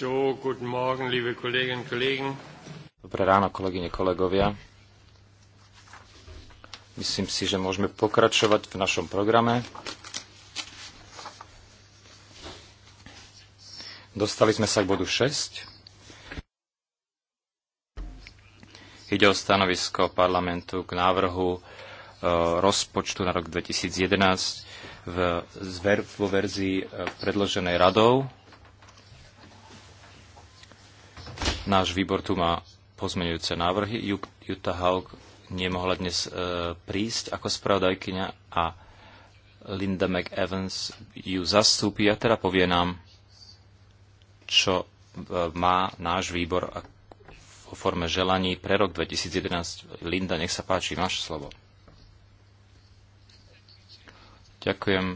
So, guten Morgen, liebe Kolleginnen und Kollegen. Dobré ráno, kolegyne, kolegovia. Myslím si, že môžeme pokračovať v našom programe. Dostali sme sa k bodu 6. Ide o stanovisko parlamentu k návrhu e, rozpočtu na rok 2011 v, vo verzii e, predloženej radou Náš výbor tu má pozmeňujúce návrhy. Jutta Haug nemohla dnes e, prísť ako spravodajkyňa a Linda McEvans ju zastúpi a teda povie nám, čo e, má náš výbor vo forme želaní pre rok 2011. Linda, nech sa páči, máš slovo. Ďakujem.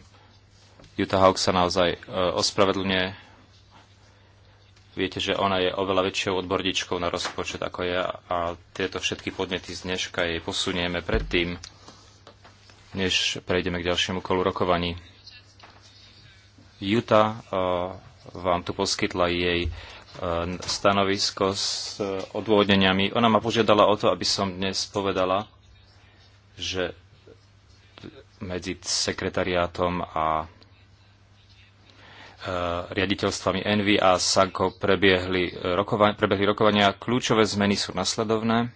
Jutta Haug sa naozaj e, ospravedlňuje Viete, že ona je oveľa väčšou odborníčkou na rozpočet ako ja a tieto všetky podnety z dneška jej posunieme predtým, než prejdeme k ďalšiemu kolu rokovaní. Juta uh, vám tu poskytla jej uh, stanovisko s uh, odôvodneniami. Ona ma požiadala o to, aby som dnes povedala, že medzi sekretariátom a Eh, riaditeľstvami Envy a Sanko prebiehli eh, rokovania, prebiehli rokovania. Kľúčové zmeny sú nasledovné.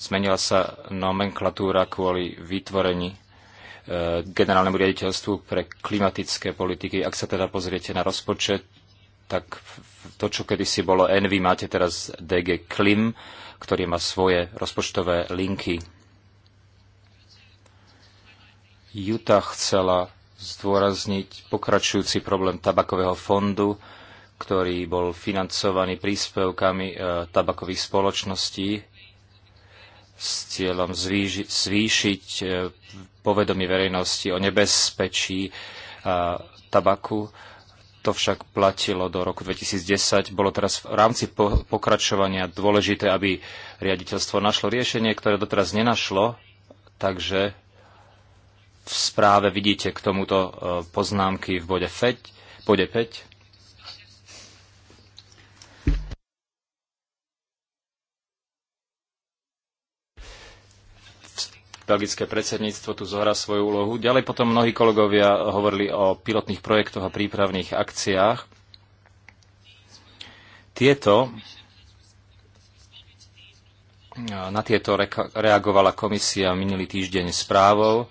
Zmenila sa nomenklatúra kvôli vytvorení eh, generálnemu riaditeľstvu pre klimatické politiky. Ak sa teda pozriete na rozpočet, tak to, čo kedysi bolo Envy, máte teraz DG Klim, ktorý má svoje rozpočtové linky. Juta chcela zdôrazniť pokračujúci problém tabakového fondu, ktorý bol financovaný príspevkami e, tabakových spoločností s cieľom zvýši, zvýšiť e, povedomie verejnosti o nebezpečí e, tabaku. To však platilo do roku 2010. Bolo teraz v rámci pokračovania dôležité, aby riaditeľstvo našlo riešenie, ktoré doteraz nenašlo, takže v správe vidíte k tomuto e, poznámky v bode 5. Bode 5. belgické predsedníctvo tu zohrá svoju úlohu. Ďalej potom mnohí kolegovia hovorili o pilotných projektoch a prípravných akciách. Tieto, na tieto reagovala komisia minulý týždeň správou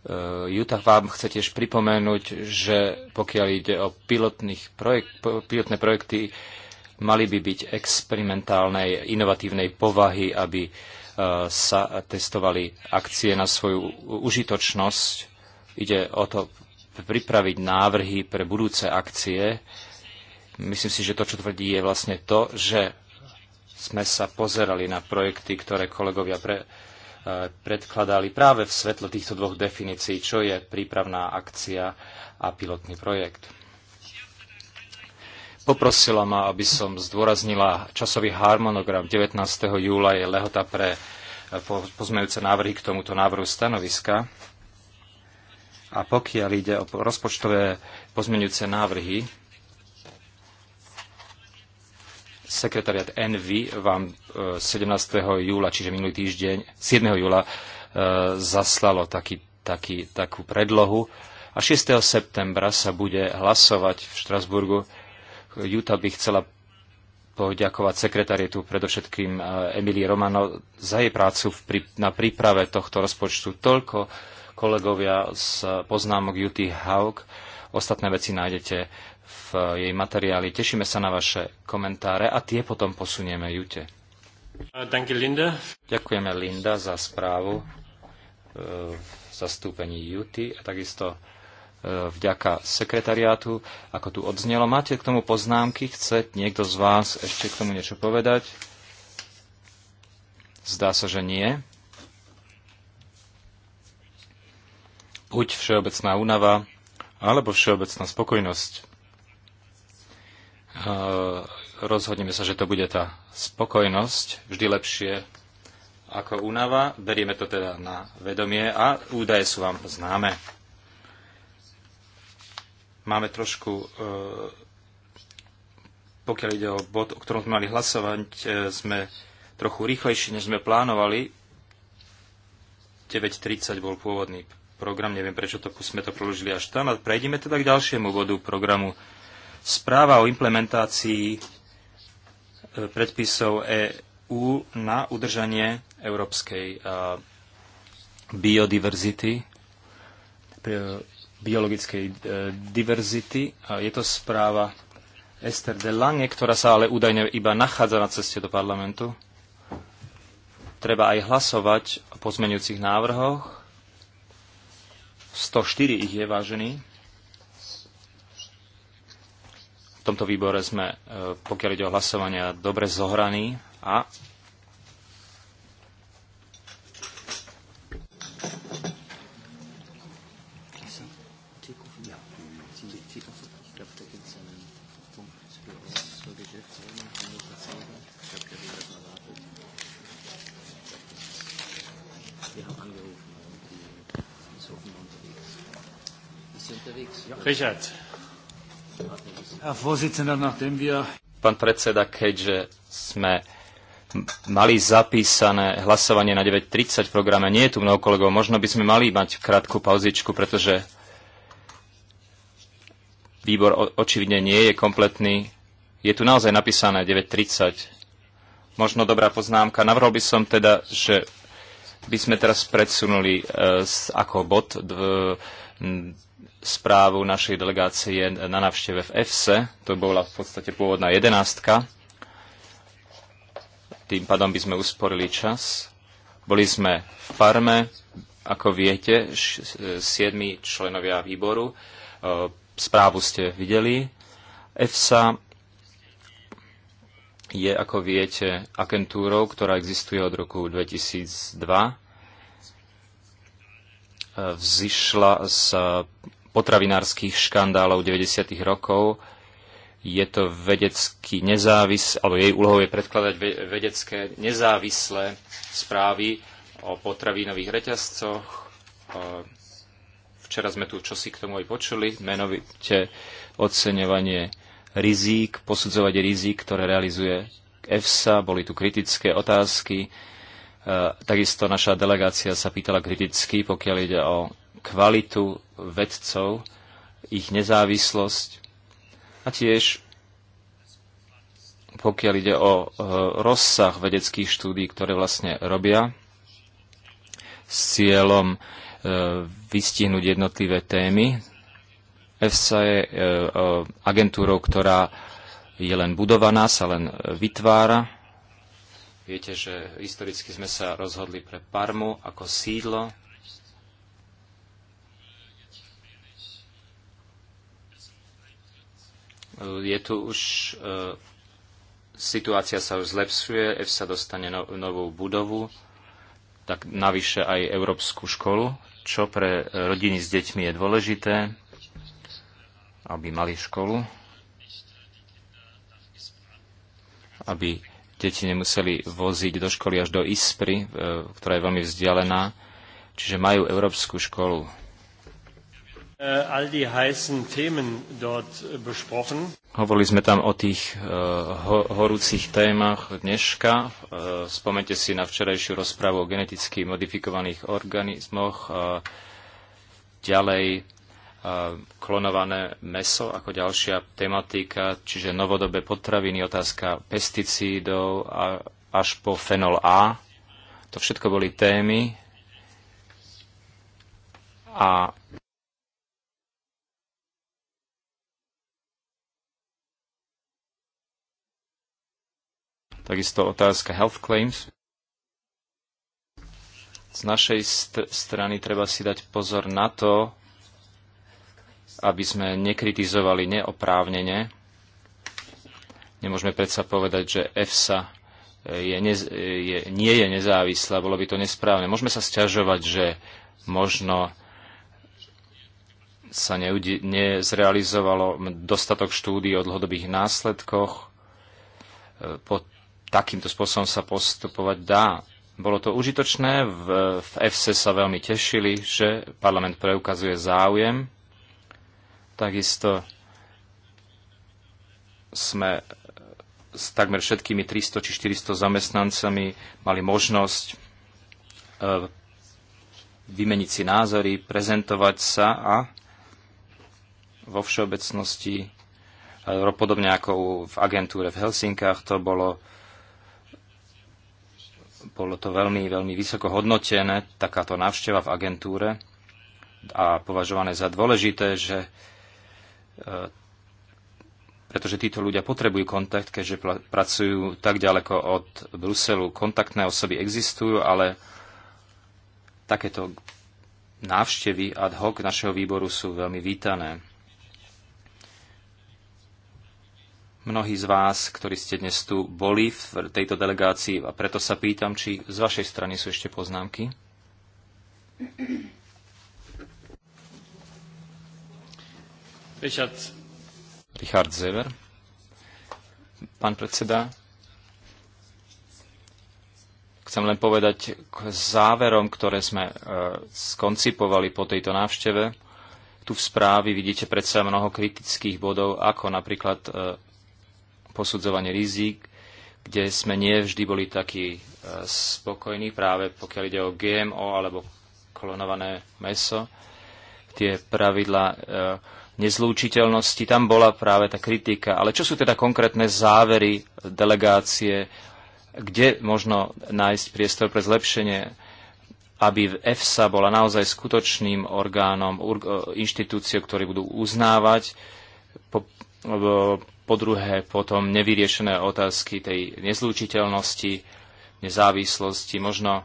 Eh, Utah vám chce tiež pripomenúť, že pokiaľ ide o pilotných projekt, pilotné projekty, mali by byť experimentálnej, inovatívnej povahy, aby eh, sa testovali akcie na svoju užitočnosť. Ide o to pripraviť návrhy pre budúce akcie. Myslím si, že to, čo tvrdí, je vlastne to, že sme sa pozerali na projekty, ktoré kolegovia pre, Eh, predkladali práve v svetle týchto dvoch definícií, čo je prípravná akcia a pilotný projekt. Poprosila ma, aby som zdôraznila časový harmonogram 19. júla je lehota pre eh, pozmejúce návrhy k tomuto návrhu stanoviska. A pokiaľ ide o rozpočtové pozmeňujúce návrhy, sekretariat NV vám 17. E, júla, čiže minulý týždeň, 7. júla e, zaslalo taký, taký, takú predlohu a 6. septembra sa bude hlasovať v Štrasburgu. Juta by chcela poďakovať sekretariatu, predovšetkým e, Emilii Romano, za jej prácu prí, na príprave tohto rozpočtu. Toľko kolegovia z poznámok Juty Haug. Ostatné veci nájdete v jej materiáli. Tešíme sa na vaše komentáre a tie potom posunieme Jute. Ďakujeme Linda za správu e, v zastúpení Juty a takisto e, vďaka sekretariátu, ako tu odznelo. Máte k tomu poznámky? Chce niekto z vás ešte k tomu niečo povedať? Zdá sa, že nie. Buď všeobecná únava, alebo všeobecná spokojnosť. Eh, rozhodneme sa, že to bude tá spokojnosť, vždy lepšie ako únava. Berieme to teda na vedomie a údaje sú vám známe. Máme trošku, eh, pokiaľ ide o bod, o ktorom sme mali hlasovať, eh, sme trochu rýchlejší, než sme plánovali. 9.30 bol pôvodný program, neviem prečo to, sme to preložili až tam. A prejdeme teda k ďalšiemu bodu programu Správa o implementácii e, predpisov EÚ na udržanie európskej e, biodiverzity, e, biologickej diverzity. Je to správa Ester de Lange, ktorá sa ale údajne iba nachádza na ceste do parlamentu. Treba aj hlasovať o pozmenujúcich návrhoch. 104 ich je vážený. V tomto výbore sme, e, pokiaľ ide o hlasovania, dobre zohraní a Richard. Pán predseda, keďže sme mali zapísané hlasovanie na 9.30 v programe, nie je tu mnoho kolegov, možno by sme mali mať krátku pauzičku, pretože výbor očividne nie je kompletný. Je tu naozaj napísané 9.30. Možno dobrá poznámka. Navrhol by som teda, že by sme teraz predsunuli e, ako bod správu našej delegácie na návšteve v EFSE. To bola v podstate pôvodná jedenástka. Tým pádom by sme usporili čas. Boli sme v Parme, ako viete, siedmi členovia výboru. E, správu ste videli. EFSA je, ako viete, agentúrou, ktorá existuje od roku 2002 e, vzýšla z potravinárskych škandálov 90. rokov. Je to vedecký nezávis, alebo jej úlohou je predkladať vedecké nezávislé správy o potravinových reťazcoch. Včera sme tu čosi k tomu aj počuli, menovite oceňovanie rizík, posudzovať rizík, ktoré realizuje EFSA, boli tu kritické otázky. Takisto naša delegácia sa pýtala kriticky, pokiaľ ide o kvalitu vedcov, ich nezávislosť a tiež pokiaľ ide o e, rozsah vedeckých štúdí, ktoré vlastne robia s cieľom e, vystihnúť jednotlivé témy. EFSA je e, agentúrou, ktorá je len budovaná, sa len vytvára. Viete, že historicky sme sa rozhodli pre Parmu ako sídlo Je tu už e, situácia sa už zlepšuje, EFSA dostane no, novú budovu, tak navyše aj Európsku školu, čo pre rodiny s deťmi je dôležité, aby mali školu, aby deti nemuseli voziť do školy až do Ispry, e, ktorá je veľmi vzdialená, čiže majú Európsku školu. Äh, äh, Hovorili sme tam o tých äh, ho, horúcich témach dneška. Spomente si na včerajšiu rozprávu o geneticky modifikovaných organizmoch. Ďalej klonované meso ako ďalšia tematika, čiže novodobé potraviny, otázka pesticídov a až po fenol A. To všetko boli témy. A Takisto otázka health claims. Z našej st- strany treba si dať pozor na to, aby sme nekritizovali neoprávnene. Nemôžeme predsa povedať, že EFSA e, je, ne, e, je, nie je nezávislá, bolo by to nesprávne. Môžeme sa stiažovať, že možno sa neudi- nezrealizovalo dostatok štúdí o dlhodobých následkoch. E, po takýmto spôsobom sa postupovať dá. Bolo to užitočné, v, v FC sa veľmi tešili, že parlament preukazuje záujem. Takisto sme s takmer všetkými 300 či 400 zamestnancami mali možnosť e, vymeniť si názory, prezentovať sa a vo všeobecnosti, e, podobne ako v agentúre v Helsinkách, to bolo bolo to veľmi, veľmi vysoko hodnotené, takáto návšteva v agentúre a považované za dôležité, že e, pretože títo ľudia potrebujú kontakt, keďže pracujú tak ďaleko od Bruselu. Kontaktné osoby existujú, ale takéto návštevy ad hoc našeho výboru sú veľmi vítané. mnohí z vás, ktorí ste dnes tu boli v tejto delegácii a preto sa pýtam, či z vašej strany sú ešte poznámky. Richard. Richard Zever. Pán predseda, chcem len povedať k záverom, ktoré sme e, skoncipovali po tejto návšteve. Tu v správi vidíte predsa mnoho kritických bodov, ako napríklad e, posudzovanie rizik, kde sme nie vždy boli takí e, spokojní, práve pokiaľ ide o GMO alebo klonované meso. Tie pravidla e, nezlúčiteľnosti, tam bola práve tá kritika. Ale čo sú teda konkrétne závery delegácie, kde možno nájsť priestor pre zlepšenie, aby EFSA bola naozaj skutočným orgánom, e, inštitúciou, ktorí budú uznávať po, po druhé, potom nevyriešené otázky tej nezlúčiteľnosti, nezávislosti. Možno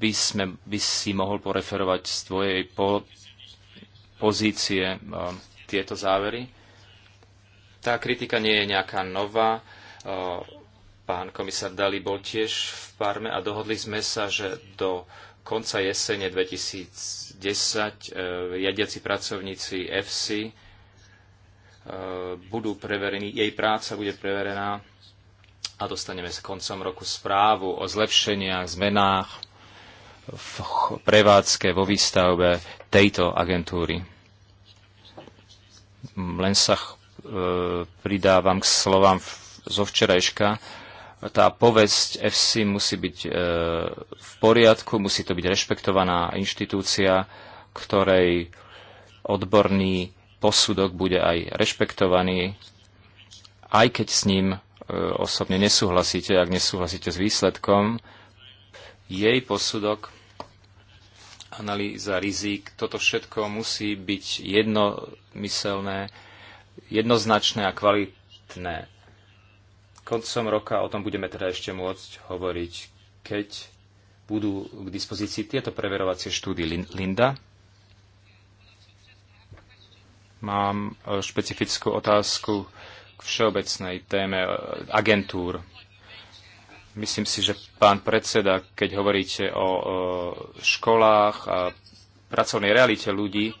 by, sme, by si mohol poreferovať z tvojej po, pozície um, tieto závery. Tá kritika nie je nejaká nová. Uh, pán komisár Dali bol tiež v Parme a dohodli sme sa, že do konca jesene 2010 uh, jadiaci pracovníci EFSI Eh, budú preverení, jej práca bude preverená a dostaneme sa koncom roku správu o zlepšeniach, zmenách v prevádzke, vo výstavbe tejto agentúry. Len sa e, pridávam k slovám zo včerajška. Tá povesť FC musí byť e, v poriadku, musí to byť rešpektovaná inštitúcia, ktorej odborní posudok bude aj rešpektovaný, aj keď s ním e, osobne nesúhlasíte, ak nesúhlasíte s výsledkom. Jej posudok, analýza rizik, toto všetko musí byť jednomyselné, jednoznačné a kvalitné. Koncom roka o tom budeme teda ešte môcť hovoriť, keď budú k dispozícii tieto preverovacie štúdy Linda Mám e, špecifickú otázku k všeobecnej téme e, agentúr. Myslím si, že pán predseda, keď hovoríte o e, školách a pracovnej realite ľudí,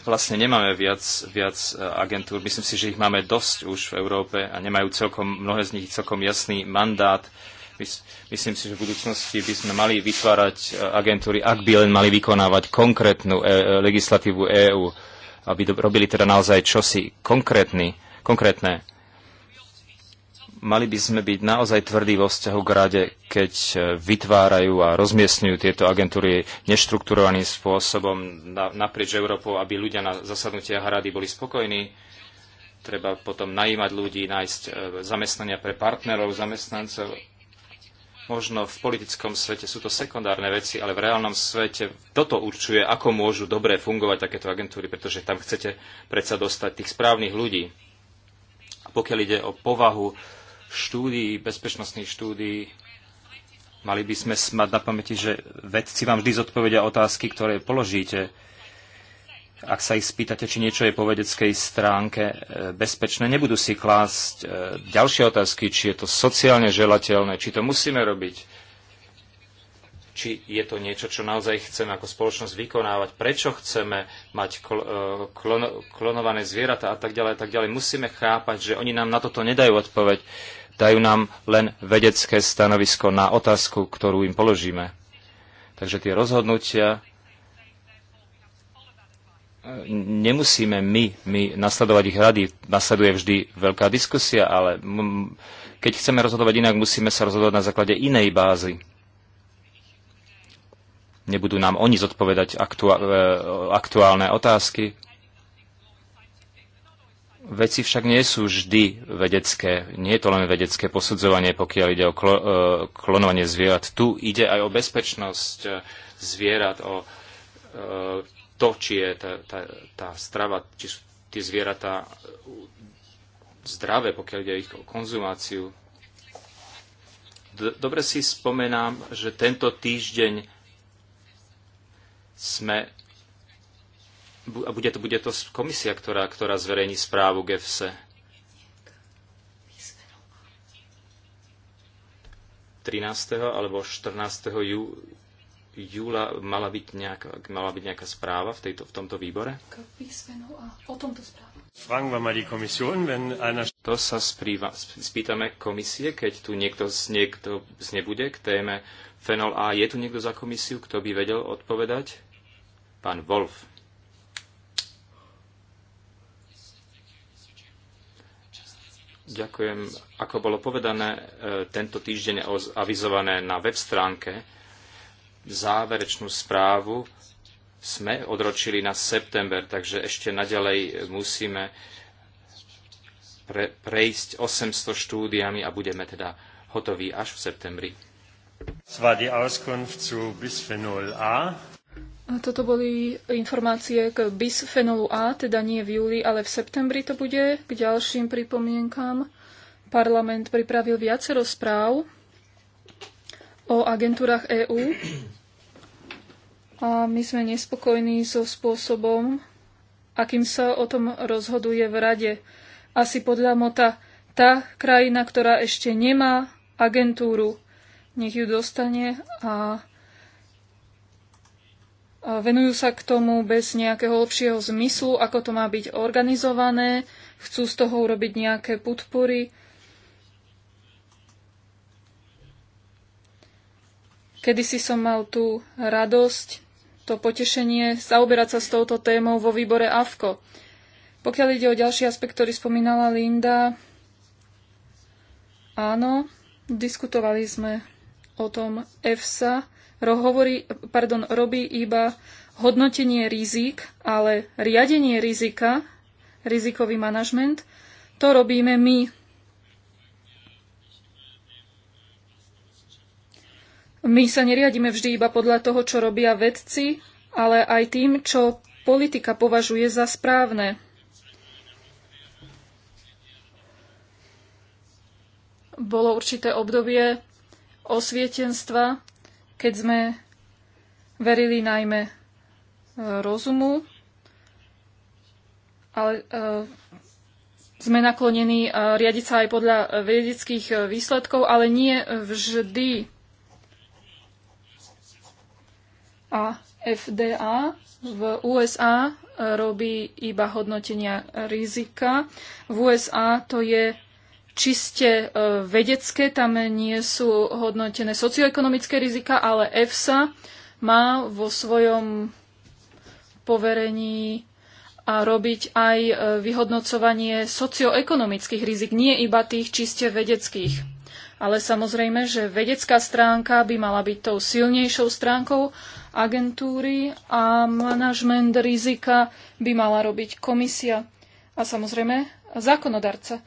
vlastne nemáme viac, viac agentúr. Myslím si, že ich máme dosť už v Európe a nemajú celkom, mnohé z nich celkom jasný mandát Myslím si, že v budúcnosti by sme mali vytvárať e, agentúry, ak by len mali vykonávať konkrétnu e, e legislatívu EÚ, aby robili teda naozaj čosi konkrétny, konkrétne. Mali by sme byť naozaj tvrdí vo vzťahu k rade, keď e, vytvárajú a rozmiestňujú tieto agentúry neštrukturovaným spôsobom na, naprieč Európou, aby ľudia na zasadnutiach rady boli spokojní treba potom najímať ľudí, nájsť zamestnania pre partnerov, zamestnancov Možno v politickom svete sú to sekundárne veci, ale v reálnom svete toto určuje, ako môžu dobre fungovať takéto agentúry, pretože tam chcete predsa dostať tých správnych ľudí. A pokiaľ ide o povahu štúdií, bezpečnostných štúdií, mali by sme mať na pamäti, že vedci vám vždy zodpovedia otázky, ktoré položíte ak sa ich spýtate, či niečo je po vedeckej stránke e, bezpečné, nebudú si klásť e, ďalšie otázky, či je to sociálne želateľné, či to musíme robiť, či je to niečo, čo naozaj chceme ako spoločnosť vykonávať, prečo chceme mať e, klon, klonované zvieratá a tak ďalej a tak ďalej. Musíme chápať, že oni nám na toto nedajú odpoveď, dajú nám len vedecké stanovisko na otázku, ktorú im položíme. Takže tie rozhodnutia nemusíme my, my nasledovať ich rady. Nasleduje vždy veľká diskusia, ale keď chceme rozhodovať inak, musíme sa rozhodovať na základe inej bázy. Nebudú nám oni zodpovedať e, aktuálne otázky. Veci však nie sú vždy vedecké. Nie je to len vedecké posudzovanie, pokiaľ ide o klo- e, klonovanie zvierat. Tu ide aj o bezpečnosť e, zvierat, o to, či je tá, tá, tá strava, či sú tie zvieratá uh, zdravé, pokiaľ ide o ich konzumáciu. Dobre si spomenám, že tento týždeň sme a bude to, bude to komisia, ktorá, ktorá zverejní správu GEFSE. 13. alebo 14. Jú, júla mala byť nejaká, mala byť nejaká správa v, tejto, v tomto výbore? To sa sprýva, spýtame komisie, keď tu niekto, z, niekto z nebude k téme Fenol A. Je tu niekto za komisiu, kto by vedel odpovedať? Pán Wolf. Ďakujem. Ako bolo povedané, e, tento týždeň avizované na web stránke záverečnú správu sme odročili na september, takže ešte naďalej musíme pre, prejsť 800 štúdiami a budeme teda hotoví až v septembri. Toto boli informácie k bisfenolu A, teda nie v júli, ale v septembri to bude. K ďalším pripomienkám parlament pripravil viacero správ o agentúrach EÚ a my sme nespokojní so spôsobom, akým sa o tom rozhoduje v rade. Asi podľa Mota tá krajina, ktorá ešte nemá agentúru, nech ju dostane a venujú sa k tomu bez nejakého lepšieho zmyslu, ako to má byť organizované, chcú z toho urobiť nejaké podpory. Kedy si som mal tú radosť, to potešenie zaoberať sa s touto témou vo výbore AFKO. Pokiaľ ide o ďalší aspekt, ktorý spomínala Linda, áno, diskutovali sme o tom EFSA, hovorí, pardon, robí iba hodnotenie rizik, ale riadenie rizika, rizikový manažment, to robíme my, My sa neriadíme vždy iba podľa toho, čo robia vedci, ale aj tým, čo politika považuje za správne. Bolo určité obdobie osvietenstva, keď sme verili najmä e, rozumu, ale e, sme naklonení e, riadiť sa aj podľa vedeckých výsledkov, ale nie vždy a FDA v USA e, robí iba hodnotenia rizika. V USA to je čiste e, vedecké, tam nie sú hodnotené socioekonomické rizika, ale EFSA má vo svojom poverení a robiť aj e, vyhodnocovanie socioekonomických rizik, nie iba tých čiste vedeckých ale samozrejme, že vedecká stránka by mala byť tou silnejšou stránkou agentúry a manažment rizika by mala robiť komisia a samozrejme zákonodarca.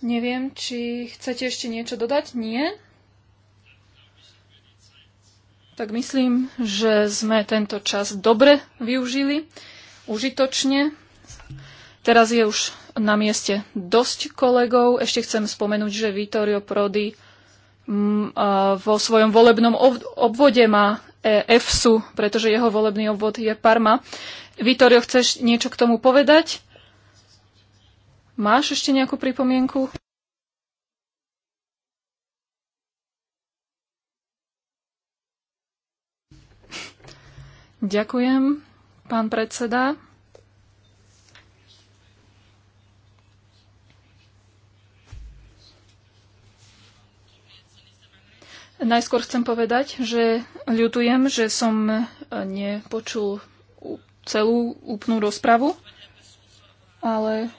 Neviem, či chcete ešte niečo dodať? Nie? Tak myslím, že sme tento čas dobre využili, užitočne. Teraz je už na mieste dosť kolegov. Ešte chcem spomenúť, že Vittorio Prodi mm, vo svojom volebnom obvode má e, EFSU, pretože jeho volebný obvod je Parma. Vittorio, chceš niečo k tomu povedať? Máš ešte nejakú pripomienku? Ďakujem, pán predseda. Najskôr chcem povedať, že ľutujem, že som e, nepočul celú úplnú rozpravu, ale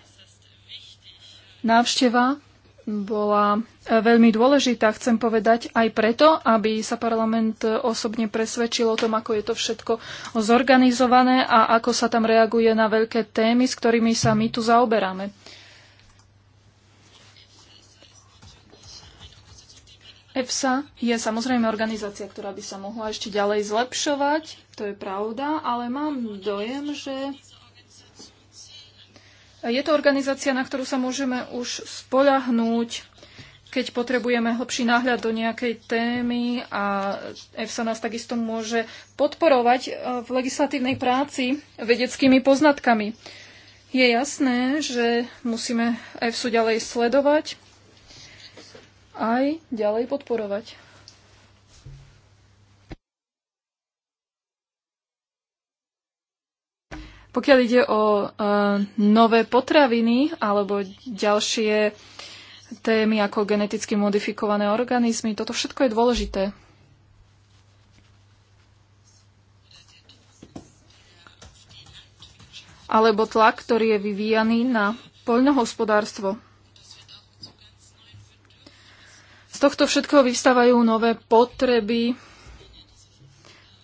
návšteva bola e, veľmi dôležitá, chcem povedať, aj preto, aby sa parlament e, osobne presvedčil o tom, ako je to všetko zorganizované a ako sa tam reaguje na veľké témy, s ktorými sa my tu zaoberáme. EFSA je samozrejme organizácia, ktorá by sa mohla ešte ďalej zlepšovať, to je pravda, ale mám dojem, že je to organizácia, na ktorú sa môžeme už spoľahnúť, keď potrebujeme hlbší náhľad do nejakej témy a EFSA nás takisto môže podporovať e, v legislatívnej práci vedeckými poznatkami. Je jasné, že musíme EFSU ďalej sledovať aj ďalej podporovať. Pokiaľ ide o uh, nové potraviny alebo ďalšie témy ako geneticky modifikované organizmy, toto všetko je dôležité. Alebo tlak, ktorý je vyvíjaný na poľnohospodárstvo. tohto všetkého vyvstávajú nové potreby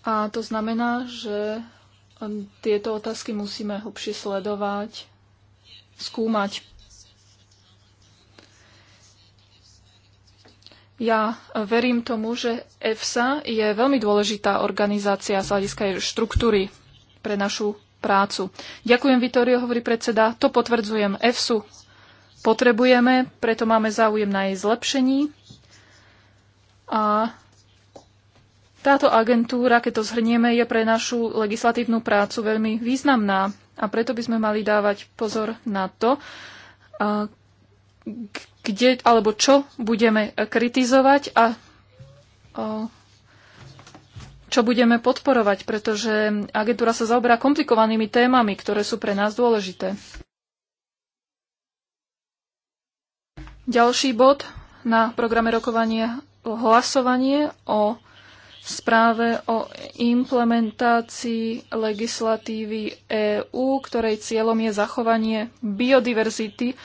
a to znamená, že tieto otázky musíme hlbšie sledovať, skúmať. Ja verím tomu, že EFSA je veľmi dôležitá organizácia z hľadiska jej štruktúry pre našu prácu. Ďakujem, Vitorio, hovorí predseda. To potvrdzujem EFSU. Potrebujeme, preto máme záujem na jej zlepšení. A táto agentúra, keď to zhrnieme, je pre našu legislatívnu prácu veľmi významná a preto by sme mali dávať pozor na to, kde alebo čo budeme kritizovať a čo budeme podporovať, pretože agentúra sa zaoberá komplikovanými témami, ktoré sú pre nás dôležité. Ďalší bod na programe rokovania hlasovanie o správe o implementácii legislatívy EÚ, ktorej cieľom je zachovanie biodiverzity.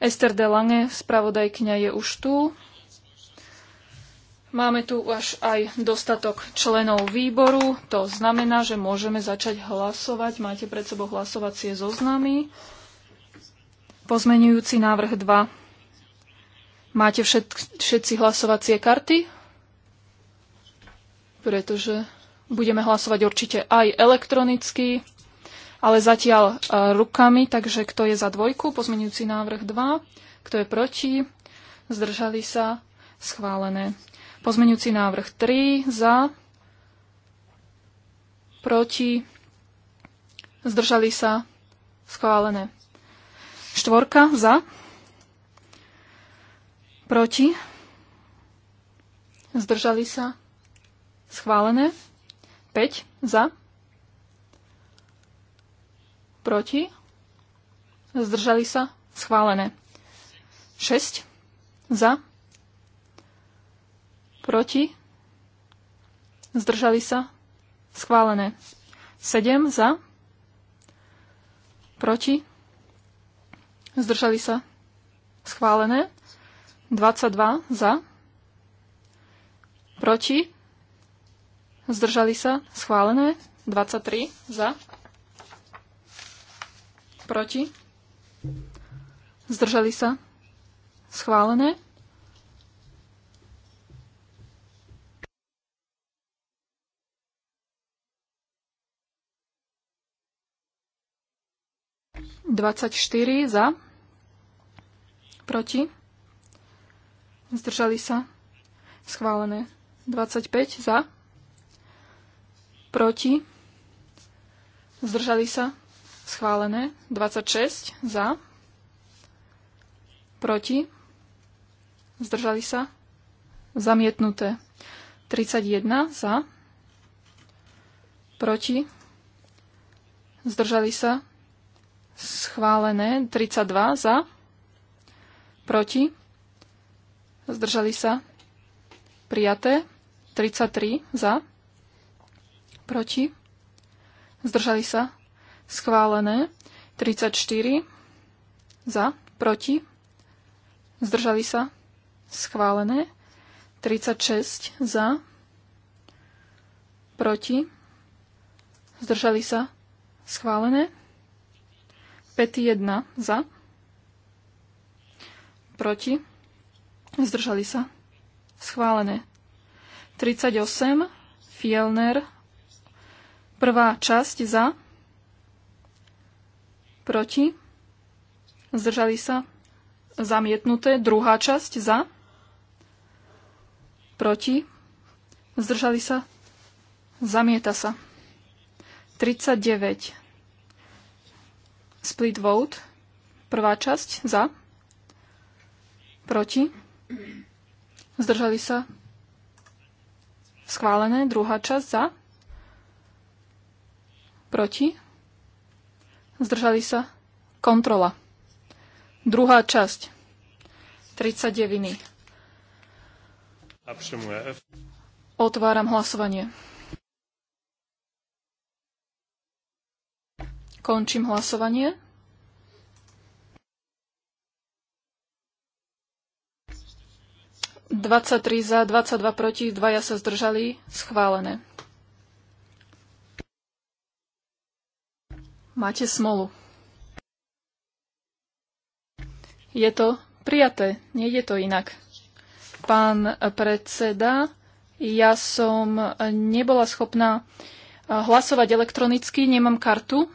Ester de Lange, spravodajkňa, je už tu. Máme tu až aj dostatok členov výboru. To znamená, že môžeme začať hlasovať. Máte pred sebou hlasovacie zoznamy. Pozmenujúci návrh 2. Máte všet, všetci hlasovacie karty? Pretože budeme hlasovať určite aj elektronicky, ale zatiaľ e, rukami, takže kto je za dvojku, pozmenujúci návrh 2, kto je proti, zdržali sa, schválené. Pozmenujúci návrh 3, za, proti, zdržali sa, schválené. Štvorka, za, Proti? Zdržali sa? Schválené. 5. Za? Proti? Zdržali sa? Schválené. 6. Za? Proti? Zdržali sa? Schválené. 7. Za? Proti? Zdržali sa? Schválené. 22 za, proti, zdržali sa, schválené. 23 za, proti, zdržali sa, schválené. Dvadsať čtyři za, proti, Zdržali sa? Schválené. 25 za. Proti. Zdržali sa? Schválené. 26 za. Proti. Zdržali sa? Zamietnuté. 31 za. Proti. Zdržali sa? Schválené. 32 za. Proti zdržali sa, prijaté. 33 za, proti, zdržali sa, schválené. 34 za, proti, zdržali sa, schválené. 36 za, proti, zdržali sa, schválené. 5 1 za, proti, Zdržali sa. Schválené. 38. Fielner. Prvá časť za. Proti. Zdržali sa. Zamietnuté. Druhá časť za. Proti. Zdržali sa. Zamieta sa. 39. Split vote. Prvá časť za. Proti. Zdržali sa? Schválené. Druhá časť za? Proti? Zdržali sa? Kontrola. Druhá časť. 39. Otváram hlasovanie. Končím hlasovanie. 23 za, 22 proti, dvaja sa zdržali, schválené. Máte smolu. Je to prijaté, nejde to inak. Pán predseda, ja som nebola schopná eh, hlasovať elektronicky, nemám kartu.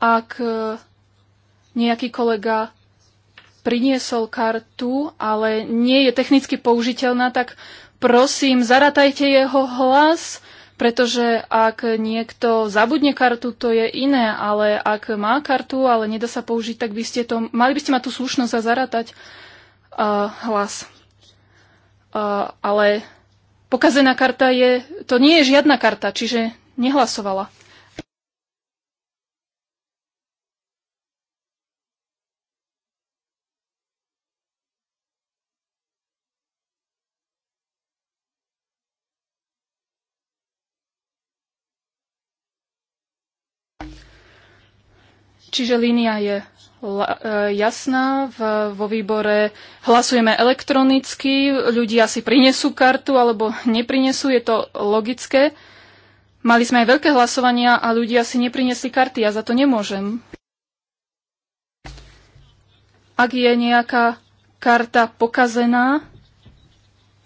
Ak eh, nejaký kolega priniesol kartu, ale nie je technicky použiteľná, tak prosím, zaratajte jeho hlas, pretože ak niekto zabudne kartu, to je iné, ale ak má kartu, ale nedá sa použiť, tak by ste to, mali by ste mať tú slušnosť a zaratať uh, hlas. Uh, ale pokazená karta je, to nie je žiadna karta, čiže nehlasovala. Čiže línia je e, jasná. V, vo výbore hlasujeme elektronicky, ľudia si prinesú kartu alebo neprinesú, je to logické. Mali sme aj veľké hlasovania a ľudia si neprinesli karty, ja za to nemôžem. Ak je nejaká karta pokazená,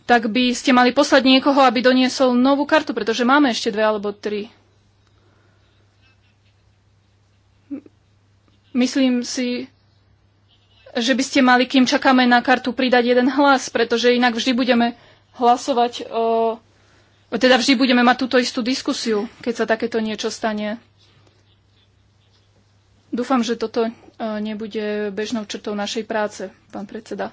tak by ste mali poslať niekoho, aby doniesol novú kartu, pretože máme ešte dve alebo tri. Myslím si, že by ste mali, kým čakáme na kartu, pridať jeden hlas, pretože inak vždy budeme hlasovať o... Teda vždy budeme mať túto istú diskusiu, keď sa takéto niečo stane. Dúfam, že toto nebude bežnou črtou našej práce, pán predseda.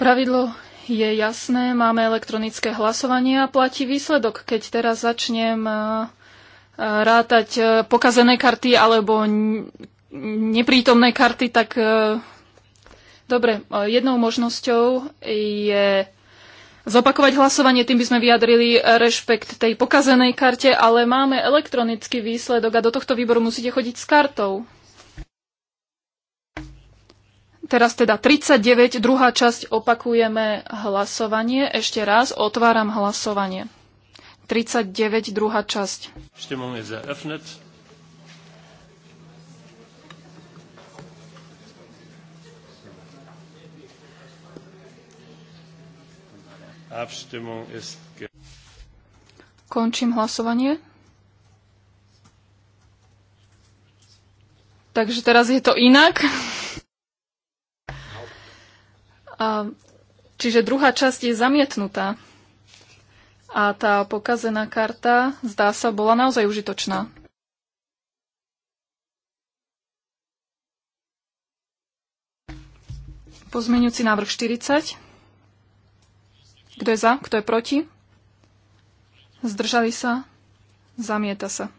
Pravidlo je jasné, máme elektronické hlasovanie a platí výsledok. Keď teraz začnem eh, eh, rátať eh, pokazené karty alebo neprítomné karty, tak dobre, jednou možnosťou je zopakovať hlasovanie, tým by sme vyjadrili rešpekt tej pokazenej karte, ale máme elektronický výsledok a do tohto výboru musíte chodiť s kartou. Teraz teda 39, druhá časť, opakujeme hlasovanie. Ešte raz otváram hlasovanie. 39, druhá časť. Stimmung ist eröffnet. Abstimmung ist ge- Končím hlasovanie. Takže teraz je to inak čiže druhá časť je zamietnutá. A tá pokazená karta, zdá sa, bola naozaj užitočná. Pozmeňujúci návrh 40. Kto je za? Kto je proti? Zdržali sa? Zamieta sa.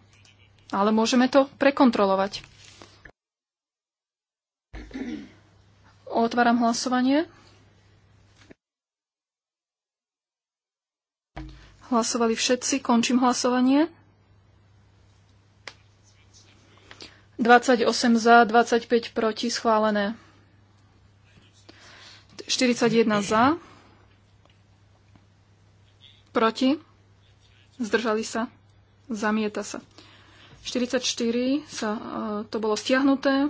Ale môžeme to prekontrolovať. Otváram hlasovanie. Hlasovali všetci. Končím hlasovanie. 28 za, 25 proti, schválené. 41 za, proti, zdržali sa, zamieta sa. 44 sa, e, to bolo stiahnuté.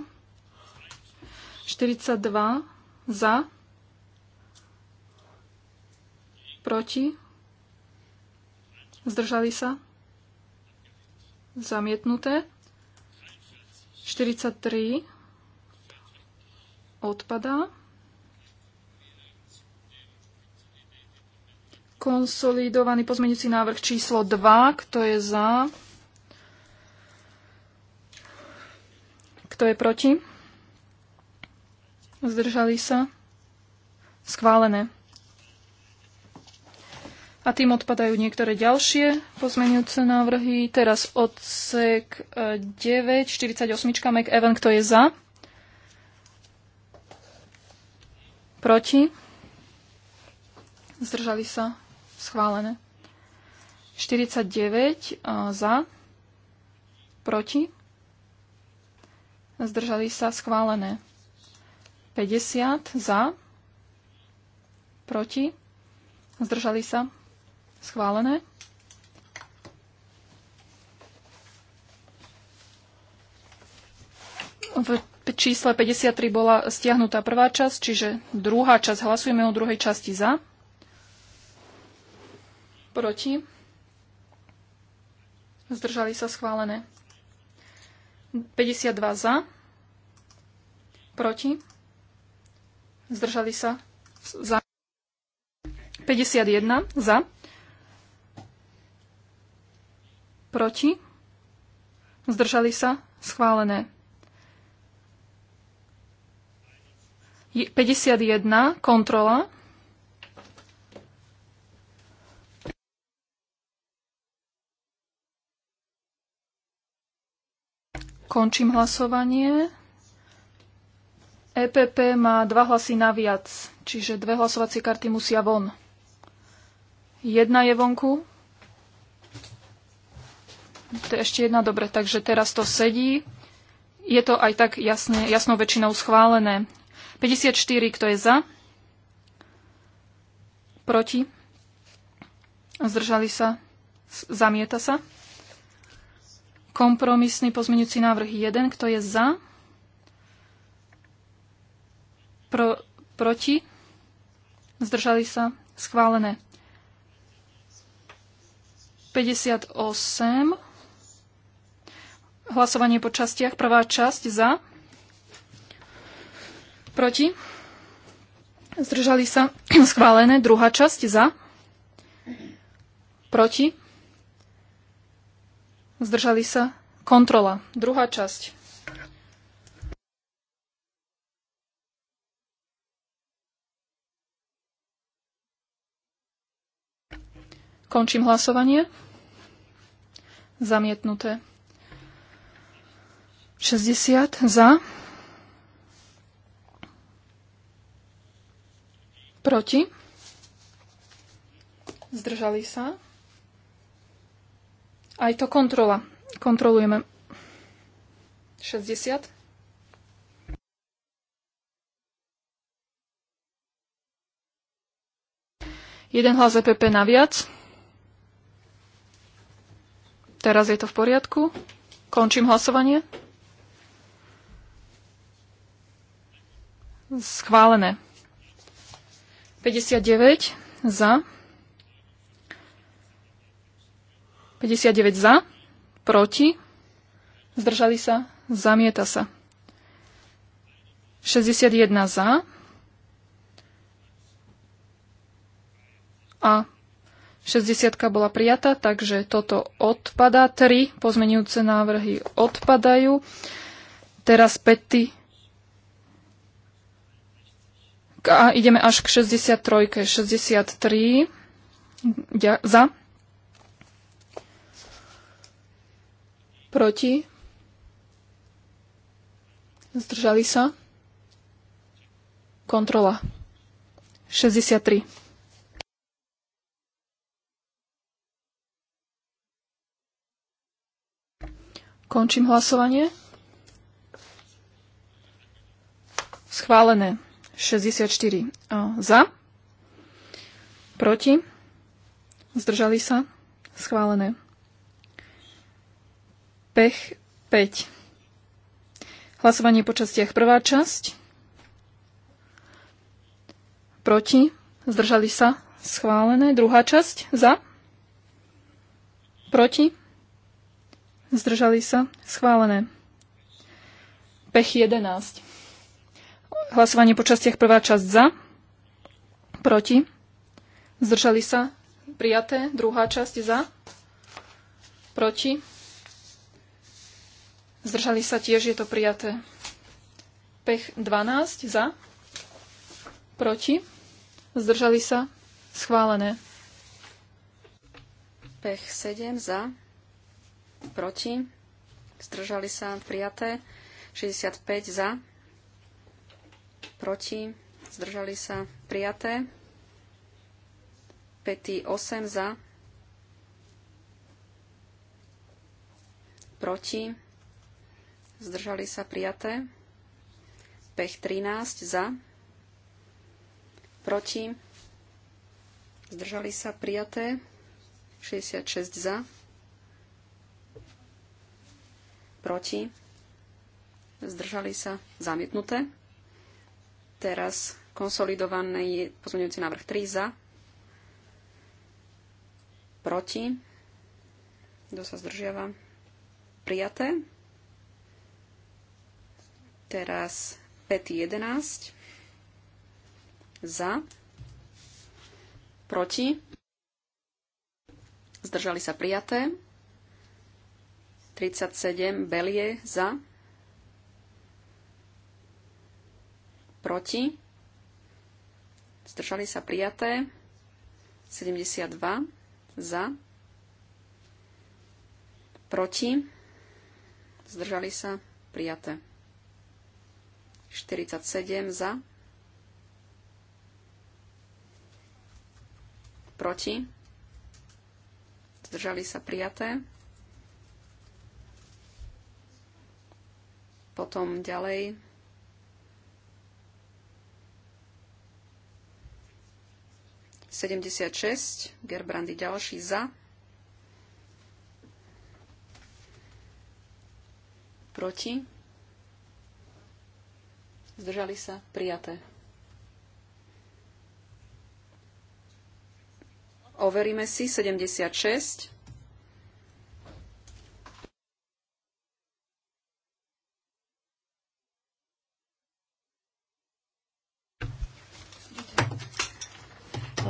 42 za, proti, Zdržali sa? Zamietnuté. 43 odpadá. Konsolidovaný pozmeňujúci návrh číslo 2. Kto je za? Kto je proti? Zdržali sa? Schválené. A tým odpadajú niektoré ďalšie pozmenujúce návrhy. Teraz odsek 9, 48, McEwan, kto je za? Proti? Zdržali sa? Schválené. 49 e, za? Proti? Zdržali sa? Schválené. 50 za? Proti? Zdržali sa? Schválené. V čísle 53 bola stiahnutá prvá časť, čiže druhá časť. Hlasujeme o druhej časti za. Proti. Zdržali sa schválené. 52 za. Proti. Zdržali sa za. 51 za. Proti? Zdržali sa? Schválené. 51. Kontrola. Končím hlasovanie. EPP má dva hlasy naviac, čiže dve hlasovacie karty musia von. Jedna je vonku, to je ešte jedna dobre, takže teraz to sedí. Je to aj tak jasne, jasnou väčšinou schválené. 54, kto je za? Proti? Zdržali sa? Zamieta sa? Kompromisný pozmeňujúci návrh 1, kto je za? Pro, proti? Zdržali sa? Schválené. 58. Hlasovanie po častiach. Prvá časť za. Proti. Zdržali sa. Schválené. Druhá časť za. Proti. Zdržali sa. Kontrola. Druhá časť. Končím hlasovanie. Zamietnuté. 60 za. Proti. Zdržali sa. Aj to kontrola. Kontrolujeme. 60. Jeden hlas EPP naviac. Teraz je to v poriadku. Končím hlasovanie. Schválené. 59 za. 59 za. Proti. Zdržali sa. Zamieta sa. 61 za. A 60 bola prijatá, takže toto odpadá. 3 pozmenujúce návrhy odpadajú. Teraz pety. A ideme až k 63. 63 za. Proti. Zdržali sa. Kontrola. 63. Končím hlasovanie. Schválené. 64 za, proti, zdržali sa, schválené. Pech 5. Hlasovanie po častiach prvá časť, proti, zdržali sa, schválené. Druhá časť za, proti, zdržali sa, schválené. Pech 11 hlasovanie po častiach prvá časť za, proti, zdržali sa, prijaté, druhá časť za, proti, zdržali sa, tiež je to prijaté. Pech 12 za, proti, zdržali sa, schválené. Pech 7 za, proti, zdržali sa, prijaté, 65 za, proti, zdržali sa prijaté. Pety 8 za, proti, zdržali sa prijaté. Pech 13 za, proti, zdržali sa prijaté. 66 za, proti, zdržali sa zamietnuté. Teraz konsolidovaný pozmeňujúci návrh 3 za, proti, kto sa zdržiava, prijaté. Teraz 5, 11. za, proti, zdržali sa prijaté. 37 belie za, proti, zdržali sa prijaté, 72 za, proti, zdržali sa prijaté, 47 za, proti, zdržali sa prijaté, potom ďalej 76, Gerbrandy ďalší za, proti, zdržali sa, prijaté. Overíme si 76.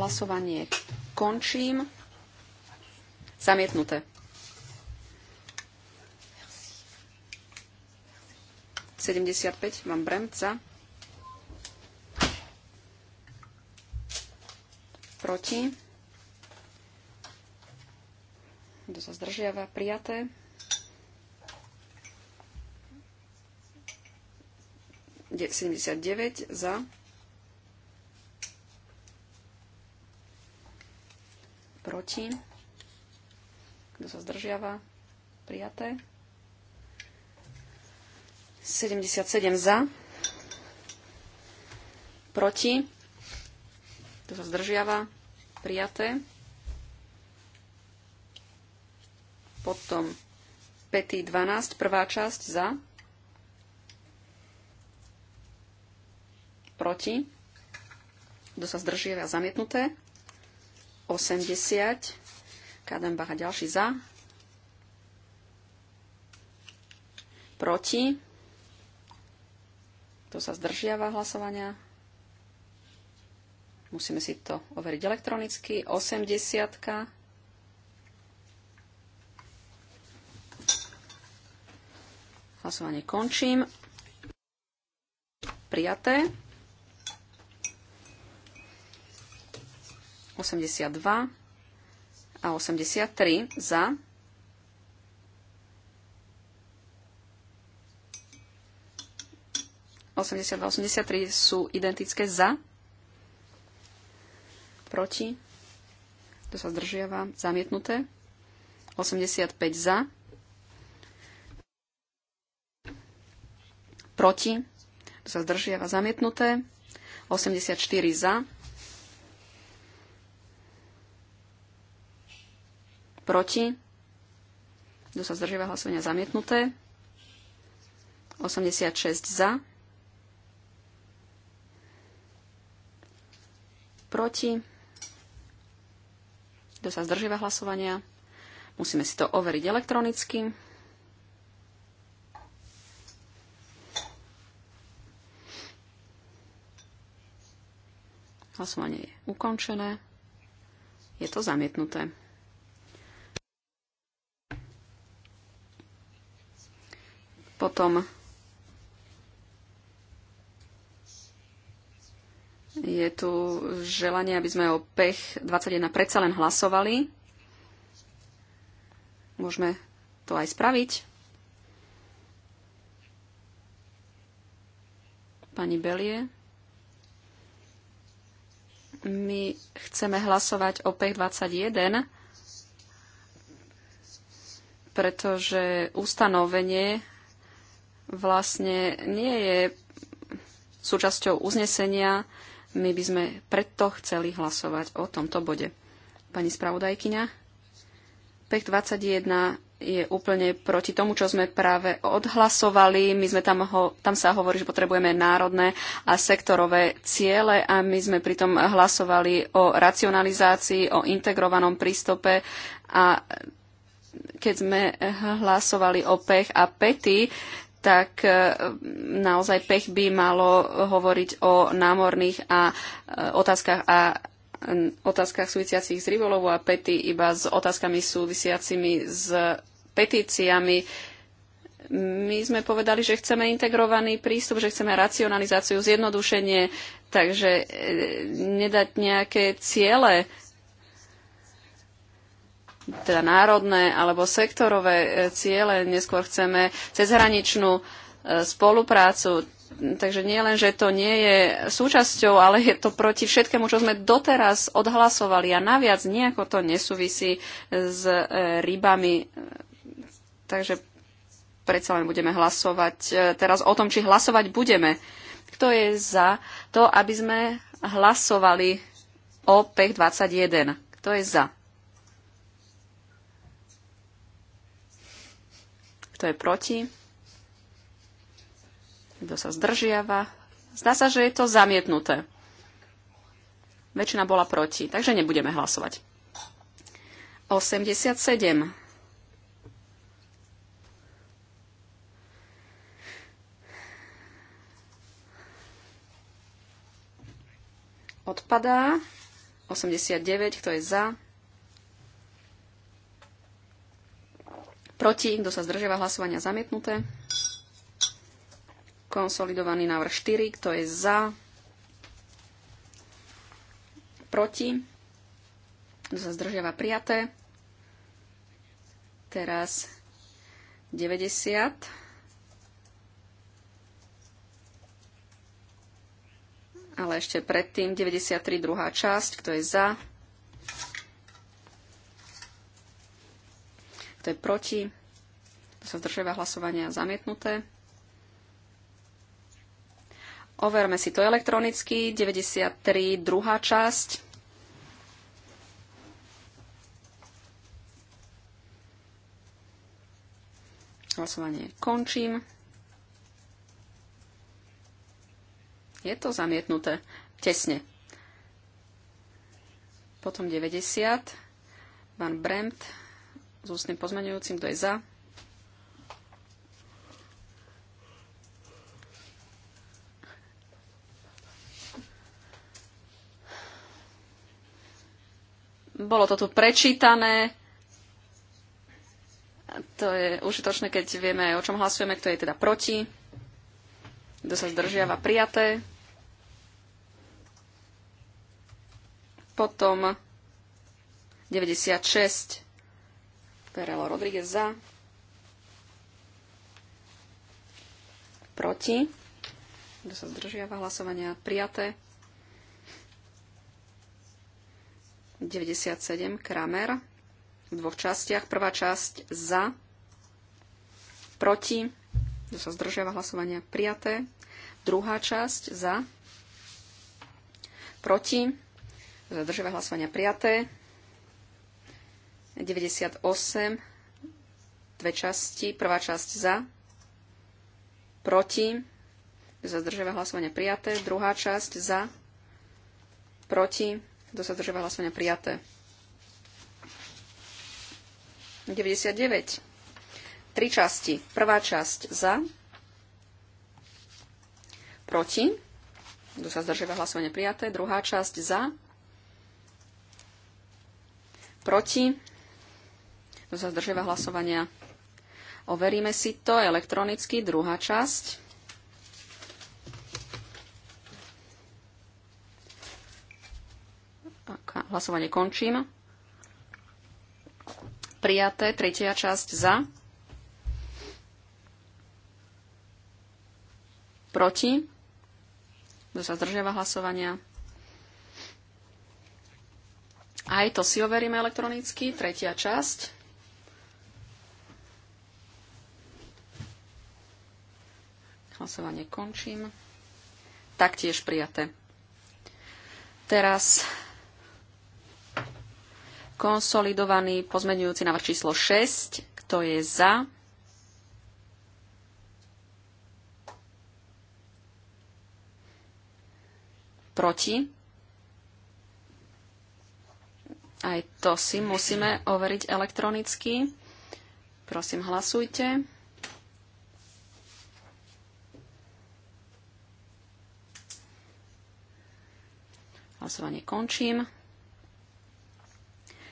Hlasovanie končím. Zamietnuté. 75 mám Bremca. Proti. Kto sa zdržiava? Prijaté. De 79 za. proti, kto sa zdržiava, prijaté. 77 za, proti, kto sa zdržiava, prijaté. Potom 5. 12, prvá časť za, proti, kto sa zdržiava, zamietnuté. 80. Kadenbach a ďalší za. Proti. To sa zdržiava hlasovania. Musíme si to overiť elektronicky. 80. Hlasovanie končím. Prijaté. 82 a 83 za. Osemdesiat 83 osemdesiat sú identické za, proti, to sa zdržiava, zamietnuté, 85 za, proti, to sa zdržiava, zamietnuté, 84 za, proti, kto sa zdržíva hlasovania zamietnuté, 86 za, proti, kto sa zdržíva hlasovania, musíme si to overiť elektronicky. Hlasovanie je ukončené. Je to zamietnuté. Potom je tu želanie, aby sme o PECH 21 predsa len hlasovali. Môžeme to aj spraviť. Pani Belie. My chceme hlasovať o PECH 21, pretože ustanovenie vlastne nie je súčasťou uznesenia. My by sme preto chceli hlasovať o tomto bode. Pani spravodajkyňa, PEC 21 je úplne proti tomu, čo sme práve odhlasovali. My sme tam, ho, tam sa hovorí, že potrebujeme národné a sektorové ciele a my sme pritom hlasovali o racionalizácii, o integrovanom prístupe a keď sme hlasovali o PECH a PETI, tak e, naozaj pech by malo hovoriť o námorných a e, otázkach a otázkach súvisiacich s rivolovu a pety iba s otázkami súvisiacimi s petíciami. My sme povedali, že chceme integrovaný prístup, že chceme racionalizáciu, zjednodušenie, takže e, nedať nejaké ciele teda národné alebo sektorové e, ciele, neskôr chceme cezhraničnú e, spoluprácu. Takže nie len, že to nie je súčasťou, ale je to proti všetkému, čo sme doteraz odhlasovali a naviac nejako to nesúvisí e, s rybami. Takže predsa len budeme hlasovať teraz o tom, či hlasovať budeme. Kto je za to, aby sme hlasovali o PEC 21? Kto je za? Kto je proti? Kto sa zdržiava? Zdá sa, že je to zamietnuté. Väčšina bola proti, takže nebudeme hlasovať. 87. Odpadá. 89, kto je za? proti, kto sa zdržiava hlasovania zamietnuté. Konsolidovaný návrh 4, kto je za, proti, kto sa zdržiava prijaté. Teraz 90. Ale ešte predtým 93. druhá časť, kto je za, Kto je proti? Kto sa zdržiava hlasovania? Zamietnuté. Overme si to elektronicky. 93, druhá časť. Hlasovanie končím. Je to zamietnuté. Tesne. Potom 90. Van Bremt s ústnym pozmenujúcim, kto je za. Bolo to tu prečítané. To je užitočné, keď vieme, o čom hlasujeme, kto je teda proti, kto sa zdržiava prijaté. Potom 96 Perelo Rodríguez za. Proti. Kto sa zdržiava hlasovania? Prijaté. 97 Kramer v dvoch častiach. Prvá časť za, proti, kto sa zdržiava hlasovania, prijaté. Druhá časť za, proti, kto sa zdržiava hlasovania, prijaté. 98, dve časti, prvá časť za, proti, kto sa zdržiava hlasovania prijaté, druhá časť za, proti, kto sa zdržiava hlasovania prijaté. 99. Tri časti. Prvá časť za, proti, kto sa zdržiava hlasovania prijaté, druhá časť za, proti, kto sa zdržiava hlasovania? Overíme si to elektronicky. Druhá časť. Hlasovanie končím. Prijaté. Tretia časť za. Proti. Kto sa zdržiava hlasovania? Aj to si overíme elektronicky. Tretia časť. Hlasovanie končím. Taktiež prijaté. Teraz konsolidovaný pozmenujúci návrh číslo 6. Kto je za? Proti? Aj to si musíme overiť elektronicky. Prosím, hlasujte. Hlasovanie končím.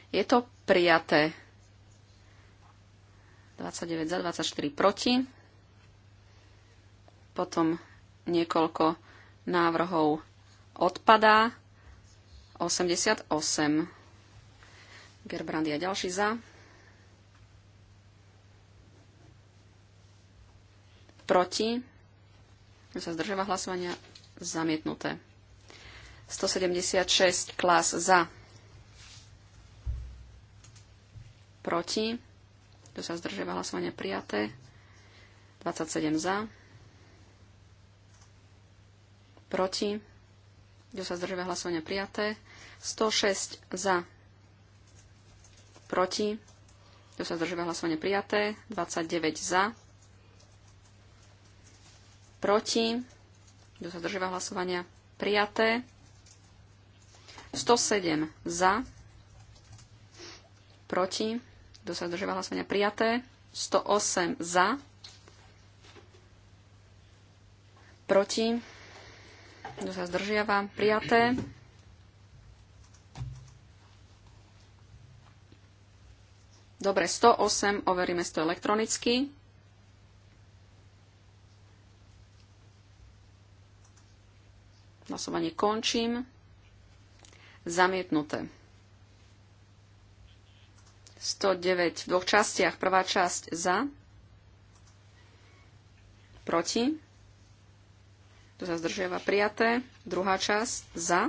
Je to prijaté. 29 za, 24 proti. Potom niekoľko návrhov odpadá. 88. Gerbrandy a ďalší za. Proti. Sa zdržava hlasovania. Zamietnuté. 176 klas za. Proti. Kto sa zdržiava hlasovania prijaté. 27 za. Proti. Kto sa zdržiava hlasovania prijaté. 106 za. Proti. Kto sa zdržiava hlasovania prijaté. 29 za. Proti. Kto sa zdržiava hlasovania prijaté. 107 za, proti, kto sa zdržiava hlasovania prijaté, 108 za, proti, kto sa zdržiava prijaté, Dobre, 108, overíme to elektronicky. Hlasovanie končím. Zamietnuté. 109 v dvoch častiach. Prvá časť za, proti, to sa zdržiava prijaté. Druhá časť za,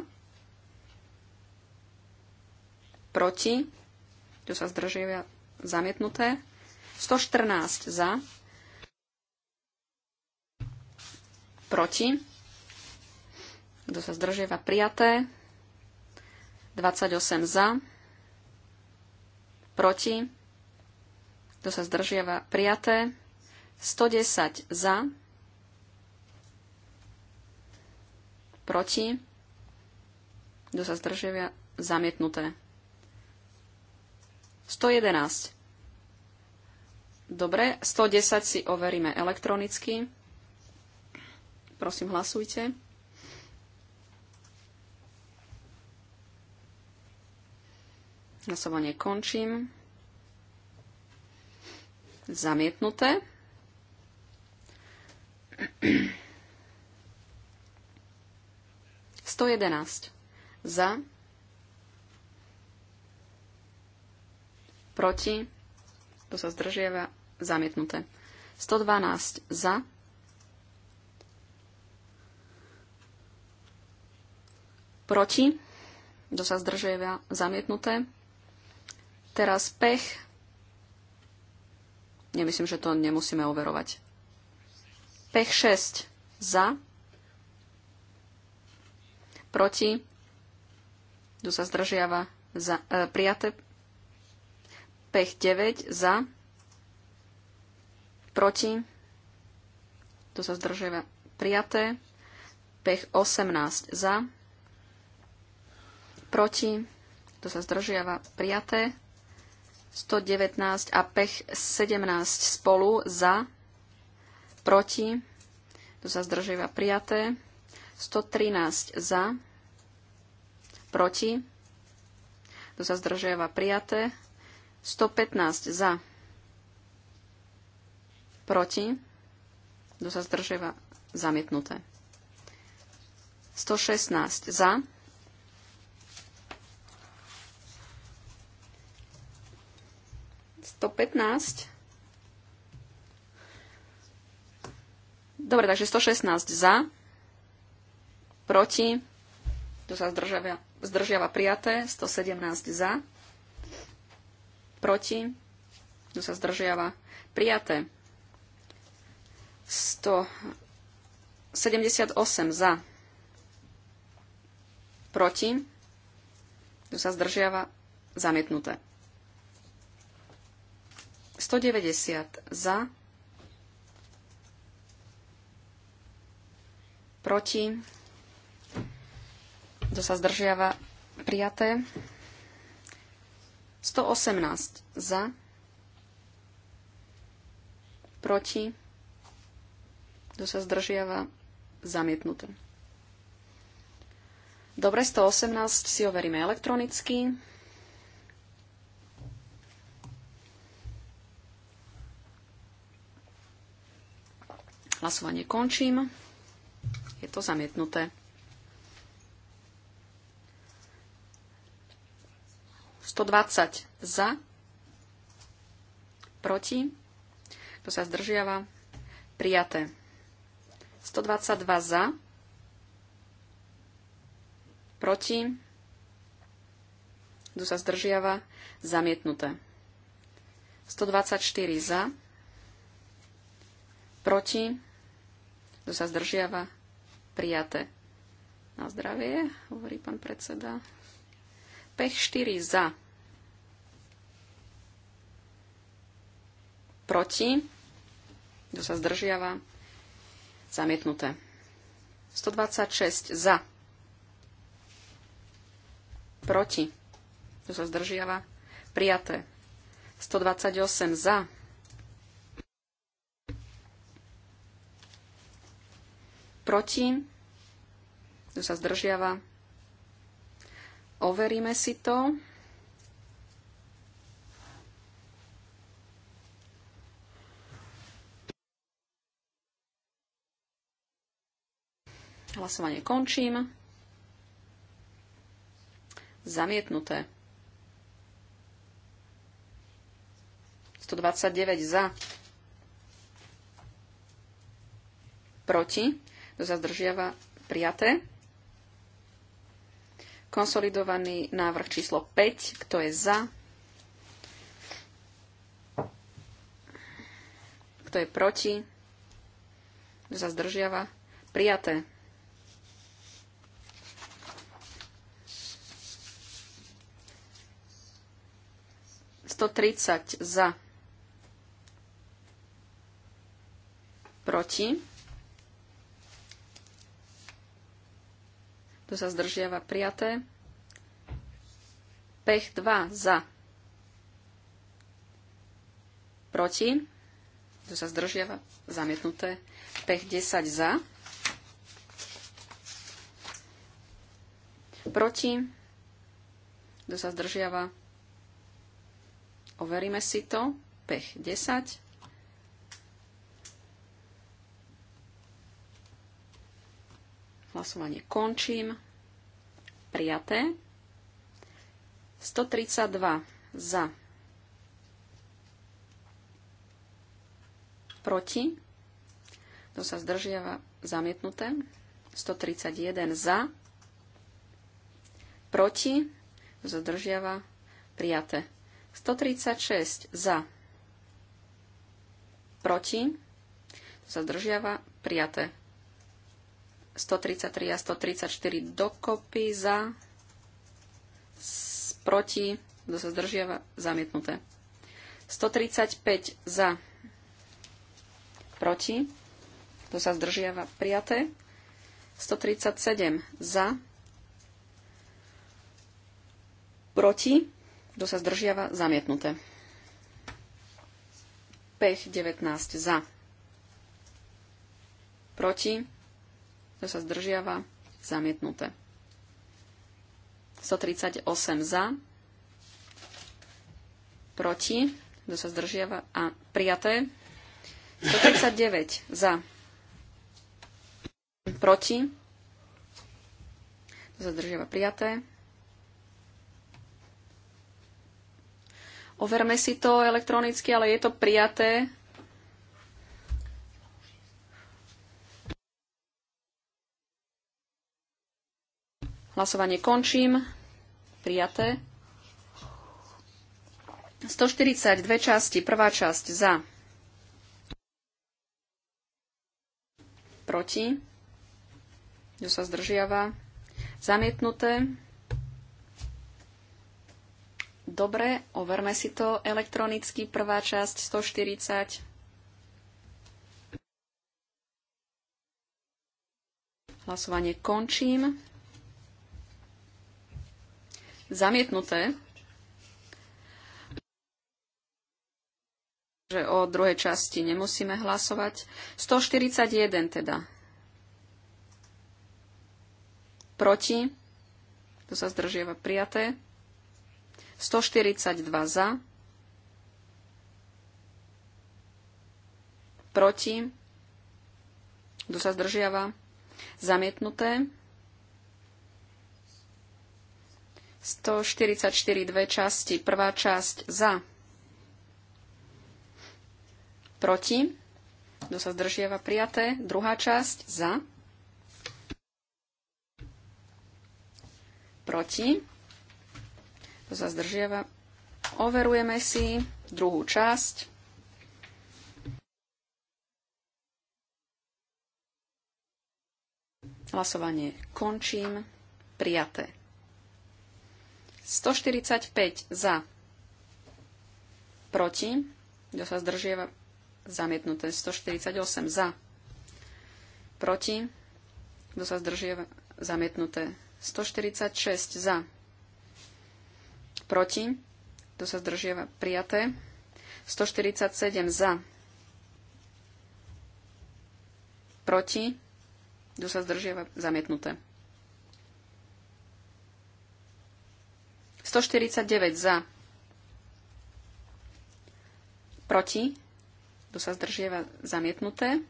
proti, to sa zdržiava zamietnuté. 114 za, proti, kto sa zdržiava prijaté. 28 za, proti, kto sa zdržiava, prijaté, 110 za, proti, kto sa zdržiava, zamietnuté. 111. Dobre, 110 si overíme elektronicky. Prosím, hlasujte. Hlasovanie končím. Zamietnuté. Sto jedenáct. Za. Proti. To sa zdržiava. Zamietnuté. dvanáct. za. Proti. To sa zdržiava? Zamietnuté. Teraz pech. Nemyslím, že to nemusíme overovať. Pech 6 za. Proti. Tu sa zdržiava za, e, prijaté. Pech 9 za. Proti. Tu sa zdržiava prijaté. Pech 18 za. Proti. Tu sa zdržiava prijaté. 119 a pech 17 spolu za, proti, tu sa zdržíva prijaté, 113 za, proti, tu sa zdržíva prijaté, 115 za, proti, tu sa zdržíva zamietnuté, 116 za, 115. Dobre, takže 116 za, proti, tu sa zdržiava, zdržiava prijaté, 117 za, proti, tu sa zdržiava prijaté, 178 za, proti, tu sa zdržiava zamietnuté. 190 za, proti, kto sa zdržiava, prijaté. 118 za, proti, kto sa zdržiava, zamietnuté. Dobre, 118 si overíme elektronicky. Hlasovanie končím. Je to zamietnuté. 120 za, proti, kto sa zdržiava, prijaté. 122 za, proti, kto sa zdržiava, zamietnuté. 124 za, proti, kto sa zdržiava? Prijaté. Na zdravie, hovorí pán predseda. Pech 4 za. Proti. Kto sa zdržiava? Zamietnuté. 126 za. Proti. Kto sa zdržiava? Prijaté. 128 za Proti? Kto sa zdržiava? Overíme si to. Hlasovanie končím. Zamietnuté. 129 za. Proti kto sa zdržiava, prijaté. Konsolidovaný návrh číslo 5, kto je za, kto je proti, kto sa zdržiava, prijaté. Sto tridsať za proti. Kto sa zdržiava? Prijaté. Pech 2 za. Proti. Kto sa zdržiava? Zamietnuté. Pech 10 za. Proti. Kto sa zdržiava? Overíme si to. Pech 10. Hlasovanie končím. Prijaté. 132 za. Proti. to sa zdržiava? Zamietnuté. 131 za. Proti. To sa zdržiava? Prijaté. 136 za. Proti. To sa zdržiava? Prijaté. 133 a 134 dokopy za, proti, kto sa zdržiava, zamietnuté. 135 za, proti, kto sa zdržiava, prijaté. 137 za, proti, kto sa zdržiava, zamietnuté. Pech 19 za, proti, kto sa zdržiava, zamietnuté. 138 za, proti, kto sa zdržiava a prijaté. 139 za, proti, kto sa zdržiava prijaté. Overme si to elektronicky, ale je to prijaté Hlasovanie končím. Prijaté. 142 časti. Prvá časť za. Proti. Kto sa zdržiava? Zamietnuté. Dobre, overme si to elektronicky. Prvá časť 140. Hlasovanie končím zamietnuté. že o druhej časti nemusíme hlasovať. 141 teda. Proti. Tu sa zdržiava prijaté. 142 za. Proti. Tu sa zdržiava. Zamietnuté. 144 dve časti. Prvá časť za. Proti. Kto sa zdržiava prijaté. Druhá časť za. Proti. Kto sa zdržiava. Overujeme si druhú časť. Hlasovanie končím. Prijaté. 145 za, proti, kto sa zdržieva, zamietnuté. 148 za, proti, kto sa zdržieva? zamietnuté. 146 za, proti, kto sa zdržieva? prijaté. 147 za, proti, kto sa zdržieva? zamietnuté. 149 za. Proti. Kto sa zdržieva zamietnuté.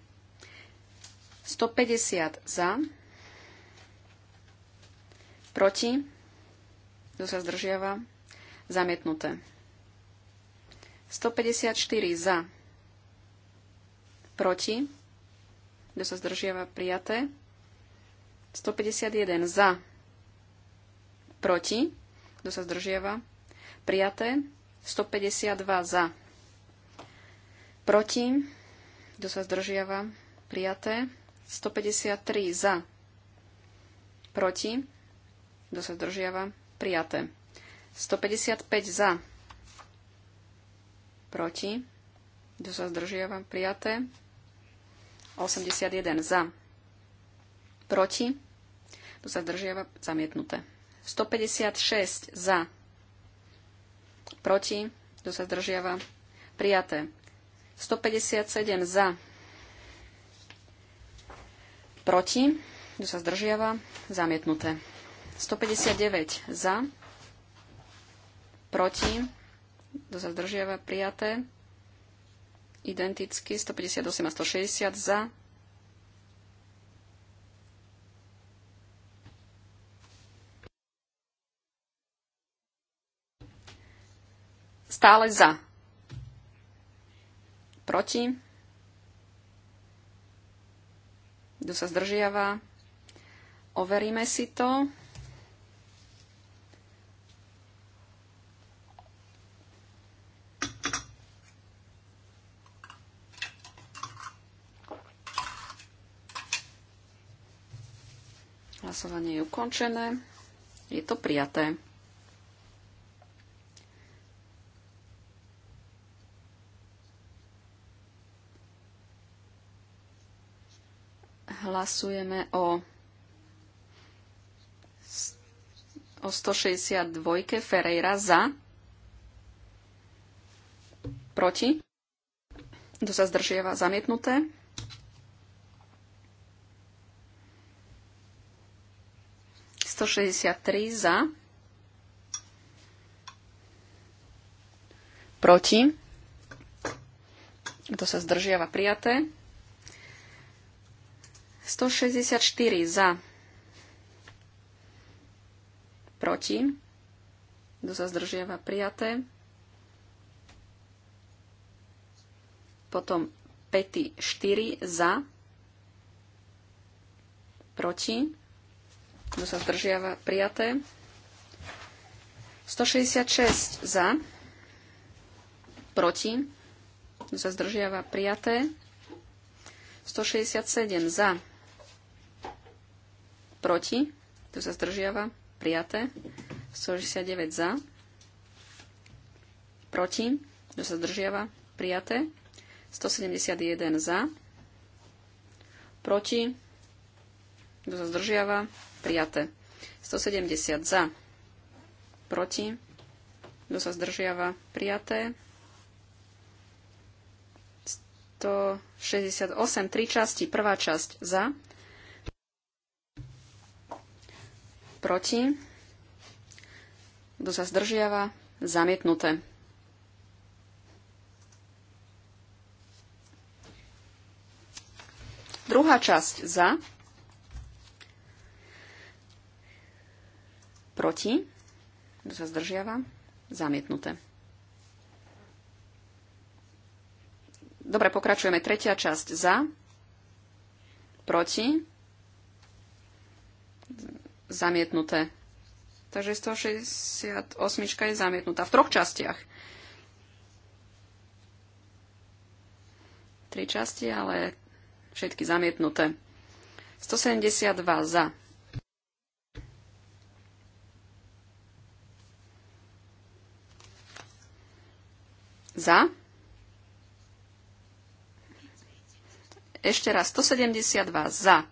150 za. Proti. Kto sa zdržiava zamietnuté. 154 za. Proti. Kto sa zdržiava prijaté. 151 za. Proti. Kto sa zdržiava? Prijaté. 152 za. Proti. Kto sa zdržiava? Prijaté. 153 za. Proti. Kto sa zdržiava? Prijaté. 155 za. Proti. Kto sa zdržiava? Prijaté. 81 za. Proti. Kto sa zdržiava? Zamietnuté. 156 za. Proti. Kto sa zdržiava? Prijaté. 157 za. Proti. Kto sa zdržiava? Zamietnuté. 159 za. Proti. Kto sa zdržiava? Prijaté. Identicky. 158 a 160 za. stále za. Proti. Kto sa zdržiava? Overíme si to. Hlasovanie je ukončené. Je to prijaté. Hlasujeme o, o 162 Ferreira za. Proti. Kto sa zdržieva? Zamietnuté. 163 za. Proti. Kto sa zdržiava? Prijaté. 164 za. Proti. Kto sa zdržiava prijaté. Potom pety 4 za. Proti. Kto sa zdržiava prijaté. 166 za. Proti. Kto sa zdržiava prijaté. 167 za proti, tu sa zdržiava, prijaté, 169 za, proti, tu sa zdržiava, prijaté, 171 za, proti, tu sa zdržiava, prijaté, 170 za, proti, tu sa zdržiava, prijaté, 168, tri časti, prvá časť za, proti, kto sa zdržiava, zamietnuté. Druhá časť za, proti, kto sa zdržiava, zamietnuté. Dobre, pokračujeme. Tretia časť za, proti, zamietnuté. Takže 168 je zamietnutá v troch častiach. Tri časti, ale všetky zamietnuté. 172 za. Za. Ešte raz 172 za.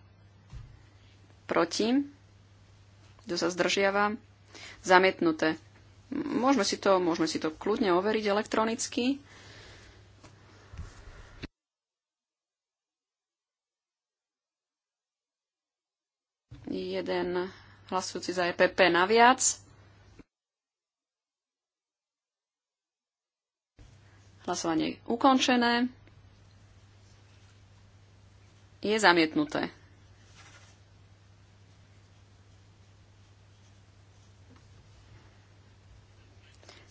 Proti kto sa zdržiava? Zamietnuté. Môžeme si to, môžeme si to kľudne overiť elektronicky. Jeden hlasujúci za EPP naviac. Hlasovanie ukončené. Je zamietnuté.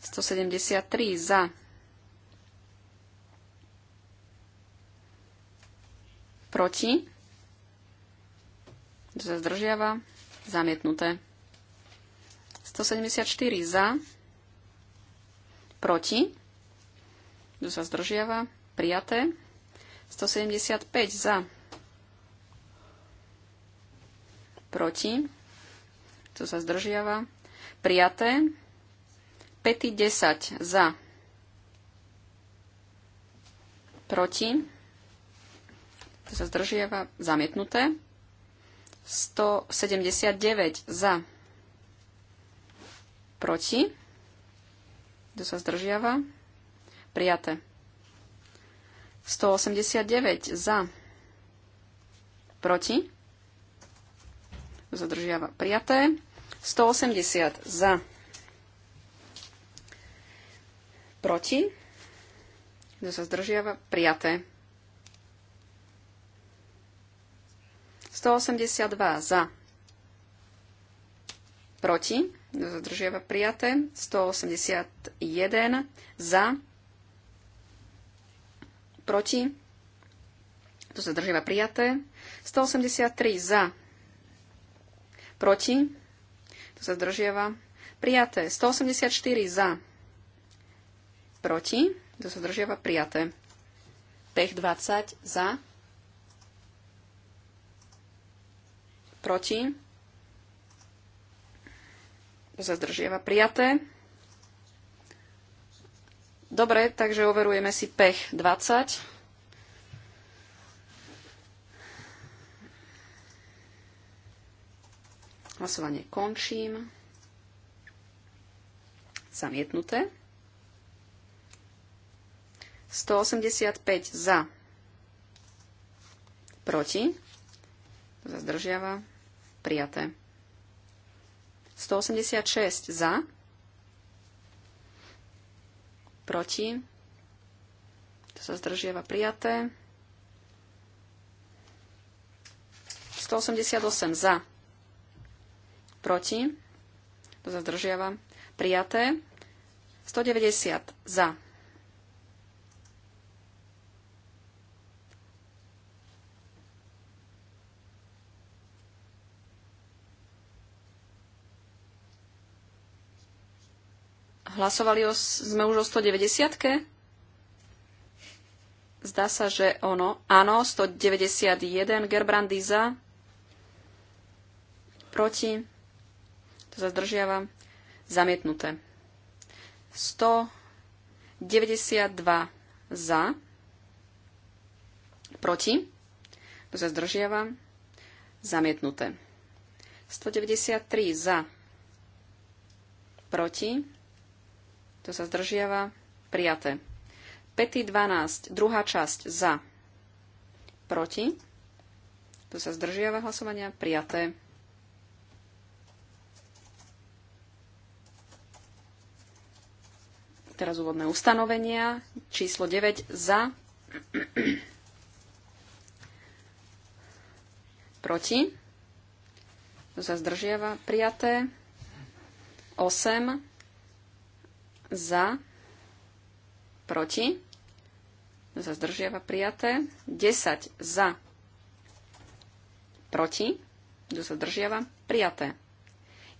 173 za. Proti. Kto sa zdržiava? Zamietnuté. 174 za. Proti. Kto sa zdržiava? Prijaté. 175 za. Proti. Kto sa zdržiava? Prijaté. 5 10 za. Proti. To sa zdržiava zamietnuté. 179 za. Proti. to sa zdržiava? Prijaté. 189 za. Proti. Zdržiava, prijaté. 180 za. Proti? Kto sa zdržiava? Prijaté. 182 za. Proti? Kto sa zdržiava? Prijaté. 181 za. Proti? Kto sa zdržiava? Prijaté. 183 za. Proti? Kto sa zdržiava? Prijaté. 184 za proti, kto sa zdržiava, prijaté. Pech 20 za, proti, kto sa zdržiava, prijaté. Dobre, takže overujeme si pech 20. Hlasovanie končím. Zamietnuté. 185 za. Proti. Zazdržiava. Prijaté. 186 za. Proti. To sa zdržiava prijaté. 188 za. Proti. Zazdržiava. prijaté. 190 za Hlasovali o, sme už o 190 -ke? Zdá sa, že ono. Áno, 191 Gerbrandy za. Proti. To sa zdržiava. Zamietnuté. 192 za. Proti. To sa zdržiava. Zamietnuté. 193 za. Proti. Kto sa zdržiava? Prijaté. Pety 12, druhá časť za. Proti. Kto sa zdržiava hlasovania? Prijaté. Teraz úvodné ustanovenia. Číslo 9 za. Proti. Kto sa zdržiava? Prijaté. 8 za, proti, za zdržiava prijaté, 10 za, proti, kto sa zdržiava prijaté,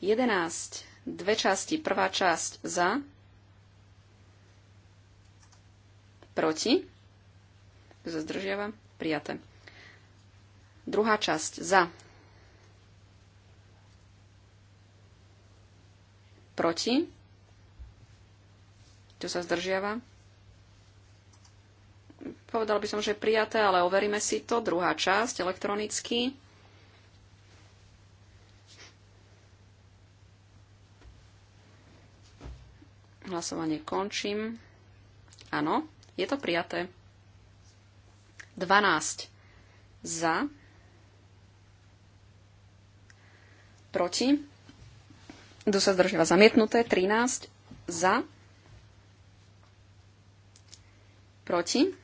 11, dve časti, prvá časť za, proti, kto sa zdržiava prijaté, druhá časť za, proti, čo sa zdržiava? Povedal by som, že prijaté, ale overíme si to. Druhá časť elektronicky. Hlasovanie končím. Áno, je to prijaté. 12 za, proti, kto sa zdržiava zamietnuté, 13 za, proti,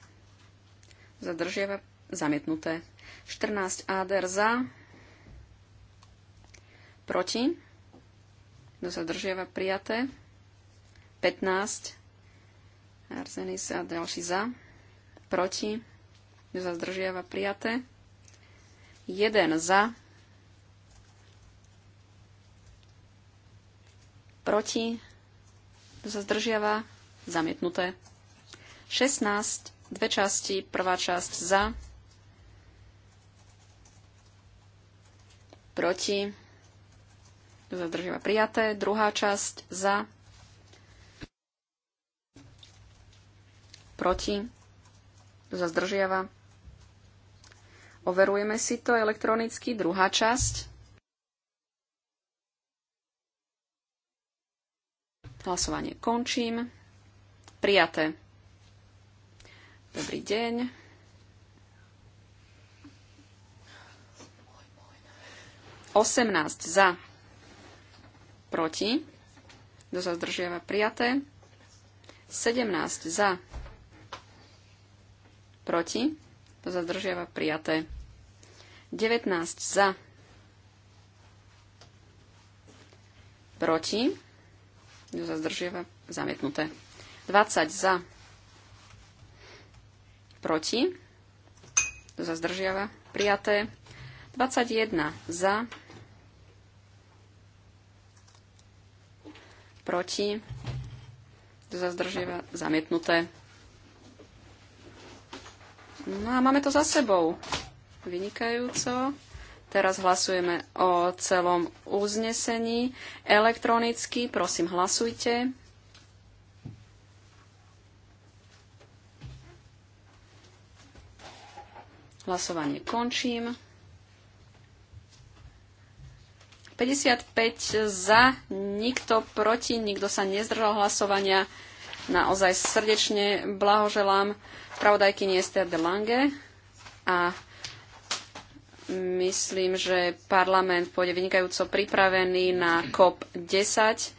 zadržiava, zamietnuté. 14 ADR za, proti, kto zadržiava, prijaté. 15 Arzenis a ďalší za, proti, kto zadržiava, prijaté. 1 za, proti, kto sa zamietnuté. 16, dve časti, prvá časť za, proti, zadržíva prijaté, druhá časť za, proti, zadržiava. Overujeme si to elektronicky, druhá časť. Hlasovanie končím. Prijaté. Dobrý deň. Osemnáct za. Proti. Kto sa zdržiava prijaté. Sedemnáct za. Proti. Kto sa zdržiava prijaté. 19 za. Proti. Kto sa zdržiava zamietnuté. 20 za proti, kto sa zdržiava, prijaté. 21 za, proti, kto sa zdržiava, zamietnuté. No a máme to za sebou. Vynikajúco. Teraz hlasujeme o celom uznesení. Elektronicky, prosím, hlasujte. Hlasovanie končím. 55 za, nikto proti, nikto sa nezdržal hlasovania. Naozaj srdečne blahoželám pravodajkyni Esther de Lange a myslím, že parlament pôjde vynikajúco pripravený na COP10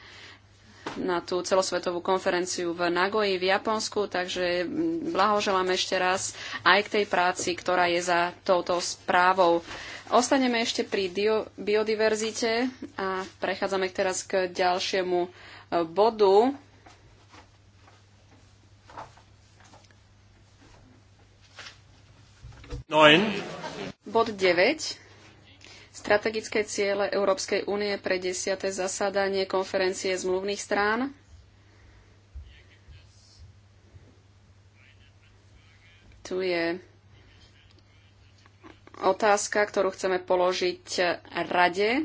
na tú celosvetovú konferenciu v Nagoji v Japonsku, takže blahoželám ešte raz aj k tej práci, ktorá je za touto správou. Ostaneme ešte pri biodiverzite a prechádzame teraz k ďalšiemu e, bodu. Bod 9 strategické ciele Európskej únie pre desiate zasadanie konferencie zmluvných strán. Tu je otázka, ktorú chceme položiť rade.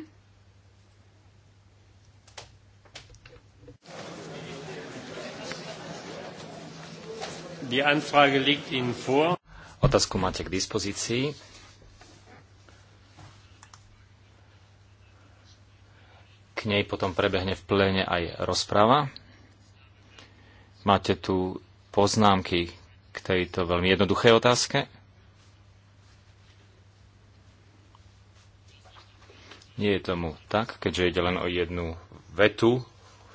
Otázku máte k dispozícii. k nej potom prebehne v pléne aj rozprava. Máte tu poznámky k tejto veľmi jednoduché otázke? Nie je tomu tak, keďže ide len o jednu vetu,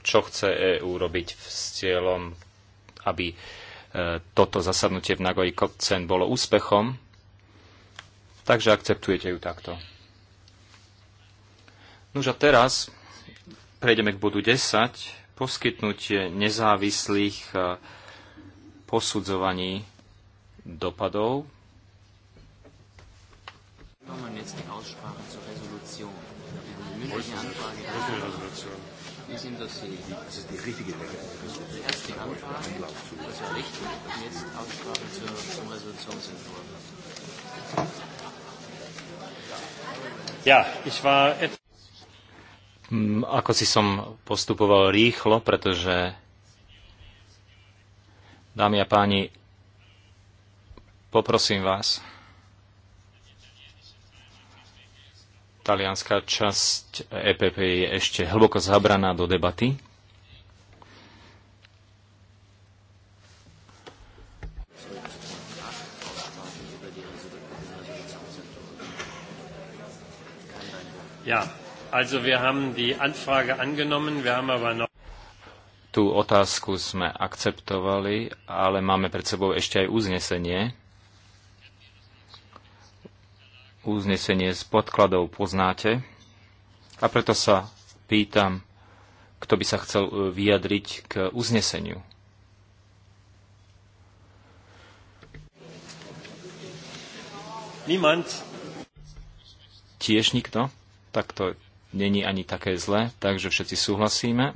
čo chce EÚ robiť s cieľom, aby e, toto zasadnutie v Nagoji Kopcen bolo úspechom. Takže akceptujete ju takto. Nuž a teraz Prejdeme k bodu 10. Poskytnutie nezávislých e, posudzovaní dopadov. Ja, ich war etwas Mm, ako si som postupoval rýchlo, pretože dámy a páni, poprosím vás, talianská časť EPP je ešte hlboko zabraná do debaty. Yeah. Also wir haben die Anfrage angenommen, wir haben aber noch Tú otázku sme akceptovali, ale máme pred sebou ešte aj uznesenie. Uznesenie z podkladov poznáte. A preto sa pýtam, kto by sa chcel e, vyjadriť k uzneseniu. Niemand. Tiež nikto? Tak to není ani také zle, takže všetci súhlasíme.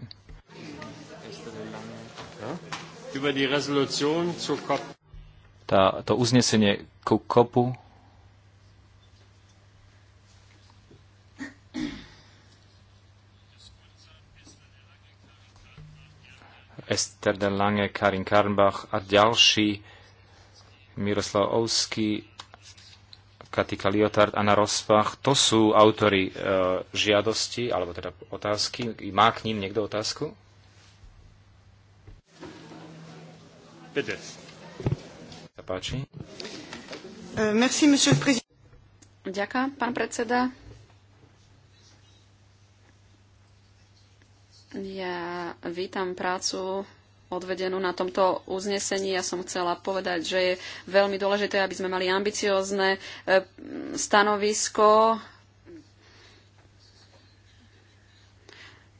Tá, to uznesenie ku kopu Esther de Lange, Karin Karnbach a ďalší Miroslav Ousky, Katika Liotard, Anna Rospach, to sú autory e, žiadosti, alebo teda otázky. Má k ním niekto otázku? Bitte. Sa páči. E, merci, monsieur le président. Ďakujem, pán predseda. Ja vítam prácu odvedenú na tomto uznesení. Ja som chcela povedať, že je veľmi dôležité, aby sme mali ambiciozne e, stanovisko,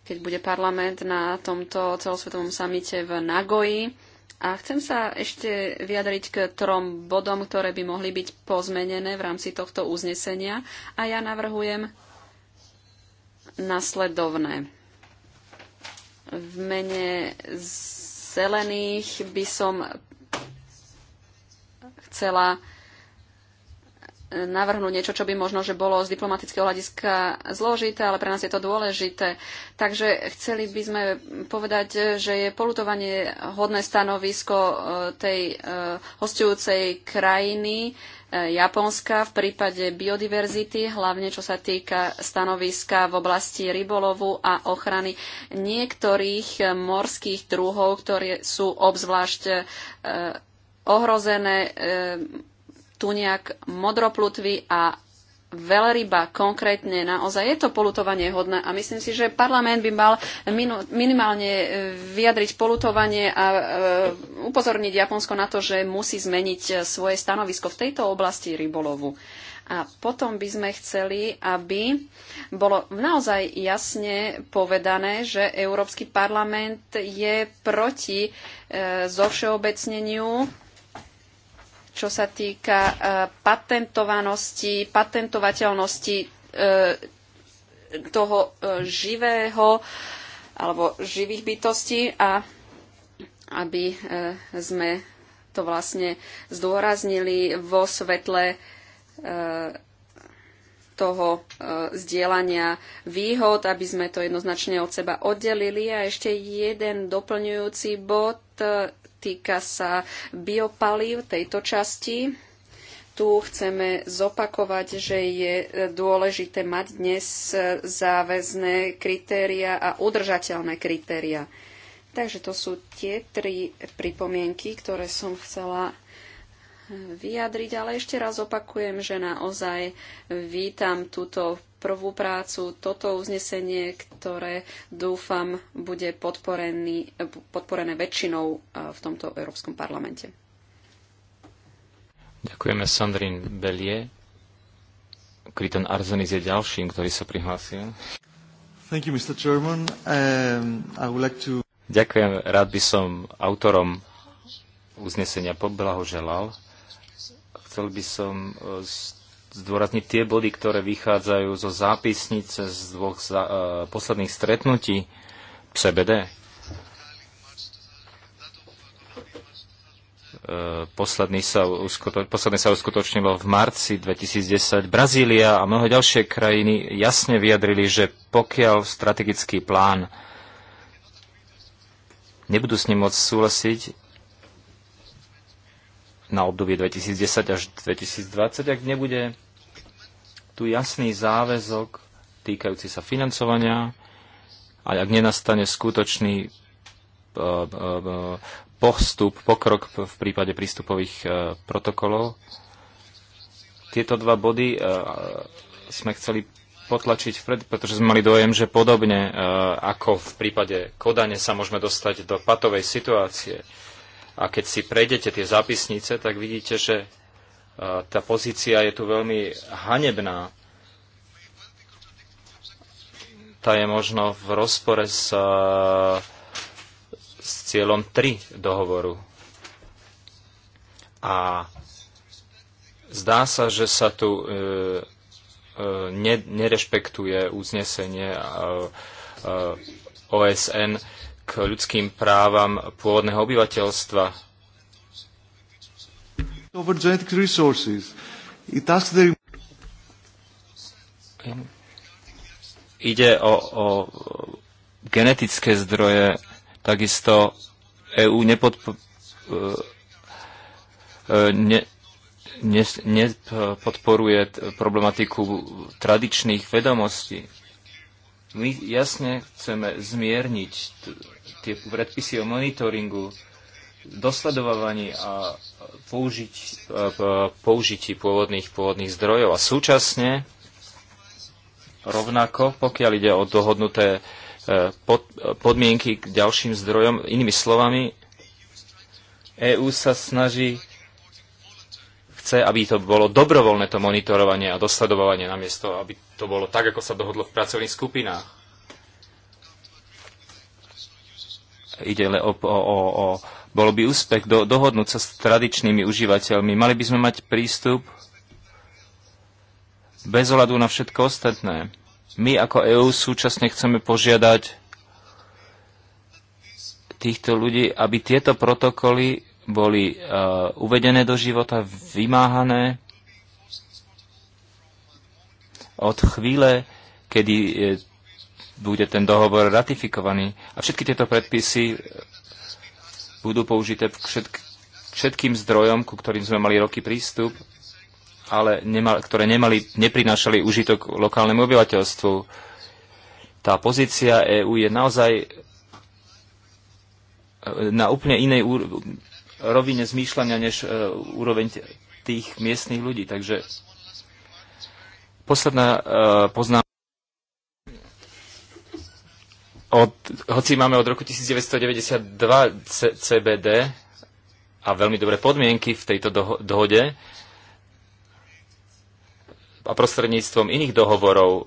keď bude parlament na tomto celosvetovom samite v Nagoji. A chcem sa ešte vyjadriť k trom bodom, ktoré by mohli byť pozmenené v rámci tohto uznesenia. A ja navrhujem nasledovné. V mene z zelených by som chcela navrhnúť niečo, čo by možno, že bolo z diplomatického hľadiska zložité, ale pre nás je to dôležité. Takže chceli by sme povedať, že je polutovanie hodné stanovisko e, tej e, hostujúcej krajiny e, Japonska v prípade biodiverzity, hlavne čo sa týka stanoviska v oblasti rybolovu a ochrany niektorých morských druhov, ktoré sú obzvlášť ohrozené tuniak, modroplutvy a veľryba konkrétne naozaj je to polutovanie hodné a myslím si, že parlament by mal minimálne e, vyjadriť polutovanie a e, upozorniť Japonsko na to, že musí zmeniť e, svoje stanovisko v tejto oblasti rybolovu. A potom by sme chceli, aby bolo naozaj jasne povedané, že Európsky parlament je proti e, zovšeobecneniu čo sa týka e, patentovanosti, patentovateľnosti e, toho e, živého alebo živých bytostí a aby sme to vlastne zdôraznili vo svetle toho zdieľania výhod, aby sme to jednoznačne od seba oddelili. A ešte jeden doplňujúci bod Týka sa biopalív tejto časti. Tu chceme zopakovať, že je dôležité mať dnes záväzné kritéria a udržateľné kritéria. Takže to sú tie tri pripomienky, ktoré som chcela vyjadriť, ale ešte raz opakujem, že naozaj vítam túto prvú prácu, toto uznesenie, ktoré dúfam bude podporené väčšinou e, v tomto Európskom parlamente. Ďakujeme Sandrin Belie. Kriton Arzenis je ďalším, ktorý sa prihlásil. Thank you, Mr. Chairman. Um, I would like to... Ďakujem, rád by som autorom uznesenia poblahoželal. Chcel by som e, zdôrazniť tie body, ktoré vychádzajú zo zápisnice z dvoch za, uh, posledných stretnutí CBD. E, posledný sa uskuto- posledné sa uskutočnilo v marci 2010. Brazília a mnohé ďalšie krajiny jasne vyjadrili, že pokiaľ strategický plán nebudú s ním môcť súhlasiť, na obdobie 2010 až 2020, ak nebude tu jasný záväzok týkajúci sa financovania a ak nenastane skutočný e, e, e, postup, pokrok v prípade prístupových protokolov. Tieto dva body sme chceli potlačiť vpred, pretože sme mali dojem, že podobne ako v prípade Kodane sa môžeme dostať do patovej situácie a keď si prejdete tie zapisnice, tak vidíte, že e, tá pozícia je tu veľmi hanebná. Tá je možno v rozpore s, e, s cieľom 3 dohovoru. A zdá sa, že sa tu e, e, nerešpektuje uznesenie e, e, OSN. E, k ľudským právam pôvodného obyvateľstva. Ide o, o genetické zdroje, takisto EÚ e, e, nepodporuje ne, nepodporuje problematiku tradičných vedomostí. My jasne chceme zmierniť tie predpisy o monitoringu, dosledovaní a použiť, e, použití pôvodných, pôvodných zdrojov. A súčasne rovnako, pokiaľ ide o dohodnuté e, pod, podmienky k ďalším zdrojom, inými slovami, EÚ sa snaží chce, aby to bolo dobrovoľné to monitorovanie a dosledovanie namiesto, aby to bolo tak, ako sa dohodlo v pracovných skupinách. Ide len o, o, o, o bolo by úspech do, dohodnúť sa s tradičnými užívateľmi. Mali by sme mať prístup bez ohľadu na všetko ostatné. My ako EÚ súčasne chceme požiadať týchto ľudí, aby tieto protokoly boli uh, uvedené do života, vymáhané od chvíle, kedy je, bude ten dohovor ratifikovaný. A všetky tieto predpisy e, budú použité všetk, všetkým zdrojom, ku ktorým sme mali roky prístup, ale nemal, ktoré nemali, neprinášali užitok lokálnemu obyvateľstvu. Tá pozícia EÚ je naozaj e, na úplne inej úrovni rovine zmýšľania než e, úroveň tých miestných ľudí. Takže posledná e, poznámka. Od, hoci máme od roku 1992 CBD a veľmi dobré podmienky v tejto doho- dohode a prostredníctvom iných dohovorov e,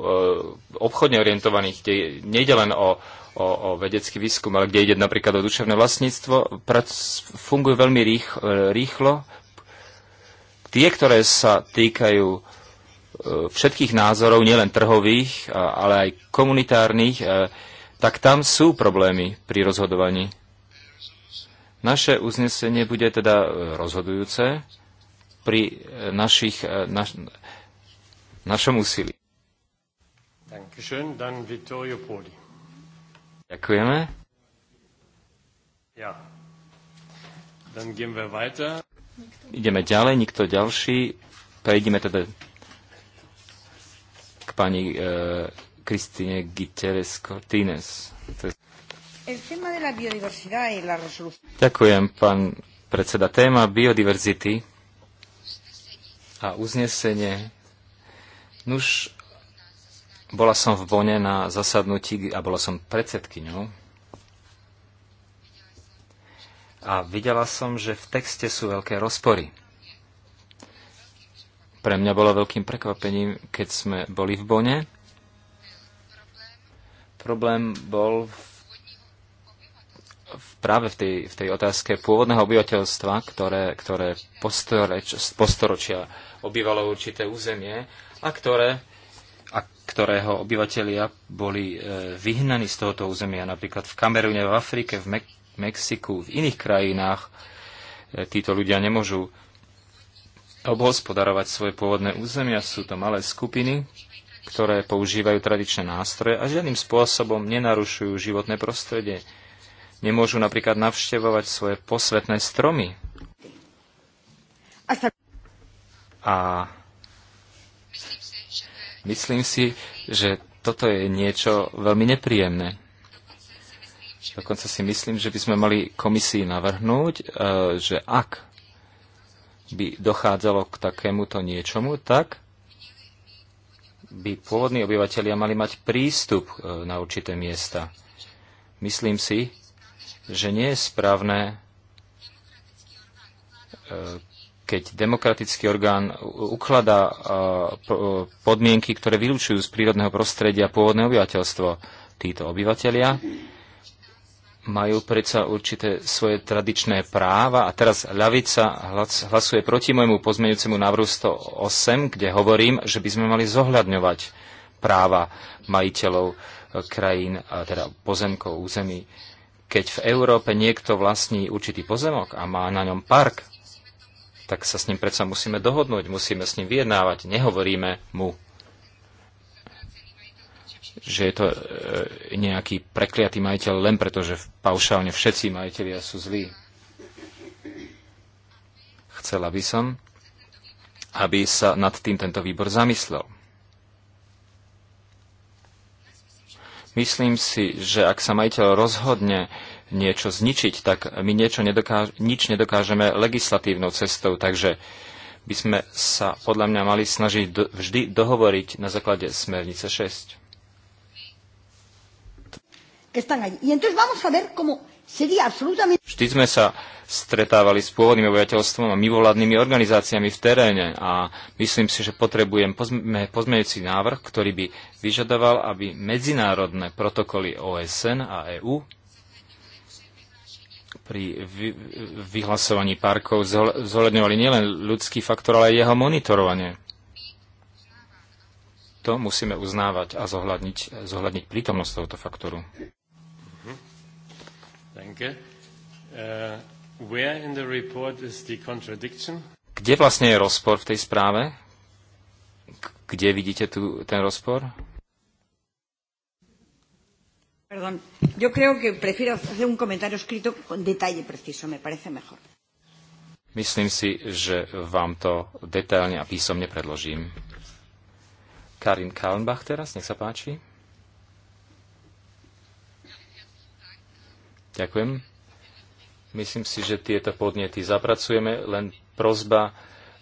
obchodne orientovaných, kde nejde len o o, o vedecký výskum, ale kde ide napríklad o duševné vlastníctvo, fungujú veľmi e, rýchlo. Tie, ktoré sa týkajú e, všetkých názorov, nielen trhových, ale aj komunitárnych, e, tak tam sú problémy pri rozhodovaní. Naše uznesenie bude teda rozhodujúce pri našich, naš, našom úsilí. Dankeschön, dann Vittorio Poli. Ďakujeme. Ja. Dann gehen wir weiter. Ideme ďalej, nikto ďalší. Prejdeme teda k pani e, Kristine uh, Giteres Cortines. Ďakujem, pán predseda. Téma biodiverzity a uznesenie. Nuž, bola som v Bone na zasadnutí a bola som predsedkyňou. A videla som, že v texte sú veľké rozpory. Pre mňa bolo veľkým prekvapením, keď sme boli v Bone. Problém bol v, v práve v tej, v tej otázke pôvodného obyvateľstva, ktoré, ktoré postoroč, postoročia obývalo určité územie a ktoré ktorého obyvatelia boli e, vyhnaní z tohoto územia, napríklad v Kamerune, v Afrike, v Mek- Mexiku, v iných krajinách. E, títo ľudia nemôžu obhospodarovať svoje pôvodné územia, sú to malé skupiny, ktoré používajú tradičné nástroje a žiadnym spôsobom nenarušujú životné prostredie. Nemôžu napríklad navštevovať svoje posvetné stromy. A Myslím si, že toto je niečo veľmi nepríjemné. Dokonca si myslím, že by sme mali komisii navrhnúť, e, že ak by dochádzalo k takémuto niečomu, tak by pôvodní obyvateľia mali mať prístup e, na určité miesta. Myslím si, že nie je správne e, keď demokratický orgán ukladá podmienky, ktoré vylúčujú z prírodného prostredia pôvodné obyvateľstvo. Títo obyvateľia majú predsa určité svoje tradičné práva a teraz ľavica hlasuje proti môjmu pozmeňujúcemu návrhu 108, kde hovorím, že by sme mali zohľadňovať práva majiteľov e, krajín, teda pozemkov, území. Keď v Európe niekto vlastní určitý pozemok a má na ňom park, tak sa s ním predsa musíme dohodnúť, musíme s ním vyjednávať. Nehovoríme mu, že je to e, nejaký prekliatý majiteľ len preto, že paušálne všetci majiteľia sú zlí. Chcela by som, aby sa nad tým tento výbor zamyslel. Myslím si, že ak sa majiteľ rozhodne niečo zničiť, tak my niečo nedokáž- nič nedokážeme legislatívnou cestou, takže by sme sa podľa mňa mali snažiť do- vždy dohovoriť na základe smernice 6. Vždy sme sa stretávali s pôvodným obyvateľstvom a mimovládnymi organizáciami v teréne a myslím si, že potrebujem pozme- pozmeňujúci návrh, ktorý by vyžadoval, aby medzinárodné protokoly OSN a EÚ pri vyhlasovaní parkov zohľadňovali nielen ľudský faktor, ale aj jeho monitorovanie. To musíme uznávať a zohľadniť, zohľadniť prítomnosť tohoto faktoru. Mhm. Uh, kde vlastne je rozpor v tej správe? Kde vidíte tu ten rozpor? Perdón, yo creo que prefiero hacer un comentario escrito con detalle preciso, me parece mejor. Myslím si, že vám to detailne a písomne predložím. Karin Kalnbach teraz, nech sa páči. Ďakujem. Myslím si, že tieto podnety zapracujeme, len prozba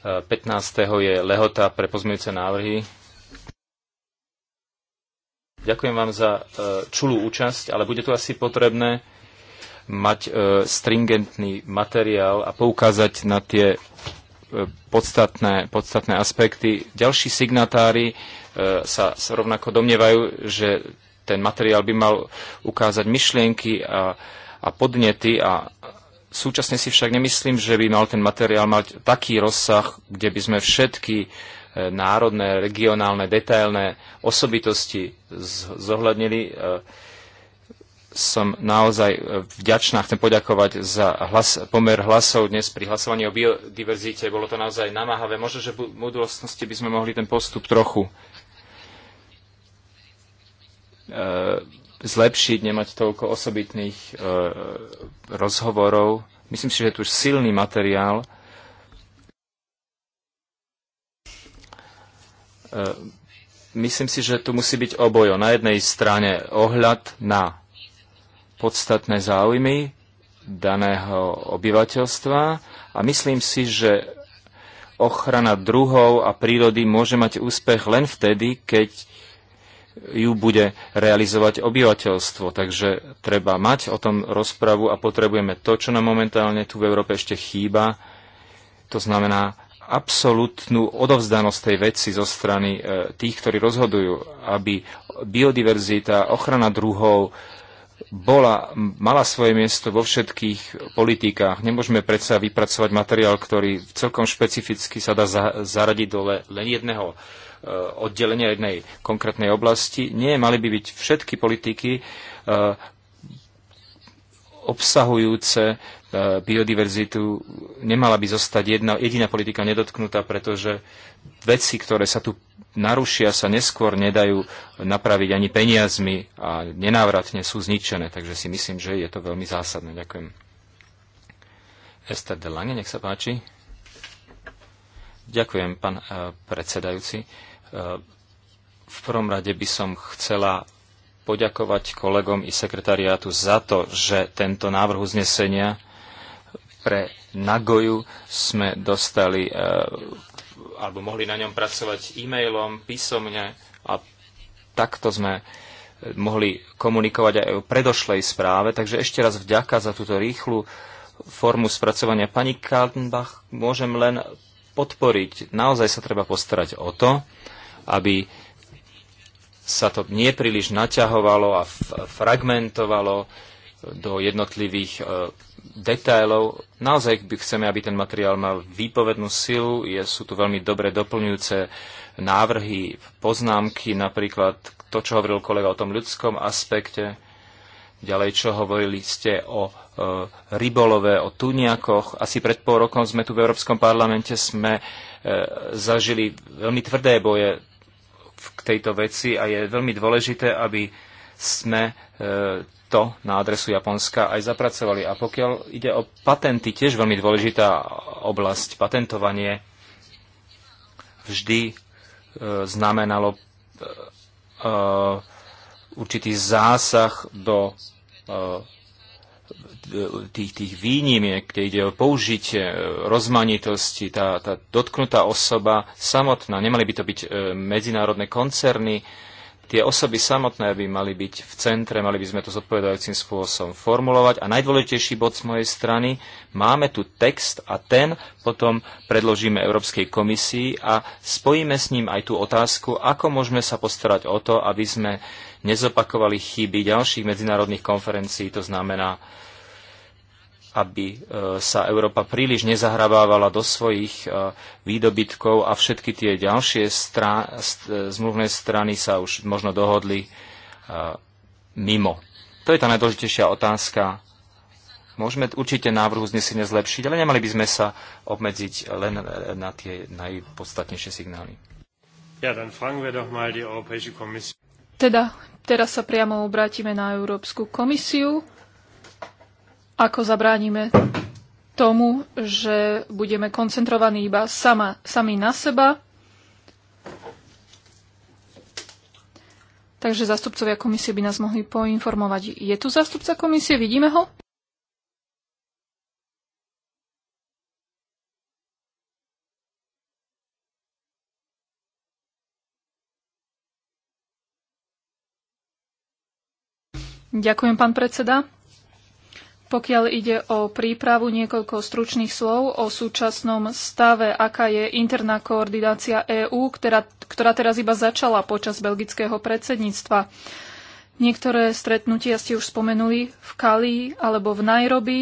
15. Eh, je lehota pre pozmeňujúce návrhy Ďakujem vám za e, čulú účasť, ale bude tu asi potrebné mať e, stringentný materiál a poukázať na tie e, podstatné, podstatné aspekty. Ďalší signatári sa rovnako domnievajú, že ten materiál by mal ukázať myšlienky a, a podnety a súčasne si však nemyslím, že by mal ten materiál mať taký rozsah, kde by sme všetky E, národné, regionálne, detailné osobitosti zohľadnili. E, som naozaj e, vďačná, chcem poďakovať za hlas, pomer hlasov dnes pri hlasovaní o biodiverzite. Bolo to naozaj namáhavé. Možno, že v budúcnosti by sme mohli ten postup trochu zlepšiť, nemať toľko osobitných rozhovorov. Myslím si, že je tu už silný materiál, E, myslím si, že tu musí byť obojo. Na jednej strane ohľad na podstatné záujmy daného obyvateľstva a myslím si, že ochrana druhov a prírody môže mať úspech len vtedy, keď ju bude realizovať obyvateľstvo. Takže treba mať o tom rozpravu a potrebujeme to, čo nám momentálne tu v Európe ešte chýba. To znamená absolútnu odovzdanosť tej veci zo strany e, tých, ktorí rozhodujú, aby biodiverzita, ochrana druhov bola, mala svoje miesto vo všetkých politikách. Nemôžeme predsa vypracovať materiál, ktorý celkom špecificky sa dá za, zaradiť dole len jedného e, oddelenia jednej konkrétnej oblasti. Nie, mali by byť všetky politiky e, obsahujúce E, biodiverzitu nemala by zostať jedna jediná politika nedotknutá, pretože veci, ktoré sa tu narušia, sa neskôr nedajú napraviť ani peniazmi a nenávratne sú zničené. Takže si myslím, že je to veľmi zásadné. Ďakujem. de Lange, nech sa páči. Ďakujem, pán e, predsedajúci. E, v prvom rade by som chcela poďakovať kolegom i sekretariátu za to, že tento návrh uznesenia pre Nagoju sme dostali e, alebo mohli na ňom pracovať e-mailom, písomne a takto sme e, mohli komunikovať aj o predošlej správe. Takže ešte raz vďaka za túto rýchlu formu spracovania. Pani Kaltenbach, môžem len podporiť. Naozaj sa treba postarať o to, aby sa to nepríliš naťahovalo a fragmentovalo, do jednotlivých e, detailov. Naozaj by chceme, aby ten materiál mal výpovednú silu. Je, sú tu veľmi dobre doplňujúce návrhy, poznámky, napríklad to, čo hovoril kolega o tom ľudskom aspekte, ďalej, čo hovorili ste o e, rybolove, o tuniakoch. Asi pred pol rokom sme tu v Európskom parlamente sme e, zažili veľmi tvrdé boje v tejto veci a je veľmi dôležité, aby sme e, to na adresu Japonska aj zapracovali. A pokiaľ ide o patenty, tiež veľmi dôležitá oblasť, patentovanie vždy e, znamenalo e, určitý zásah do tých, tých výnimiek, kde ide o použitie rozmanitosti, tá, tá dotknutá osoba samotná. Nemali by to byť medzinárodné koncerny, tie osoby samotné by mali byť v centre, mali by sme to zodpovedajúcim spôsobom formulovať. A najdôležitejší bod z mojej strany, máme tu text a ten potom predložíme Európskej komisii a spojíme s ním aj tú otázku, ako môžeme sa postarať o to, aby sme nezopakovali chyby ďalších medzinárodných konferencií, to znamená aby e, sa Európa príliš nezahrabávala do svojich e, výdobytkov a všetky tie ďalšie strá, e, zmluvné strany sa už možno dohodli mimo. To je tá najdôležitejšia otázka. Môžeme určite návrhu znesenia zlepšiť, ale nemali by sme sa obmedziť len na tie najpodstatnejšie signály. Ja, dann fragen wir doch mal die Europäische Kommission. Teda teraz sa priamo obrátime na Európsku komisiu. Ako zabránime tomu, že budeme koncentrovaní iba sama, sami na seba. Takže zastupcovia komisie by nás mohli poinformovať. Je tu zastupca komisie? Vidíme ho? Ďakujem, pán predseda. Pokiaľ ide o prípravu niekoľko stručných slov o súčasnom stave, aká je interná koordinácia EÚ, ktorá, ktorá teraz iba začala počas belgického predsedníctva. Niektoré stretnutia ste už spomenuli v Kali alebo v Nairobi.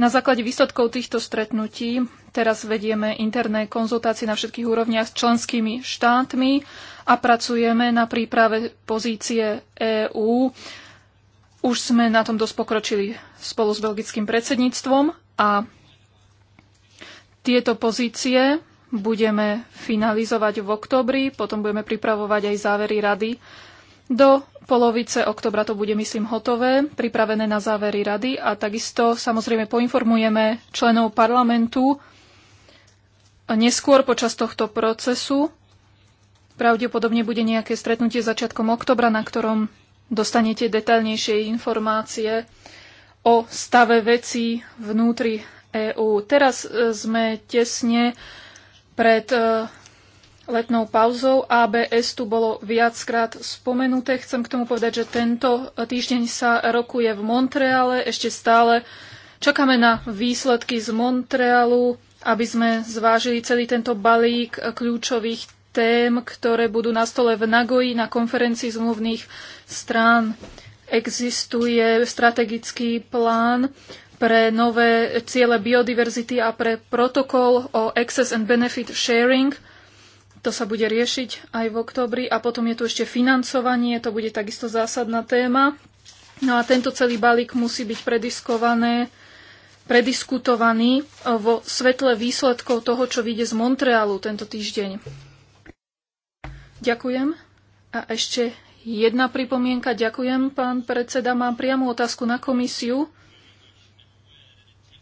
Na základe výsledkov týchto stretnutí teraz vedieme interné konzultácie na všetkých úrovniach s členskými štátmi a pracujeme na príprave pozície EÚ už sme na tom dosť pokročili spolu s belgickým predsedníctvom a tieto pozície budeme finalizovať v oktobri, potom budeme pripravovať aj závery rady. Do polovice oktobra to bude, myslím, hotové, pripravené na závery rady a takisto samozrejme poinformujeme členov parlamentu neskôr počas tohto procesu. Pravdepodobne bude nejaké stretnutie začiatkom oktobra, na ktorom dostanete detaľnejšie informácie o stave vecí vnútri EÚ. Teraz e, sme tesne pred e, letnou pauzou. ABS tu bolo viackrát spomenuté. Chcem k tomu povedať, že tento týždeň sa rokuje v Montreale. Ešte stále čakáme na výsledky z Montrealu, aby sme zvážili celý tento balík kľúčových tém, ktoré budú na stole v Nagoji na konferencii zmluvných strán. Existuje strategický plán pre nové ciele biodiverzity a pre protokol o Access and Benefit Sharing. To sa bude riešiť aj v oktobri. A potom je tu ešte financovanie, to bude takisto zásadná téma. No a tento celý balík musí byť prediskované prediskutovaný vo svetle výsledkov toho, čo vyjde z Montrealu tento týždeň. Ďakujem. A ešte jedna pripomienka. Ďakujem, pán predseda. Mám priamu otázku na komisiu.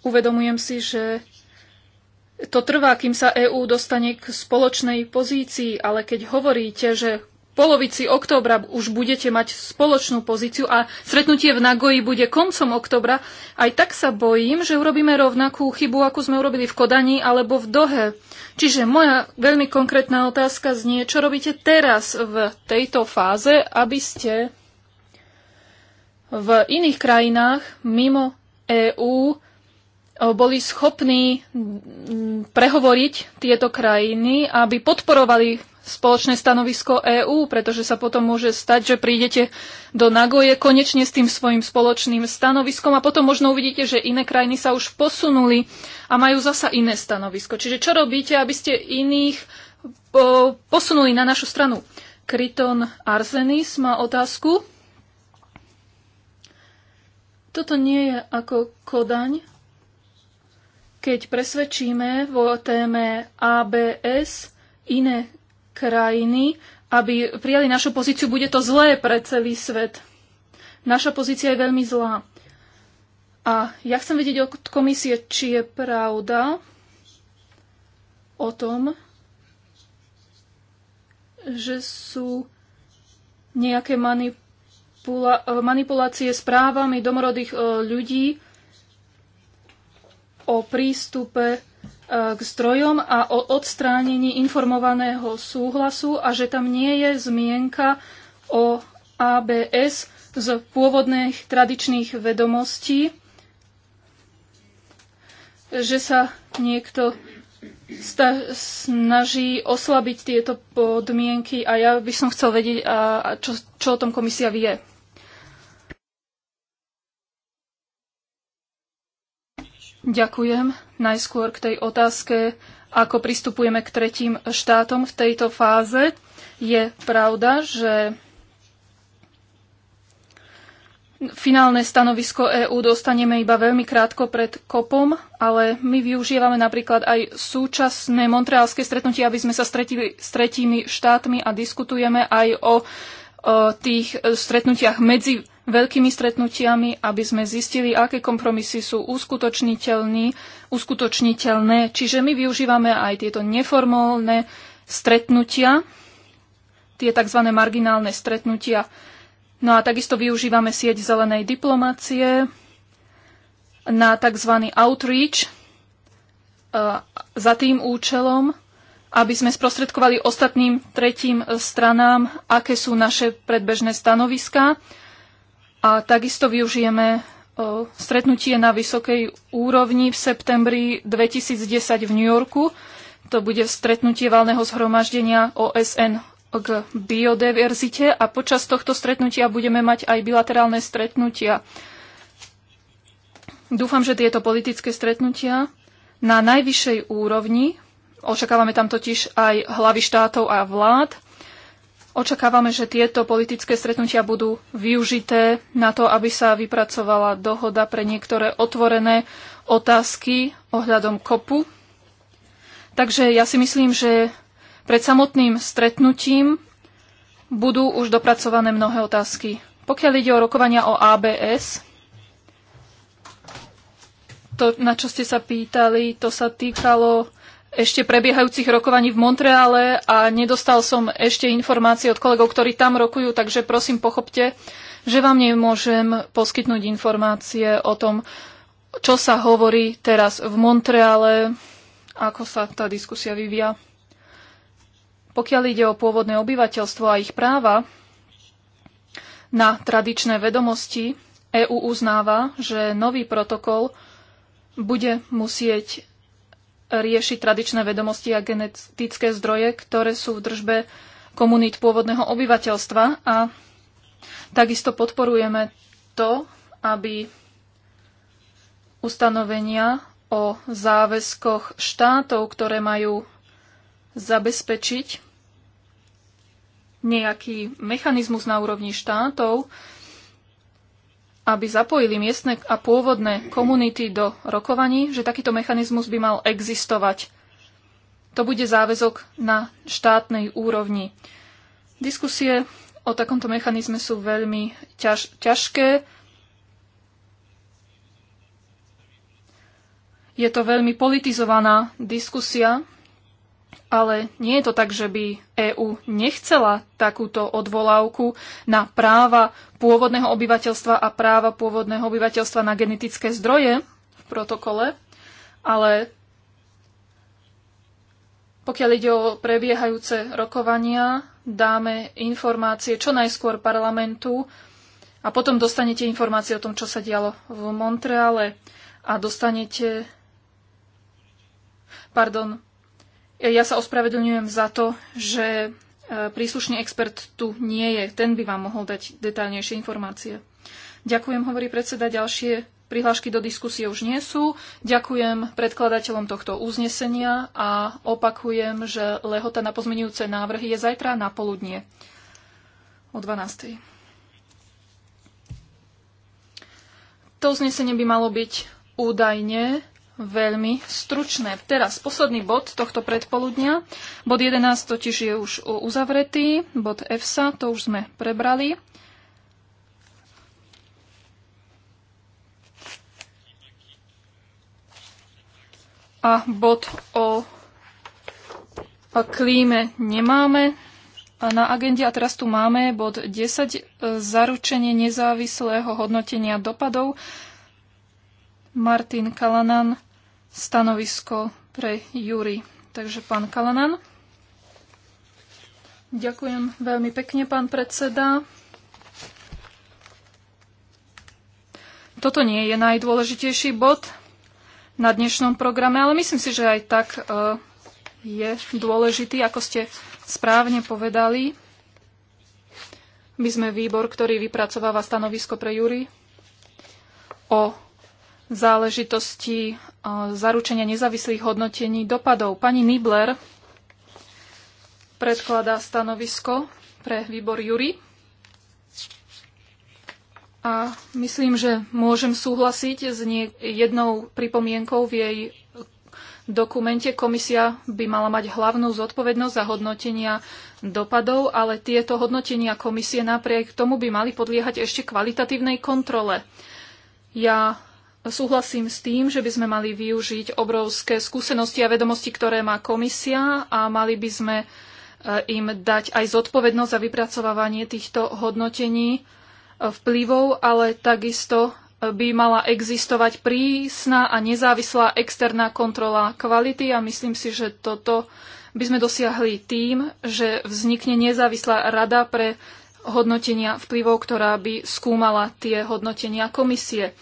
Uvedomujem si, že to trvá, kým sa EÚ dostane k spoločnej pozícii, ale keď hovoríte, že polovici októbra už budete mať spoločnú pozíciu a stretnutie v Nagoji bude koncom októbra, aj tak sa bojím, že urobíme rovnakú chybu, ako sme urobili v Kodani alebo v Dohe. Čiže moja veľmi konkrétna otázka znie, čo robíte teraz v tejto fáze, aby ste v iných krajinách mimo EÚ boli schopní prehovoriť tieto krajiny, aby podporovali spoločné stanovisko EÚ, pretože sa potom môže stať, že prídete do Nagoje konečne s tým svojim spoločným stanoviskom a potom možno uvidíte, že iné krajiny sa už posunuli a majú zasa iné stanovisko. Čiže čo robíte, aby ste iných posunuli na našu stranu? Kryton Arzenis má otázku. Toto nie je ako Kodaň, keď presvedčíme vo téme ABS iné krajiny, aby prijali našu pozíciu, bude to zlé pre celý svet. Naša pozícia je veľmi zlá. A ja chcem vedieť od komisie, či je pravda o tom, že sú nejaké manipula- manipulácie s právami domorodých e, ľudí o prístupe E, k zdrojom a o odstránení informovaného súhlasu a že tam nie je zmienka o ABS z pôvodných tradičných vedomostí, že sa niekto snaží oslabiť tieto podmienky a ja by som chcel vedieť, čo, čo o tom komisia vie. Ďakujem. Najskôr k tej otázke, ako pristupujeme k tretím štátom v tejto fáze. Je pravda, že finálne stanovisko EÚ dostaneme iba veľmi krátko pred kopom, ale my využívame napríklad aj súčasné montrealské stretnutie, aby sme sa stretili s tretími štátmi a diskutujeme aj o, o tých stretnutiach medzi veľkými stretnutiami, aby sme zistili, aké kompromisy sú uskutočniteľné. Čiže my využívame aj tieto neformálne stretnutia, tie tzv. marginálne stretnutia. No a takisto využívame sieť zelenej diplomácie na tzv. outreach e, za tým účelom, aby sme sprostredkovali ostatným tretím stranám, aké sú naše predbežné stanoviská a takisto využijeme stretnutie na vysokej úrovni v septembri 2010 v New Yorku. To bude stretnutie valného zhromaždenia OSN k biodiverzite a počas tohto stretnutia budeme mať aj bilaterálne stretnutia. Dúfam, že tieto politické stretnutia na najvyššej úrovni, očakávame tam totiž aj hlavy štátov a vlád, Očakávame, že tieto politické stretnutia budú využité na to, aby sa vypracovala dohoda pre niektoré otvorené otázky ohľadom kopu. Takže ja si myslím, že pred samotným stretnutím budú už dopracované mnohé otázky. Pokiaľ ide o rokovania o ABS, to, na čo ste sa pýtali, to sa týkalo ešte prebiehajúcich rokovaní v Montreale a nedostal som ešte informácie od kolegov, ktorí tam rokujú, takže prosím pochopte, že vám nemôžem poskytnúť informácie o tom, čo sa hovorí teraz v Montreale, ako sa tá diskusia vyvíja. Pokiaľ ide o pôvodné obyvateľstvo a ich práva na tradičné vedomosti, EÚ uznáva, že nový protokol bude musieť riešiť tradičné vedomosti a genetické zdroje, ktoré sú v držbe komunít pôvodného obyvateľstva a takisto podporujeme to, aby ustanovenia o záväzkoch štátov, ktoré majú zabezpečiť nejaký mechanizmus na úrovni štátov, aby zapojili miestne a pôvodné komunity do rokovaní, že takýto mechanizmus by mal existovať. To bude záväzok na štátnej úrovni. Diskusie o takomto mechanizme sú veľmi ťaž, ťažké. Je to veľmi politizovaná diskusia, ale nie je to tak, že by EÚ nechcela takúto odvolávku na práva pôvodného obyvateľstva a práva pôvodného obyvateľstva na genetické zdroje v protokole, ale pokiaľ ide o prebiehajúce rokovania, dáme informácie čo najskôr parlamentu a potom dostanete informácie o tom, čo sa dialo v Montreale a dostanete pardon, ja sa ospravedlňujem za to, že e, príslušný expert tu nie je. Ten by vám mohol dať detaľnejšie informácie. Ďakujem, hovorí predseda. Ďalšie prihlášky do diskusie už nie sú. Ďakujem predkladateľom tohto uznesenia a opakujem, že lehota na pozmenujúce návrhy je zajtra na poludnie o 12. To uznesenie by malo byť údajne veľmi stručné. Teraz posledný bod tohto predpoludnia. Bod 11 totiž je už uzavretý, bod EFSA, to už sme prebrali. A bod o, a klíme nemáme na agende a teraz tu máme bod 10 zaručenie nezávislého hodnotenia dopadov Martin Kalanan stanovisko pre Júri. Takže pán Kalanan. Ďakujem veľmi pekne, pán predseda. Toto nie je najdôležitejší bod na dnešnom programe, ale myslím si, že aj tak e, je dôležitý, ako ste správne povedali. My sme výbor, ktorý vypracováva stanovisko pre Júri o záležitosti e, zaručenia nezávislých hodnotení dopadov. Pani Nibler predkladá stanovisko pre výbor Jury. A myslím, že môžem súhlasiť s nie, jednou pripomienkou v jej dokumente. Komisia by mala mať hlavnú zodpovednosť za hodnotenia dopadov, ale tieto hodnotenia komisie napriek tomu by mali podliehať ešte kvalitatívnej kontrole. Ja súhlasím s tým, že by sme mali využiť obrovské skúsenosti a vedomosti, ktoré má komisia a mali by sme e, im dať aj zodpovednosť za vypracovávanie týchto hodnotení e, vplyvov, ale takisto e, by mala existovať prísna a nezávislá externá kontrola kvality a myslím si, že toto by sme dosiahli tým, že vznikne nezávislá rada pre hodnotenia vplyvov, ktorá by skúmala tie hodnotenia komisie.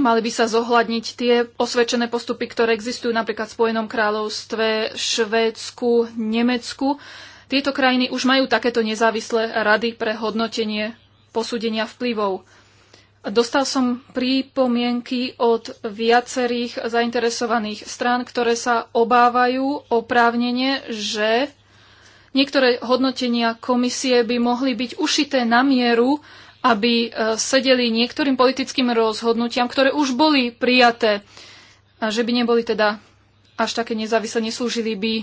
Mali by sa zohľadniť tie osvedčené postupy, ktoré existujú napríklad v Spojenom kráľovstve, Švédsku, Nemecku. Tieto krajiny už majú takéto nezávislé rady pre hodnotenie posúdenia vplyvov. Dostal som prípomienky od viacerých zainteresovaných strán, ktoré sa obávajú oprávnenie, že niektoré hodnotenia komisie by mohli byť ušité na mieru aby e, sedeli niektorým politickým rozhodnutiam, ktoré už boli prijaté, a že by neboli teda až také nezávislé, neslúžili by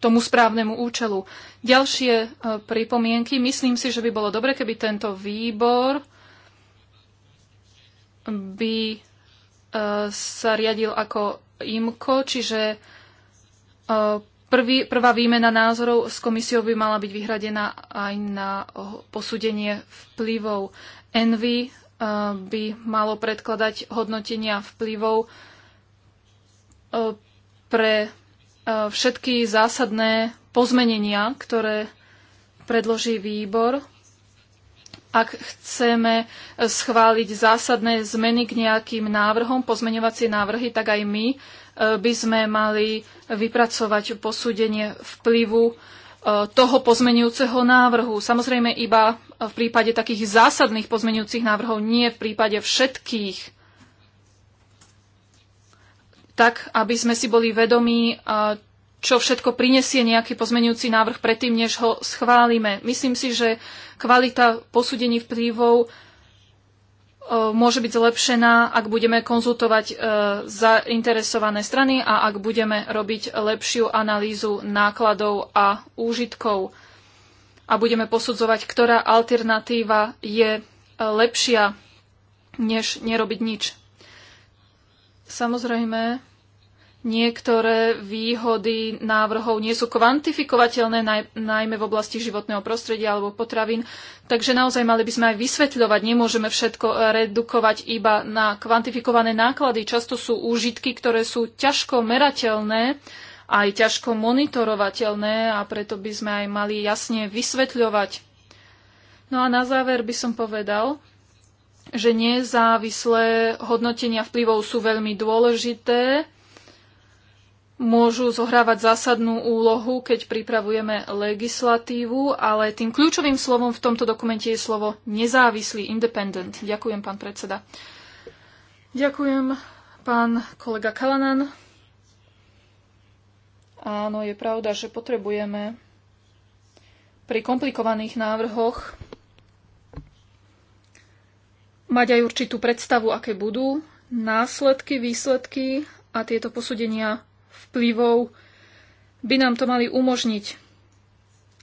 tomu správnemu účelu. Ďalšie e, pripomienky. Myslím si, že by bolo dobre, keby tento výbor by e, sa riadil ako IMKO, čiže Prvý, prvá výmena názorov s komisiou by mala byť vyhradená aj na posúdenie vplyvov. Envy eh, by malo predkladať hodnotenia vplyvov eh, pre eh, všetky zásadné pozmenenia, ktoré predloží výbor. Ak chceme schváliť zásadné zmeny k nejakým návrhom, pozmeňovacie návrhy, tak aj my by sme mali vypracovať posúdenie vplyvu e, toho pozmenujúceho návrhu. Samozrejme iba v prípade takých zásadných pozmenujúcich návrhov, nie v prípade všetkých. Tak, aby sme si boli vedomí, e, čo všetko prinesie nejaký pozmenujúci návrh predtým, než ho schválime. Myslím si, že kvalita posúdení vplyvov môže byť zlepšená, ak budeme konzultovať e, zainteresované strany a ak budeme robiť lepšiu analýzu nákladov a úžitkov a budeme posudzovať, ktorá alternatíva je e, lepšia, než nerobiť nič. Samozrejme, Niektoré výhody návrhov nie sú kvantifikovateľné, najmä v oblasti životného prostredia alebo potravín, takže naozaj mali by sme aj vysvetľovať. Nemôžeme všetko redukovať iba na kvantifikované náklady. Často sú úžitky, ktoré sú ťažko merateľné, aj ťažko monitorovateľné a preto by sme aj mali jasne vysvetľovať. No a na záver by som povedal, že nezávislé hodnotenia vplyvov sú veľmi dôležité môžu zohrávať zásadnú úlohu, keď pripravujeme legislatívu, ale tým kľúčovým slovom v tomto dokumente je slovo nezávislý, independent. Ďakujem, pán predseda. Ďakujem, pán kolega Kalanan. Áno, je pravda, že potrebujeme pri komplikovaných návrhoch mať aj určitú predstavu, aké budú následky, výsledky a tieto posúdenia vplyvov by nám to mali umožniť.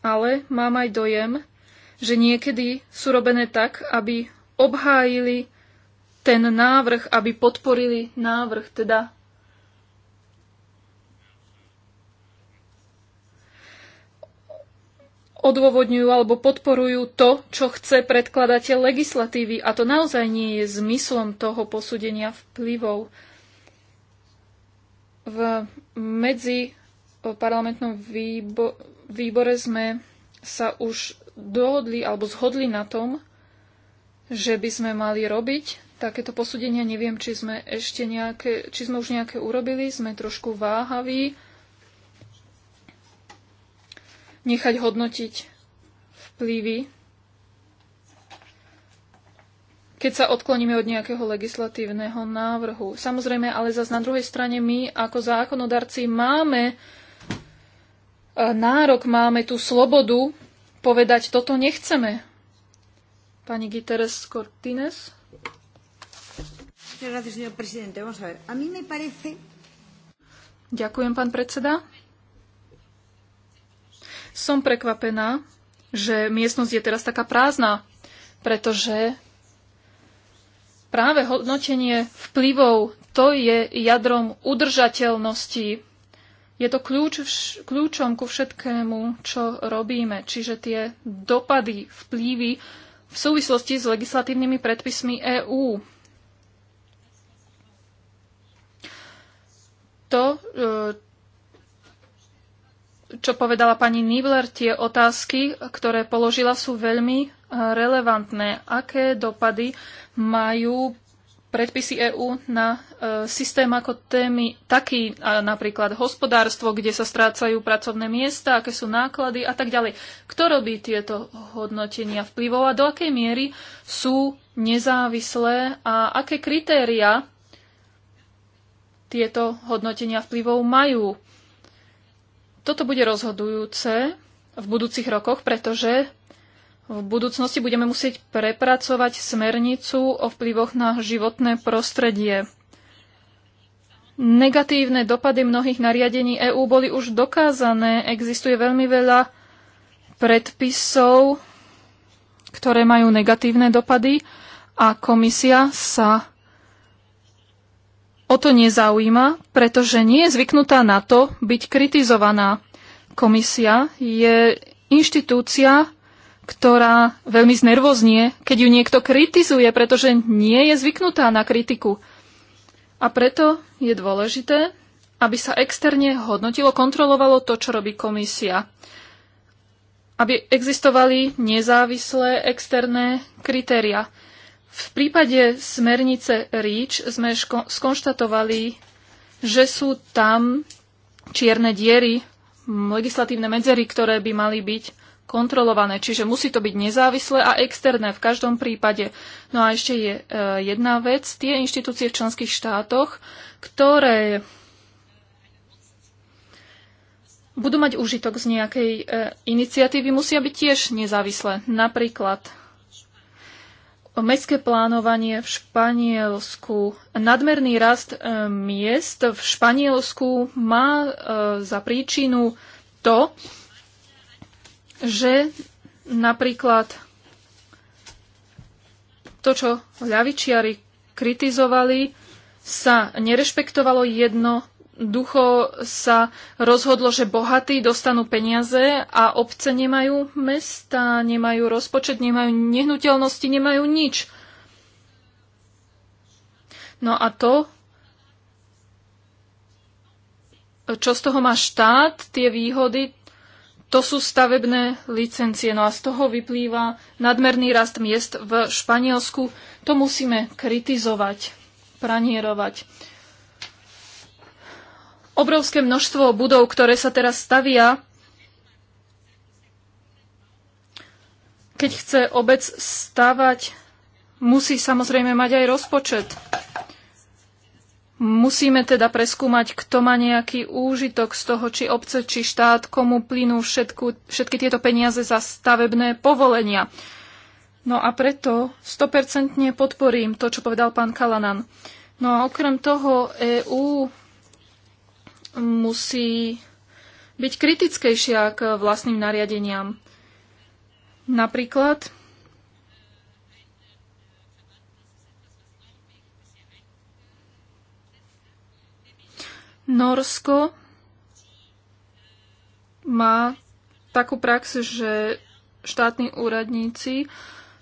Ale mám aj dojem, že niekedy sú robené tak, aby obhájili ten návrh, aby podporili návrh, teda odôvodňujú alebo podporujú to, čo chce predkladateľ legislatívy. A to naozaj nie je zmyslom toho posúdenia vplyvov. V medzi parlamentnom výbo- výbore sme sa už dohodli alebo zhodli na tom, že by sme mali robiť takéto posúdenia. Neviem, či sme ešte nejaké, či sme už nejaké urobili, sme trošku váhaví nechať hodnotiť vplyvy keď sa odkloníme od nejakého legislatívneho návrhu. Samozrejme, ale zase na druhej strane my ako zákonodarci máme e, nárok, máme tú slobodu povedať, toto nechceme. Pani Giteres Cortines. Ďakujem, pán predseda. Som prekvapená, že miestnosť je teraz taká prázdna, pretože práve hodnotenie vplyvov, to je jadrom udržateľnosti. Je to kľúč, kľúčom ku všetkému, čo robíme. Čiže tie dopady, vplyvy v súvislosti s legislatívnymi predpismi EÚ. To, e, čo povedala pani Nibler, tie otázky, ktoré položila, sú veľmi e, relevantné. Aké dopady majú predpisy EÚ na e, systém ako témy taký, a napríklad hospodárstvo, kde sa strácajú pracovné miesta, aké sú náklady a tak ďalej. Kto robí tieto hodnotenia vplyvov a do akej miery sú nezávislé a aké kritéria tieto hodnotenia vplyvov majú? Toto bude rozhodujúce v budúcich rokoch, pretože v budúcnosti budeme musieť prepracovať smernicu o vplyvoch na životné prostredie. Negatívne dopady mnohých nariadení EÚ boli už dokázané. Existuje veľmi veľa predpisov, ktoré majú negatívne dopady a komisia sa o to nezaujíma, pretože nie je zvyknutá na to byť kritizovaná. Komisia je inštitúcia, ktorá veľmi znervoznie, keď ju niekto kritizuje, pretože nie je zvyknutá na kritiku. A preto je dôležité, aby sa externe hodnotilo, kontrolovalo to, čo robí komisia. Aby existovali nezávislé externé kritéria. V prípade smernice REACH sme skonštatovali, že sú tam čierne diery, legislatívne medzery, ktoré by mali byť kontrolované. Čiže musí to byť nezávislé a externé v každom prípade. No a ešte je e, jedna vec. Tie inštitúcie v členských štátoch, ktoré budú mať užitok z nejakej e, iniciatívy, musia byť tiež nezávislé. Napríklad Mestské plánovanie v Španielsku. Nadmerný rast e, miest v Španielsku má e, za príčinu to, že napríklad to, čo ľavičiari kritizovali, sa nerešpektovalo jedno ducho sa rozhodlo, že bohatí dostanú peniaze a obce nemajú mesta, nemajú rozpočet, nemajú nehnuteľnosti, nemajú nič. No a to, čo z toho má štát, tie výhody, to sú stavebné licencie. No a z toho vyplýva nadmerný rast miest v Španielsku. To musíme kritizovať, pranierovať obrovské množstvo budov, ktoré sa teraz stavia. Keď chce obec stavať, musí samozrejme mať aj rozpočet. Musíme teda preskúmať, kto má nejaký úžitok z toho, či obce, či štát, komu plynú všetku, všetky tieto peniaze za stavebné povolenia. No a preto 100% podporím to, čo povedal pán Kalanan. No a okrem toho EÚ musí byť kritickejšia k vlastným nariadeniam. Napríklad Norsko má takú prax, že štátni úradníci,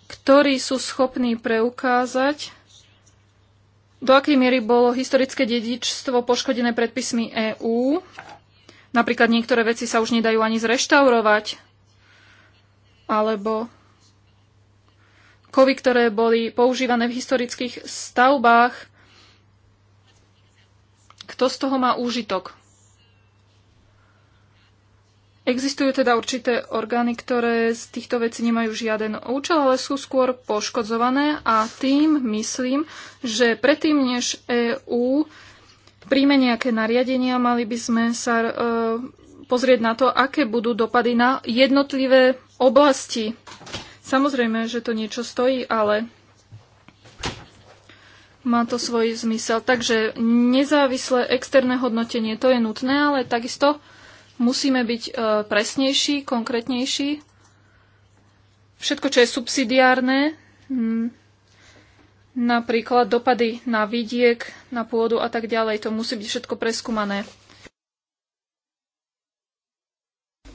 ktorí sú schopní preukázať, do akej miery bolo historické dedičstvo poškodené predpismi EÚ. Napríklad niektoré veci sa už nedajú ani zreštaurovať, alebo kovy, ktoré boli používané v historických stavbách. Kto z toho má úžitok? Existujú teda určité orgány, ktoré z týchto vecí nemajú žiaden účel, ale sú skôr poškodzované a tým myslím, že predtým, než EÚ príjme nejaké nariadenia, mali by sme sa e, pozrieť na to, aké budú dopady na jednotlivé oblasti. Samozrejme, že to niečo stojí, ale má to svoj zmysel. Takže nezávislé externé hodnotenie, to je nutné, ale takisto Musíme byť e, presnejší, konkrétnejší. Všetko, čo je subsidiárne, mm, napríklad dopady na vidiek, na pôdu a tak ďalej, to musí byť všetko preskúmané.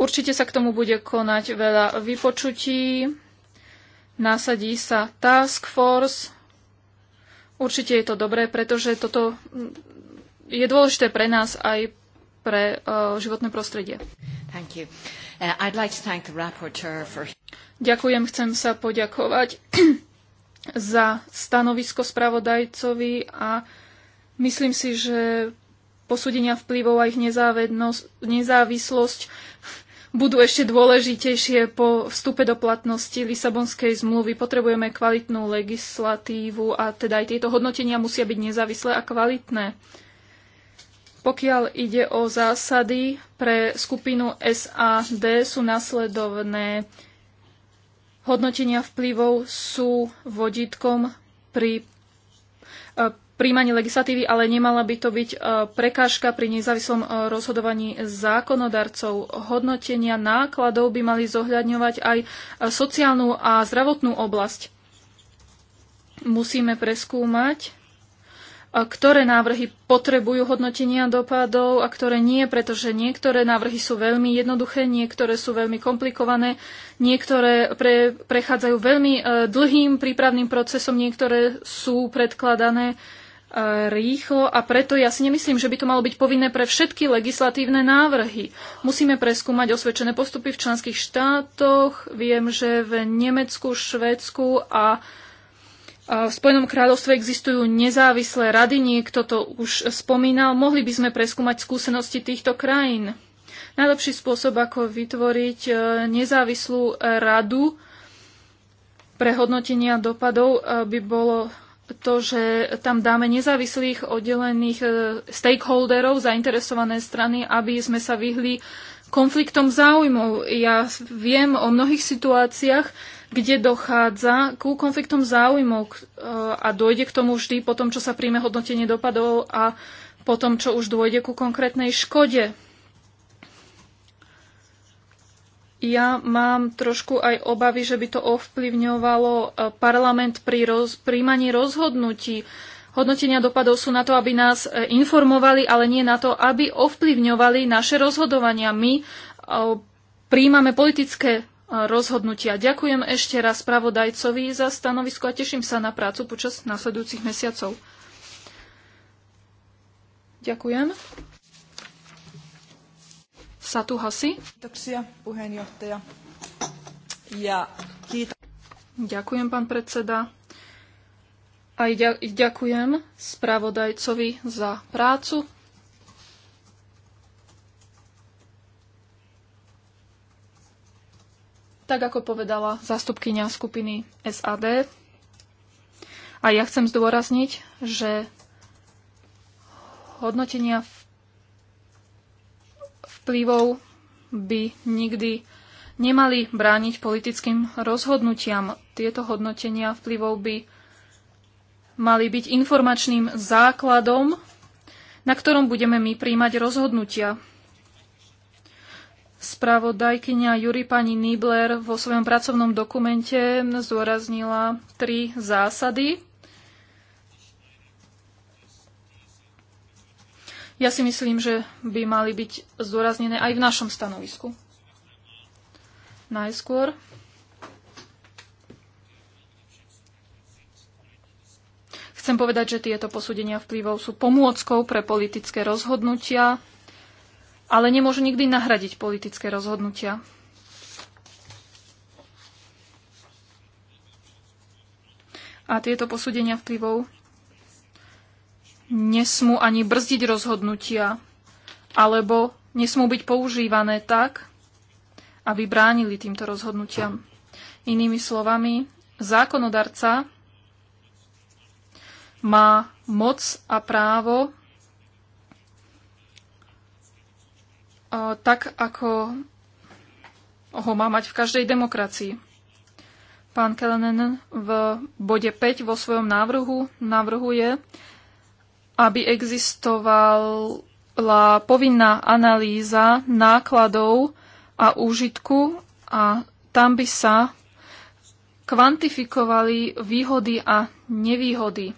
Určite sa k tomu bude konať veľa vypočutí, nasadí sa task force. Určite je to dobré, pretože toto mm, je dôležité pre nás aj pre uh, životné prostredie. Thank you. Uh, I'd like to thank the rapporteur for... Ďakujem, chcem sa poďakovať za stanovisko spravodajcovi a myslím si, že posúdenia vplyvov a ich nezávislosť budú ešte dôležitejšie po vstupe do platnosti Lisabonskej zmluvy. Potrebujeme kvalitnú legislatívu a teda aj tieto hodnotenia musia byť nezávislé a kvalitné. Pokiaľ ide o zásady pre skupinu SAD, sú nasledovné. Hodnotenia vplyvov sú vodítkom pri e, príjmaní legislatívy, ale nemala by to byť e, prekážka pri nezávislom e, rozhodovaní zákonodarcov. Hodnotenia nákladov by mali zohľadňovať aj sociálnu a zdravotnú oblasť. Musíme preskúmať ktoré návrhy potrebujú hodnotenia dopadov a ktoré nie, pretože niektoré návrhy sú veľmi jednoduché, niektoré sú veľmi komplikované, niektoré pre, prechádzajú veľmi e, dlhým prípravným procesom, niektoré sú predkladané e, rýchlo a preto ja si nemyslím, že by to malo byť povinné pre všetky legislatívne návrhy. Musíme preskúmať osvedčené postupy v členských štátoch. Viem, že v Nemecku, Švédsku a v Spojenom kráľovstve existujú nezávislé rady, niekto to už spomínal. Mohli by sme preskúmať skúsenosti týchto krajín. Najlepší spôsob, ako vytvoriť e, nezávislú radu pre hodnotenia dopadov, e, by bolo to, že tam dáme nezávislých oddelených e, stakeholderov, zainteresované strany, aby sme sa vyhli konfliktom záujmov. Ja viem o mnohých situáciách, kde dochádza ku konfliktom záujmov e, a dojde k tomu vždy po tom, čo sa príjme hodnotenie dopadov a po tom, čo už dôjde ku konkrétnej škode. Ja mám trošku aj obavy, že by to ovplyvňovalo e, parlament pri roz, príjmaní rozhodnutí. Hodnotenia dopadov sú na to, aby nás e, informovali, ale nie na to, aby ovplyvňovali naše rozhodovania. My príjmame politické rozhodnutia. Ďakujem ešte raz spravodajcovi za stanovisko a teším sa na prácu počas nasledujúcich mesiacov. Ďakujem. Satu Hasi. Ďakujem, pán predseda. Aj ďakujem spravodajcovi za prácu tak ako povedala zástupkynia skupiny SAD. A ja chcem zdôrazniť, že hodnotenia vplyvov by nikdy nemali brániť politickým rozhodnutiam. Tieto hodnotenia vplyvov by mali byť informačným základom, na ktorom budeme my príjmať rozhodnutia. Spravodajkyňa Juri pani Nibler vo svojom pracovnom dokumente zdôraznila tri zásady. Ja si myslím, že by mali byť zdôraznené aj v našom stanovisku. Najskôr Chcem povedať, že tieto posúdenia vplyvov sú pomôckou pre politické rozhodnutia, ale nemôžu nikdy nahradiť politické rozhodnutia. A tieto posúdenia vplyvov nesmú ani brzdiť rozhodnutia, alebo nesmú byť používané tak, aby bránili týmto rozhodnutiam. Inými slovami, zákonodarca má moc a právo tak, ako ho má mať v každej demokracii. Pán Kelenen v bode 5 vo svojom návrhu navrhuje, aby existovala povinná analýza nákladov a úžitku a tam by sa kvantifikovali výhody a nevýhody.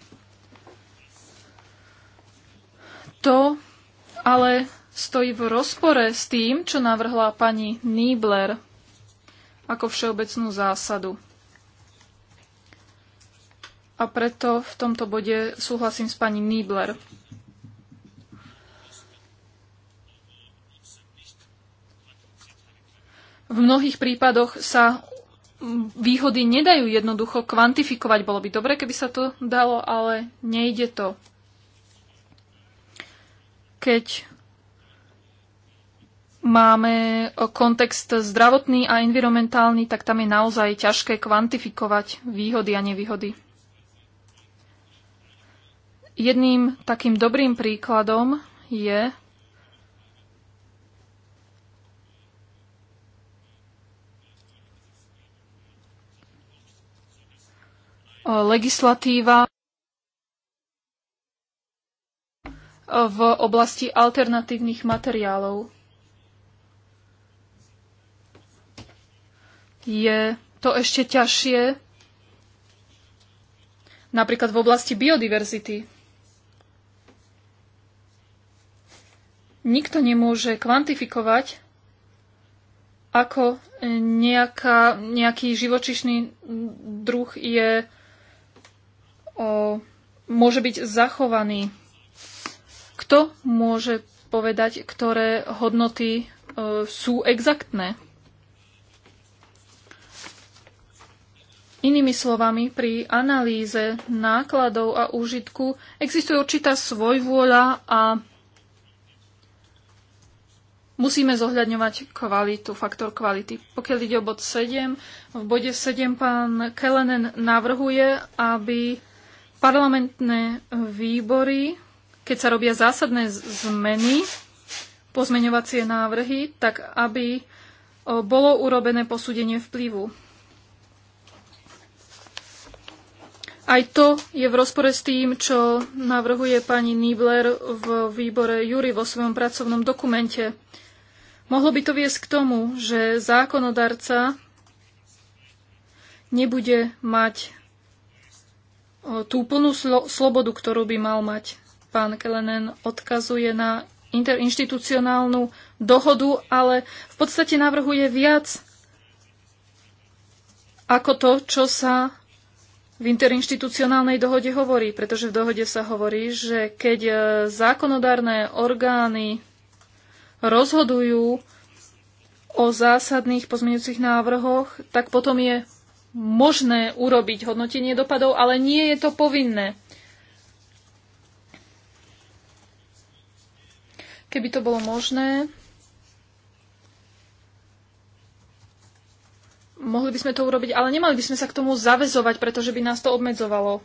To ale stojí v rozpore s tým, čo navrhla pani Niebler ako všeobecnú zásadu. A preto v tomto bode súhlasím s pani Niebler. V mnohých prípadoch sa výhody nedajú jednoducho kvantifikovať. Bolo by dobre, keby sa to dalo, ale nejde to. Keď máme kontext zdravotný a environmentálny, tak tam je naozaj ťažké kvantifikovať výhody a nevýhody. Jedným takým dobrým príkladom je legislatíva v oblasti alternatívnych materiálov. je to ešte ťažšie, napríklad v oblasti biodiverzity. Nikto nemôže kvantifikovať, ako nejaká, nejaký živočišný druh je, o, môže byť zachovaný. Kto môže povedať, ktoré hodnoty e, sú exaktné? Inými slovami, pri analýze nákladov a úžitku existuje určitá svojvôľa a musíme zohľadňovať kvalitu, faktor kvality. Pokiaľ ide o bod 7, v bode 7 pán Kelenen navrhuje, aby parlamentné výbory, keď sa robia zásadné zmeny, pozmeňovacie návrhy, tak aby bolo urobené posúdenie vplyvu. Aj to je v rozpore s tým, čo navrhuje pani Nibler v výbore Jury vo svojom pracovnom dokumente. Mohlo by to viesť k tomu, že zákonodarca nebude mať tú plnú slo- slobodu, ktorú by mal mať. Pán Kelenen odkazuje na interinstitucionálnu dohodu, ale v podstate navrhuje viac ako to, čo sa v interinštitucionálnej dohode hovorí, pretože v dohode sa hovorí, že keď e, zákonodárne orgány rozhodujú o zásadných pozmeňujúcich návrhoch, tak potom je možné urobiť hodnotenie dopadov, ale nie je to povinné. Keby to bolo možné, Mohli by sme to urobiť, ale nemali by sme sa k tomu zavezovať, pretože by nás to obmedzovalo.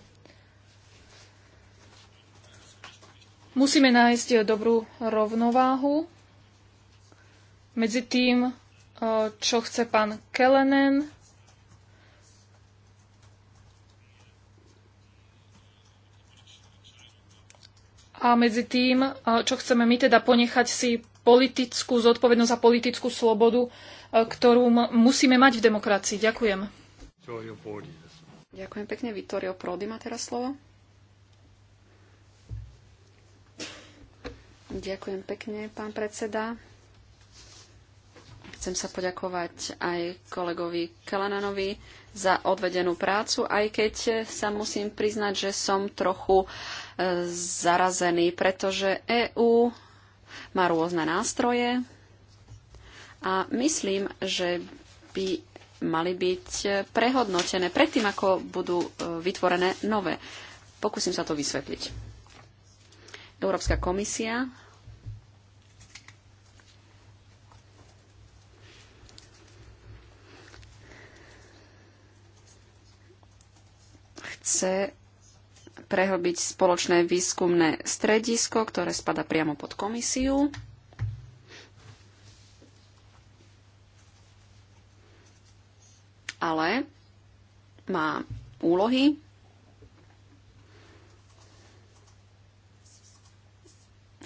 Musíme nájsť dobrú rovnováhu medzi tým, e, čo chce pán Kelenen a medzi tým, e, čo chceme my teda ponechať si politickú zodpovednosť a politickú slobodu ktorú musíme mať v demokracii. Ďakujem. Ďakujem pekne. Vittorio Prodi má teraz slovo. Ďakujem pekne, pán predseda. Chcem sa poďakovať aj kolegovi Kalananovi za odvedenú prácu, aj keď sa musím priznať, že som trochu e, zarazený, pretože EÚ má rôzne nástroje, a myslím, že by mali byť prehodnotené predtým, ako budú e, vytvorené nové. Pokúsim sa to vysvetliť. Európska komisia chce prehlbiť spoločné výskumné stredisko, ktoré spada priamo pod komisiu. ale má úlohy,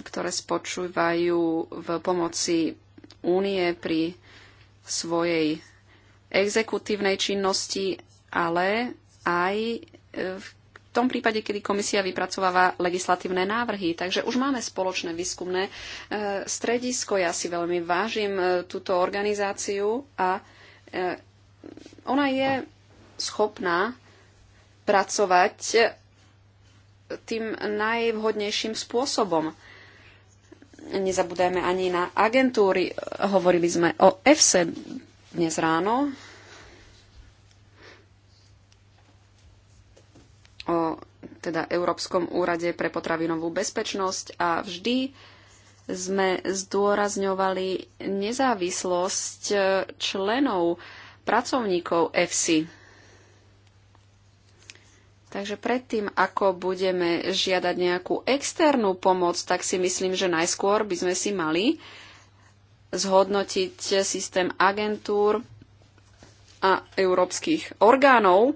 ktoré spočúvajú v pomoci únie pri svojej exekutívnej činnosti, ale aj e, v tom prípade, kedy komisia vypracováva legislatívne návrhy. Takže už máme spoločné výskumné e, stredisko. Ja si veľmi vážim e, túto organizáciu a ona je schopná pracovať tým najvhodnejším spôsobom. Nezabudajme ani na agentúry. Hovorili sme o EFSE dnes ráno. O teda Európskom úrade pre potravinovú bezpečnosť a vždy sme zdôrazňovali nezávislosť členov pracovníkov EFSI. Takže predtým, ako budeme žiadať nejakú externú pomoc, tak si myslím, že najskôr by sme si mali zhodnotiť systém agentúr a európskych orgánov,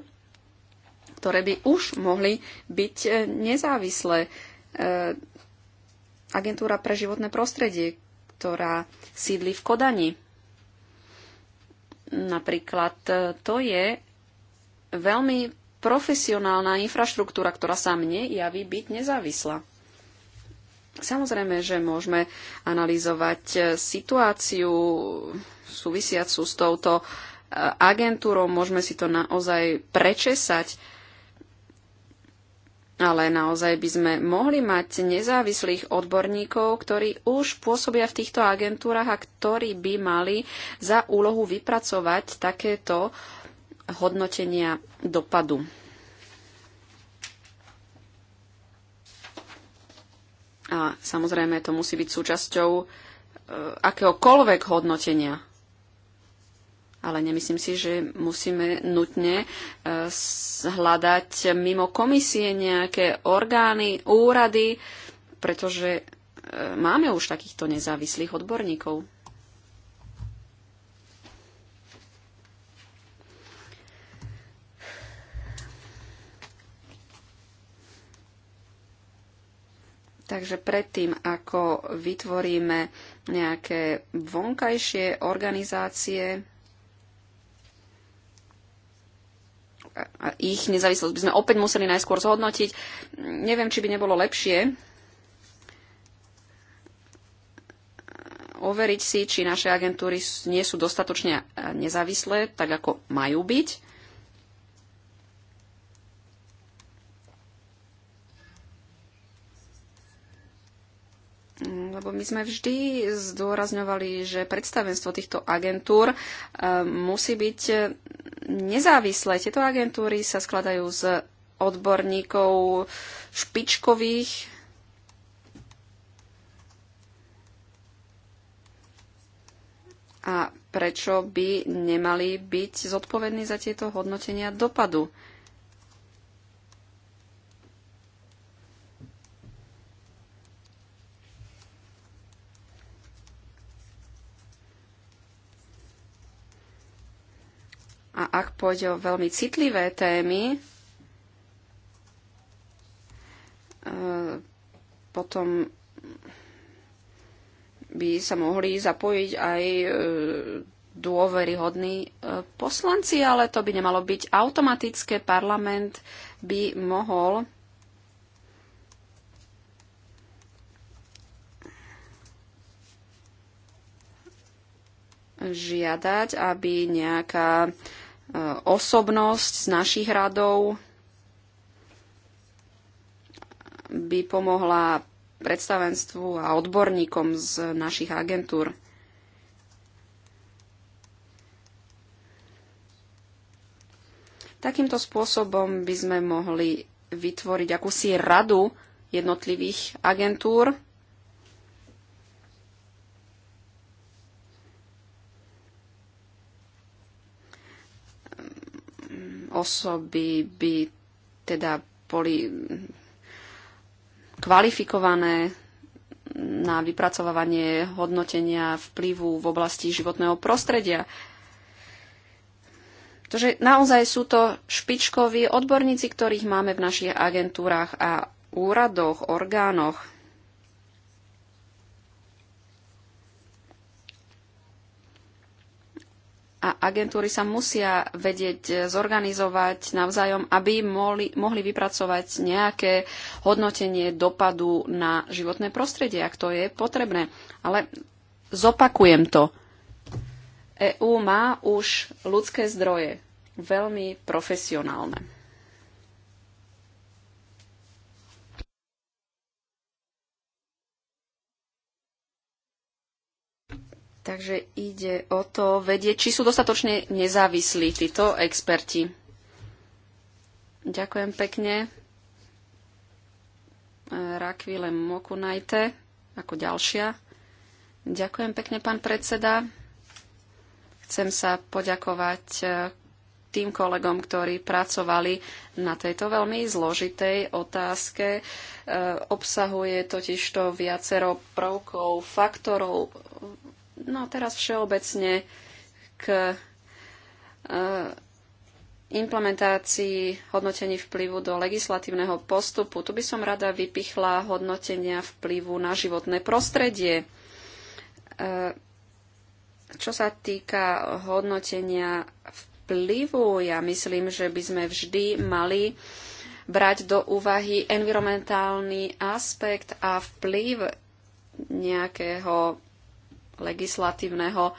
ktoré by už mohli byť nezávislé. E, agentúra pre životné prostredie, ktorá sídli v Kodani Napríklad e, to je veľmi profesionálna infraštruktúra, ktorá sa mne javí byť nezávislá. Samozrejme, že môžeme analyzovať e, situáciu súvisiacu s touto e, agentúrou, môžeme si to naozaj prečesať, ale naozaj by sme mohli mať nezávislých odborníkov, ktorí už pôsobia v týchto agentúrach a ktorí by mali za úlohu vypracovať takéto hodnotenia dopadu. A samozrejme, to musí byť súčasťou e, akéhokoľvek hodnotenia ale nemyslím si, že musíme nutne e, hľadať mimo komisie nejaké orgány, úrady, pretože e, máme už takýchto nezávislých odborníkov. Takže predtým, ako vytvoríme nejaké vonkajšie organizácie, a ich nezávislosť by sme opäť museli najskôr zhodnotiť. Neviem, či by nebolo lepšie overiť si, či naše agentúry nie sú dostatočne eh, nezávislé, tak ako majú byť. Mm, lebo my sme vždy zdôrazňovali, že predstavenstvo týchto agentúr eh, musí byť eh, nezávislé. Tieto agentúry sa skladajú z odborníkov špičkových. A prečo by nemali byť zodpovední za tieto hodnotenia dopadu? A ak pôjde o veľmi citlivé témy, e, potom by sa mohli zapojiť aj e, dôveryhodní e, poslanci, ale to by nemalo byť automatické. Parlament by mohol žiadať, aby nejaká E, osobnosť z našich radov by pomohla predstavenstvu a odborníkom z našich agentúr. Takýmto spôsobom by sme mohli vytvoriť akúsi radu jednotlivých agentúr, osoby by teda boli kvalifikované na vypracovávanie hodnotenia vplyvu v oblasti životného prostredia. Tože naozaj sú to špičkoví odborníci, ktorých máme v našich agentúrach a úradoch, orgánoch. a agentúry sa musia vedieť zorganizovať navzájom, aby mohli, mohli vypracovať nejaké hodnotenie dopadu na životné prostredie, ak to je potrebné. Ale zopakujem to. EÚ má už ľudské zdroje, veľmi profesionálne. Takže ide o to vedieť, či sú dostatočne nezávislí títo experti. Ďakujem pekne. Rakvile Mokunajte ako ďalšia. Ďakujem pekne, pán predseda. Chcem sa poďakovať e, tým kolegom, ktorí pracovali na tejto veľmi zložitej otázke. E, obsahuje totiž to viacero prvkov, faktorov, No a teraz všeobecne k e, implementácii hodnotení vplyvu do legislatívneho postupu. Tu by som rada vypichla hodnotenia vplyvu na životné prostredie. E, čo sa týka hodnotenia vplyvu, ja myslím, že by sme vždy mali brať do úvahy environmentálny aspekt a vplyv nejakého legislatívneho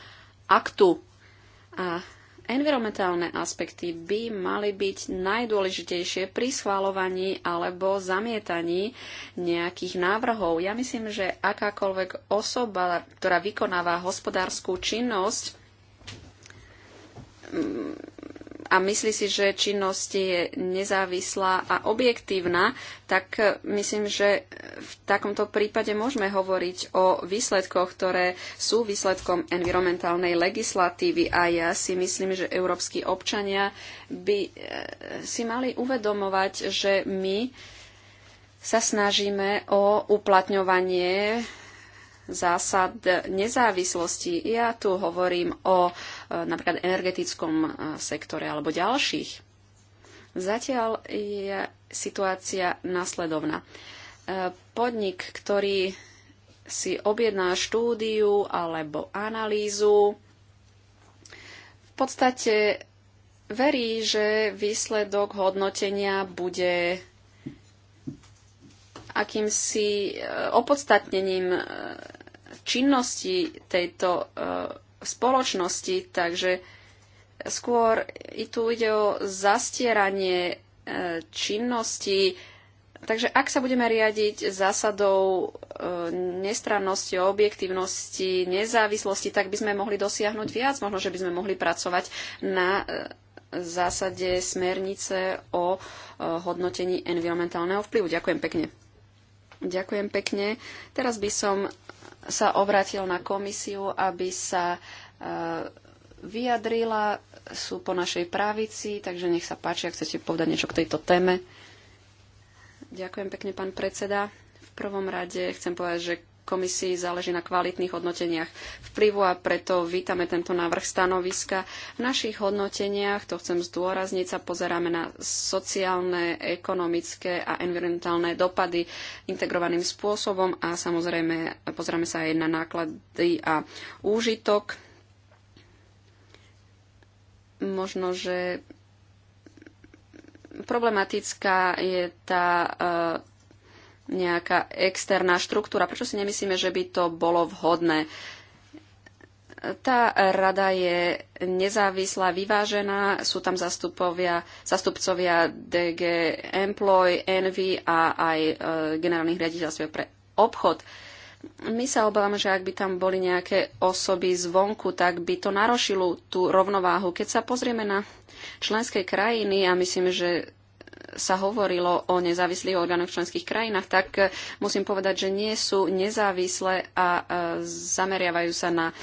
aktu. A environmentálne aspekty by mali byť najdôležitejšie pri schváľovaní alebo zamietaní nejakých návrhov. Ja myslím, že akákoľvek osoba, ktorá vykonáva hospodárskú činnosť, mm, a myslí si, že činnosť je nezávislá a objektívna, tak e, myslím, že v takomto prípade môžeme hovoriť o výsledkoch, ktoré sú výsledkom environmentálnej legislatívy a ja si myslím, že európsky občania by e, si mali uvedomovať, že my sa snažíme o uplatňovanie zásad nezávislosti. Ja tu hovorím o Eh, napríklad energetickom eh, sektore alebo ďalších. Zatiaľ je situácia nasledovná. Eh, podnik, ktorý si objedná štúdiu alebo analýzu, v podstate verí, že výsledok hodnotenia bude akýmsi opodstatnením činnosti tejto spoločnosti, takže skôr i tu ide o zastieranie e, činnosti. Takže ak sa budeme riadiť zásadou e, nestrannosti, objektívnosti, nezávislosti, tak by sme mohli dosiahnuť viac. Možno, že by sme mohli pracovať na e, zásade smernice o hodnotení environmentálneho vplyvu. Ďakujem pekne. Ďakujem pekne. Teraz by som sa obratil na komisiu, aby sa e, vyjadrila. Sú po našej pravici, takže nech sa páči, ak chcete povedať niečo k tejto téme. Ďakujem pekne, pán predseda. V prvom rade chcem povedať, že komisii záleží na kvalitných hodnoteniach vplyvu a preto vítame tento návrh stanoviska. V našich hodnoteniach, to chcem zdôrazniť, sa pozeráme na sociálne, ekonomické a environmentálne dopady integrovaným spôsobom a samozrejme pozeráme sa aj na náklady a úžitok. Možno, že problematická je tá nejaká externá štruktúra. Prečo si nemyslíme, že by to bolo vhodné? Tá rada je nezávislá, vyvážená, sú tam zastupovia, zastupcovia DG Employ, Envy a aj e, generálnych riaditeľstiev pre obchod. My sa obávame, že ak by tam boli nejaké osoby zvonku, tak by to narošilo tú rovnováhu. Keď sa pozrieme na členské krajiny, a myslím, že sa hovorilo o nezávislých orgánoch v členských krajinách, tak e, musím povedať, že nie sú nezávislé a e, zameriavajú sa na e,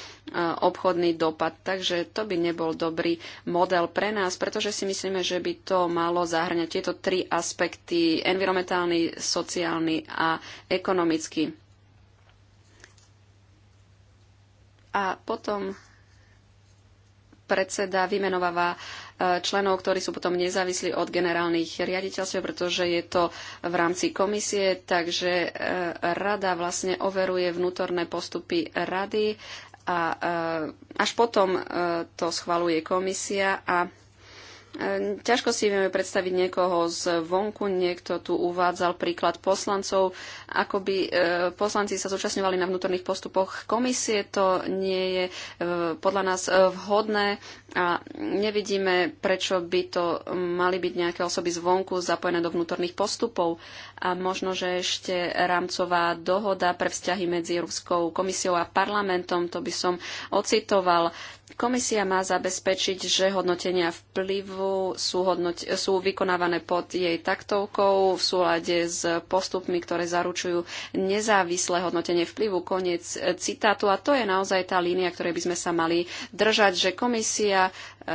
obchodný dopad. Takže to by nebol dobrý model pre nás, pretože si myslíme, že by to malo zahrňať tieto tri aspekty, environmentálny, sociálny a ekonomický. A potom predseda vymenováva Eh, členov, ktorí sú potom nezávislí od generálnych riaditeľstiev, pretože je to v rámci komisie, takže eh, rada vlastne overuje vnútorné postupy rady a eh, až potom to schvaluje komisia a Ehm, ťažko si vieme predstaviť niekoho z vonku, niekto tu uvádzal príklad poslancov, ako by e, poslanci sa zúčastňovali na vnútorných postupoch komisie, to nie je e, podľa nás e, vhodné a nevidíme, prečo by to mali byť nejaké osoby z vonku zapojené do vnútorných postupov a možno, že ešte rámcová dohoda pre vzťahy medzi Európskou komisiou a parlamentom, to by som ocitoval. Komisia má zabezpečiť, že hodnotenia vplyvu sú, hodnot- sú vykonávané pod jej taktovkou v súlade s postupmi, ktoré zaručujú nezávislé hodnotenie vplyvu. Koniec citátu. A to je naozaj tá línia, ktorej by sme sa mali držať, že komisia, e,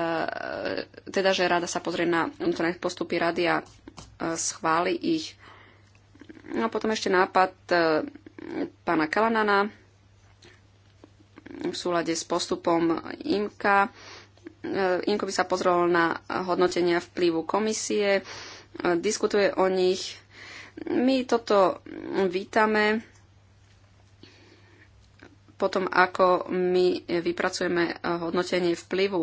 teda že rada sa pozrie na postupy rady a e, schváli ich No a potom ešte nápad e, pána Kalanana v súlade s postupom IMKA. E, IMKO by sa pozrel na hodnotenia vplyvu komisie, e, diskutuje o nich. My toto vítame potom, ako my vypracujeme hodnotenie vplyvu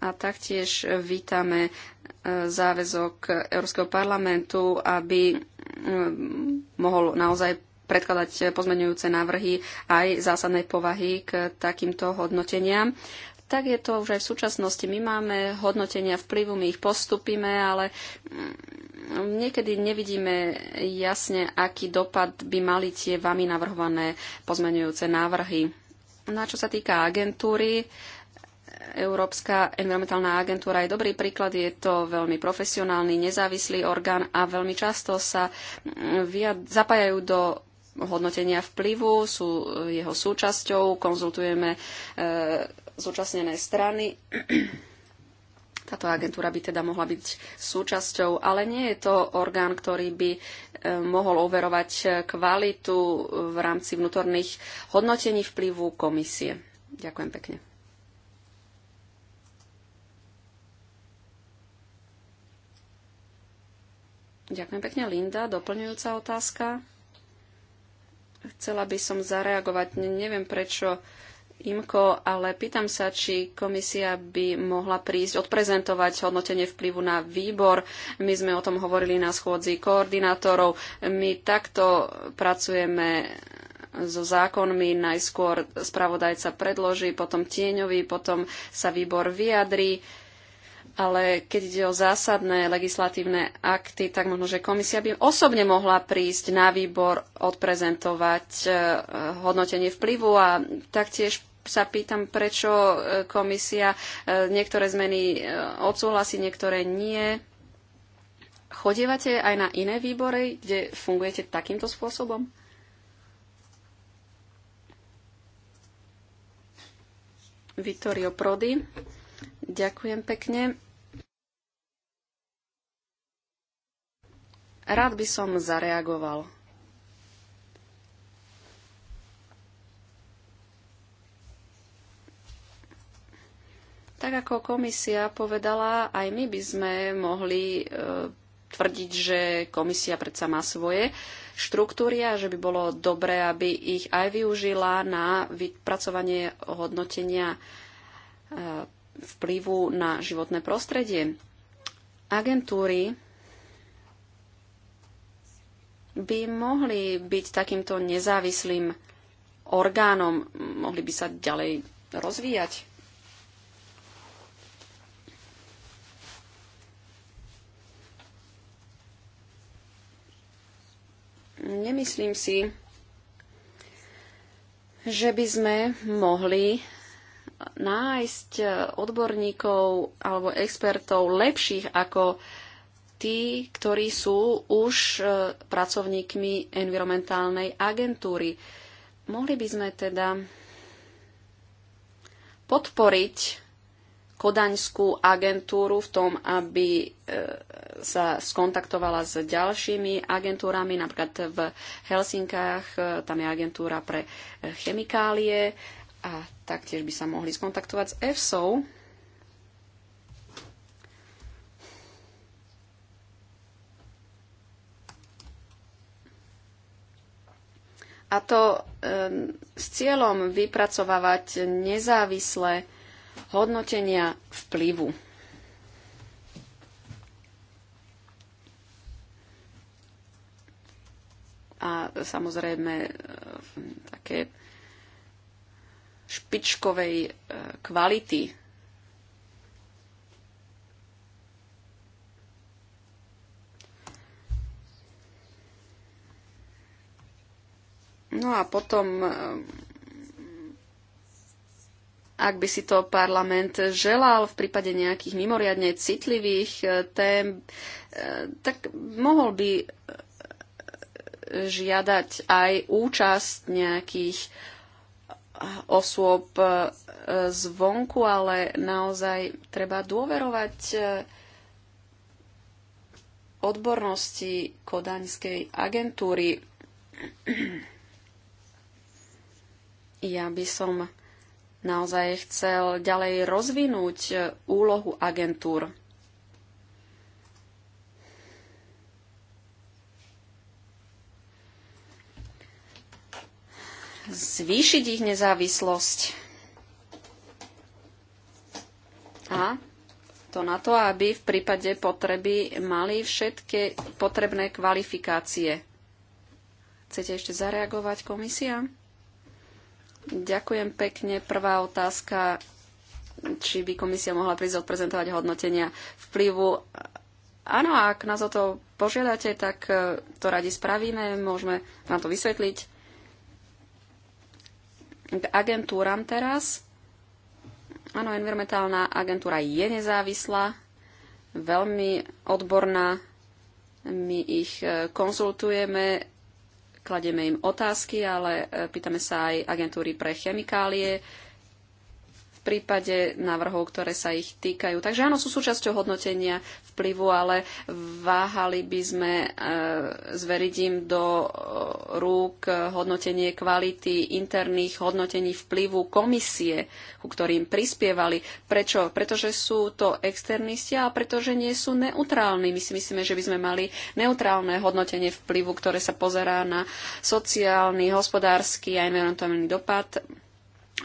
a taktiež vítame e, záväzok Európskeho parlamentu, aby mohol naozaj predkladať pozmeňujúce návrhy aj zásadnej povahy k takýmto hodnoteniam. Tak je to už aj v súčasnosti. My máme hodnotenia vplyvu, my ich postupíme, ale niekedy nevidíme jasne, aký dopad by mali tie vami navrhované pozmeňujúce návrhy. Na no čo sa týka agentúry, uh, Európska environmentálna agentúra je dobrý príklad, je to veľmi profesionálny, nezávislý orgán a veľmi často sa mm, zapájajú do hodnotenia vplyvu, sú jeho súčasťou, konzultujeme e, zúčastnené strany. Táto agentúra by teda mohla byť súčasťou, ale nie je to orgán, ktorý by e, mohol overovať kvalitu v rámci vnútorných hodnotení vplyvu komisie. Ďakujem pekne. Ďakujem pekne, Linda. Doplňujúca otázka. Chcela by som zareagovať, neviem prečo Imko, ale pýtam sa, či komisia by mohla prísť odprezentovať hodnotenie vplyvu na výbor. My sme o tom hovorili na schôdzi koordinátorov. My takto pracujeme so zákonmi. Najskôr spravodajca predloží, potom tieňový, potom sa výbor vyjadrí ale keď ide o zásadné legislatívne akty, tak možno, že komisia by osobne mohla prísť na výbor odprezentovať e, hodnotenie vplyvu a taktiež sa pýtam, prečo e, komisia e, niektoré zmeny odsúhlasí, niektoré nie. Chodievate aj na iné výbory, kde fungujete takýmto spôsobom? Vittorio Prodi. Ďakujem pekne. Rád by som zareagoval. Tak ako komisia povedala, aj my by sme mohli e, tvrdiť, že komisia predsa má svoje štruktúry a že by bolo dobré, aby ich aj využila na vypracovanie hodnotenia e, vplyvu na životné prostredie. Agentúry by mohli byť takýmto nezávislým orgánom, mohli by sa ďalej rozvíjať. Nemyslím si, že by sme mohli nájsť odborníkov alebo expertov lepších ako tí, ktorí sú už e, pracovníkmi environmentálnej agentúry. Mohli by sme teda podporiť Kodaňskú agentúru v tom, aby e, sa skontaktovala s ďalšími agentúrami, napríklad v Helsinkách, e, tam je agentúra pre chemikálie a taktiež by sa mohli skontaktovať s EFSO, A to s cieľom vypracovávať nezávislé hodnotenia vplyvu. A samozrejme také špičkovej eh, kvality No a potom, eh, ak by si to parlament želal v prípade nejakých mimoriadne citlivých eh, tém, eh, tak mohol by žiadať aj účasť nejakých osôb zvonku, ale naozaj treba dôverovať odbornosti Kodaňskej agentúry. Ja by som naozaj chcel ďalej rozvinúť e, úlohu agentúr. Zvýšiť ich nezávislosť. A to na to, aby v prípade potreby mali všetky potrebné kvalifikácie. Chcete ešte zareagovať, komisia? Ďakujem pekne. Prvá otázka, či by komisia mohla prísť odprezentovať hodnotenia vplyvu. Áno, ak nás o to požiadate, tak e, to radi spravíme, môžeme vám to vysvetliť. K agentúram teraz. Áno, environmentálna agentúra je nezávislá, veľmi odborná. My ich e, konzultujeme Klademe im otázky, ale e, pýtame sa aj agentúry pre chemikálie, prípade návrhov, ktoré sa ich týkajú. Takže áno, sú súčasťou hodnotenia vplyvu, ale váhali by sme zveriť e, im do e, rúk hodnotenie kvality interných hodnotení vplyvu komisie, ku ktorým prispievali. Prečo? Pretože sú to externisti a pretože nie sú neutrálni. My si myslíme, že by sme mali neutrálne hodnotenie vplyvu, ktoré sa pozerá na sociálny, hospodársky a environmentálny dopad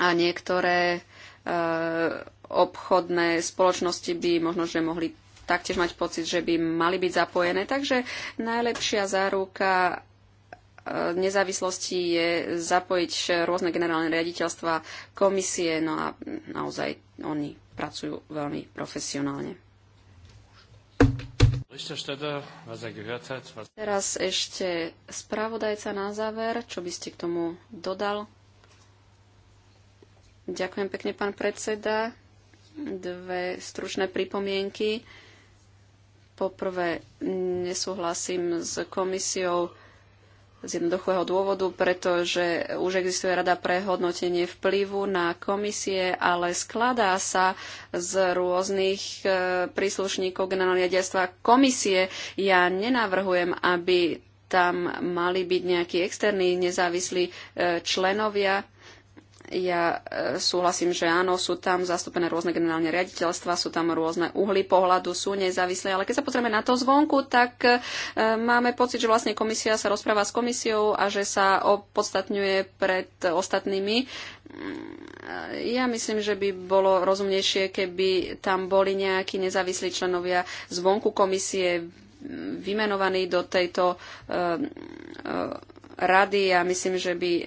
a niektoré Eh, obchodné spoločnosti by možno, že mohli taktiež mať pocit, že by mali byť zapojené. Takže najlepšia záruka eh, nezávislosti je zapojiť rôzne generálne riaditeľstva, komisie, no a naozaj oni pracujú veľmi profesionálne. Teraz ešte spravodajca na záver, čo by ste k tomu dodal? Ďakujem pekne, pán predseda. Dve stručné pripomienky. Poprvé, nesúhlasím s komisiou z jednoduchého dôvodu, pretože už existuje rada pre hodnotenie vplyvu na komisie, ale skladá sa z rôznych e, príslušníkov generálneho riadiastva komisie. Ja nenavrhujem, aby tam mali byť nejakí externí nezávislí e, členovia ja e, súhlasím, že áno, sú tam zastúpené rôzne generálne riaditeľstva, sú tam rôzne uhly pohľadu, sú nezávislé, ale keď sa pozrieme na to zvonku, tak e, máme pocit, že vlastne komisia sa rozpráva s komisiou a že sa opodstatňuje pred ostatnými. Mm, e, ja myslím, že by bolo rozumnejšie, keby tam boli nejakí nezávislí členovia zvonku komisie vymenovaní do tejto rady a myslím, že by e,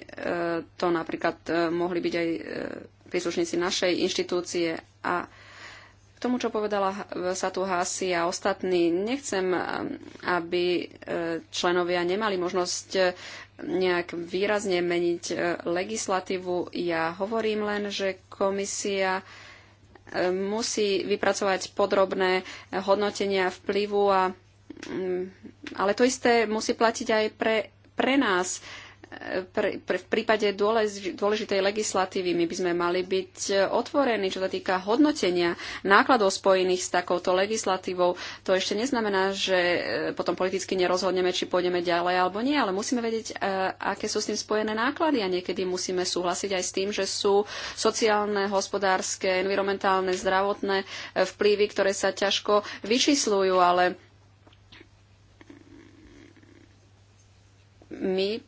to napríklad e, mohli byť aj e, príslušníci našej inštitúcie a k tomu, čo povedala Satu Hasi a ostatní, nechcem, aby členovia nemali možnosť nejak výrazne meniť legislatívu. Ja hovorím len, že komisia musí vypracovať podrobné hodnotenia vplyvu a mm, ale to isté musí platiť aj pre pre nás eh, v prípade dôležitej legislatívy my by sme mali byť eh, otvorení, čo sa týka hodnotenia nákladov spojených s takouto legislatívou. To ešte neznamená, že eh, potom politicky nerozhodneme, či pôjdeme ďalej alebo nie, ale musíme vedieť, aké sú s tým spojené náklady a niekedy musíme súhlasiť aj s tým, že sú sociálne, hospodárske, environmentálne, zdravotné vplyvy, ktoré sa ťažko vyčíslujú, ale my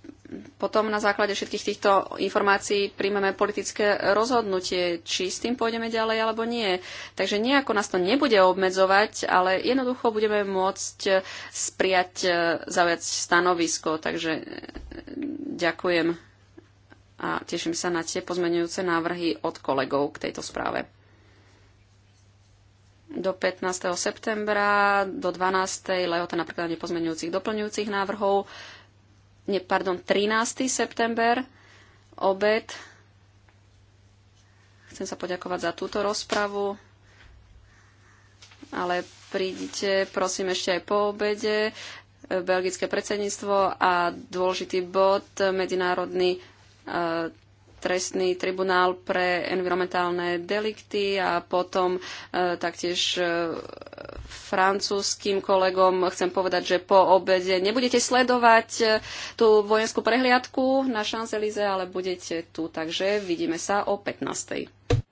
potom na základe všetkých týchto informácií príjmeme politické rozhodnutie, či s tým pôjdeme ďalej alebo nie. Takže nejako nás to nebude obmedzovať, ale jednoducho budeme môcť spriať, e, zaujať stanovisko. Takže e, ďakujem a teším sa na tie pozmenujúce návrhy od kolegov k tejto správe. Do 15. septembra, do 12. lehota napríklad nepozmenujúcich doplňujúcich návrhov ne, pardon, 13. september, obed. Chcem sa poďakovať za túto rozpravu, ale prídite, prosím, ešte aj po obede. Belgické predsedníctvo a dôležitý bod Medzinárodný eh, trestný tribunál pre environmentálne delikty a potom e, taktiež eh, francúzským kolegom chcem povedať, že po obede nebudete sledovať e, tú vojenskú prehliadku na Champs-Élysées, ale budete tu. Takže vidíme sa o 15.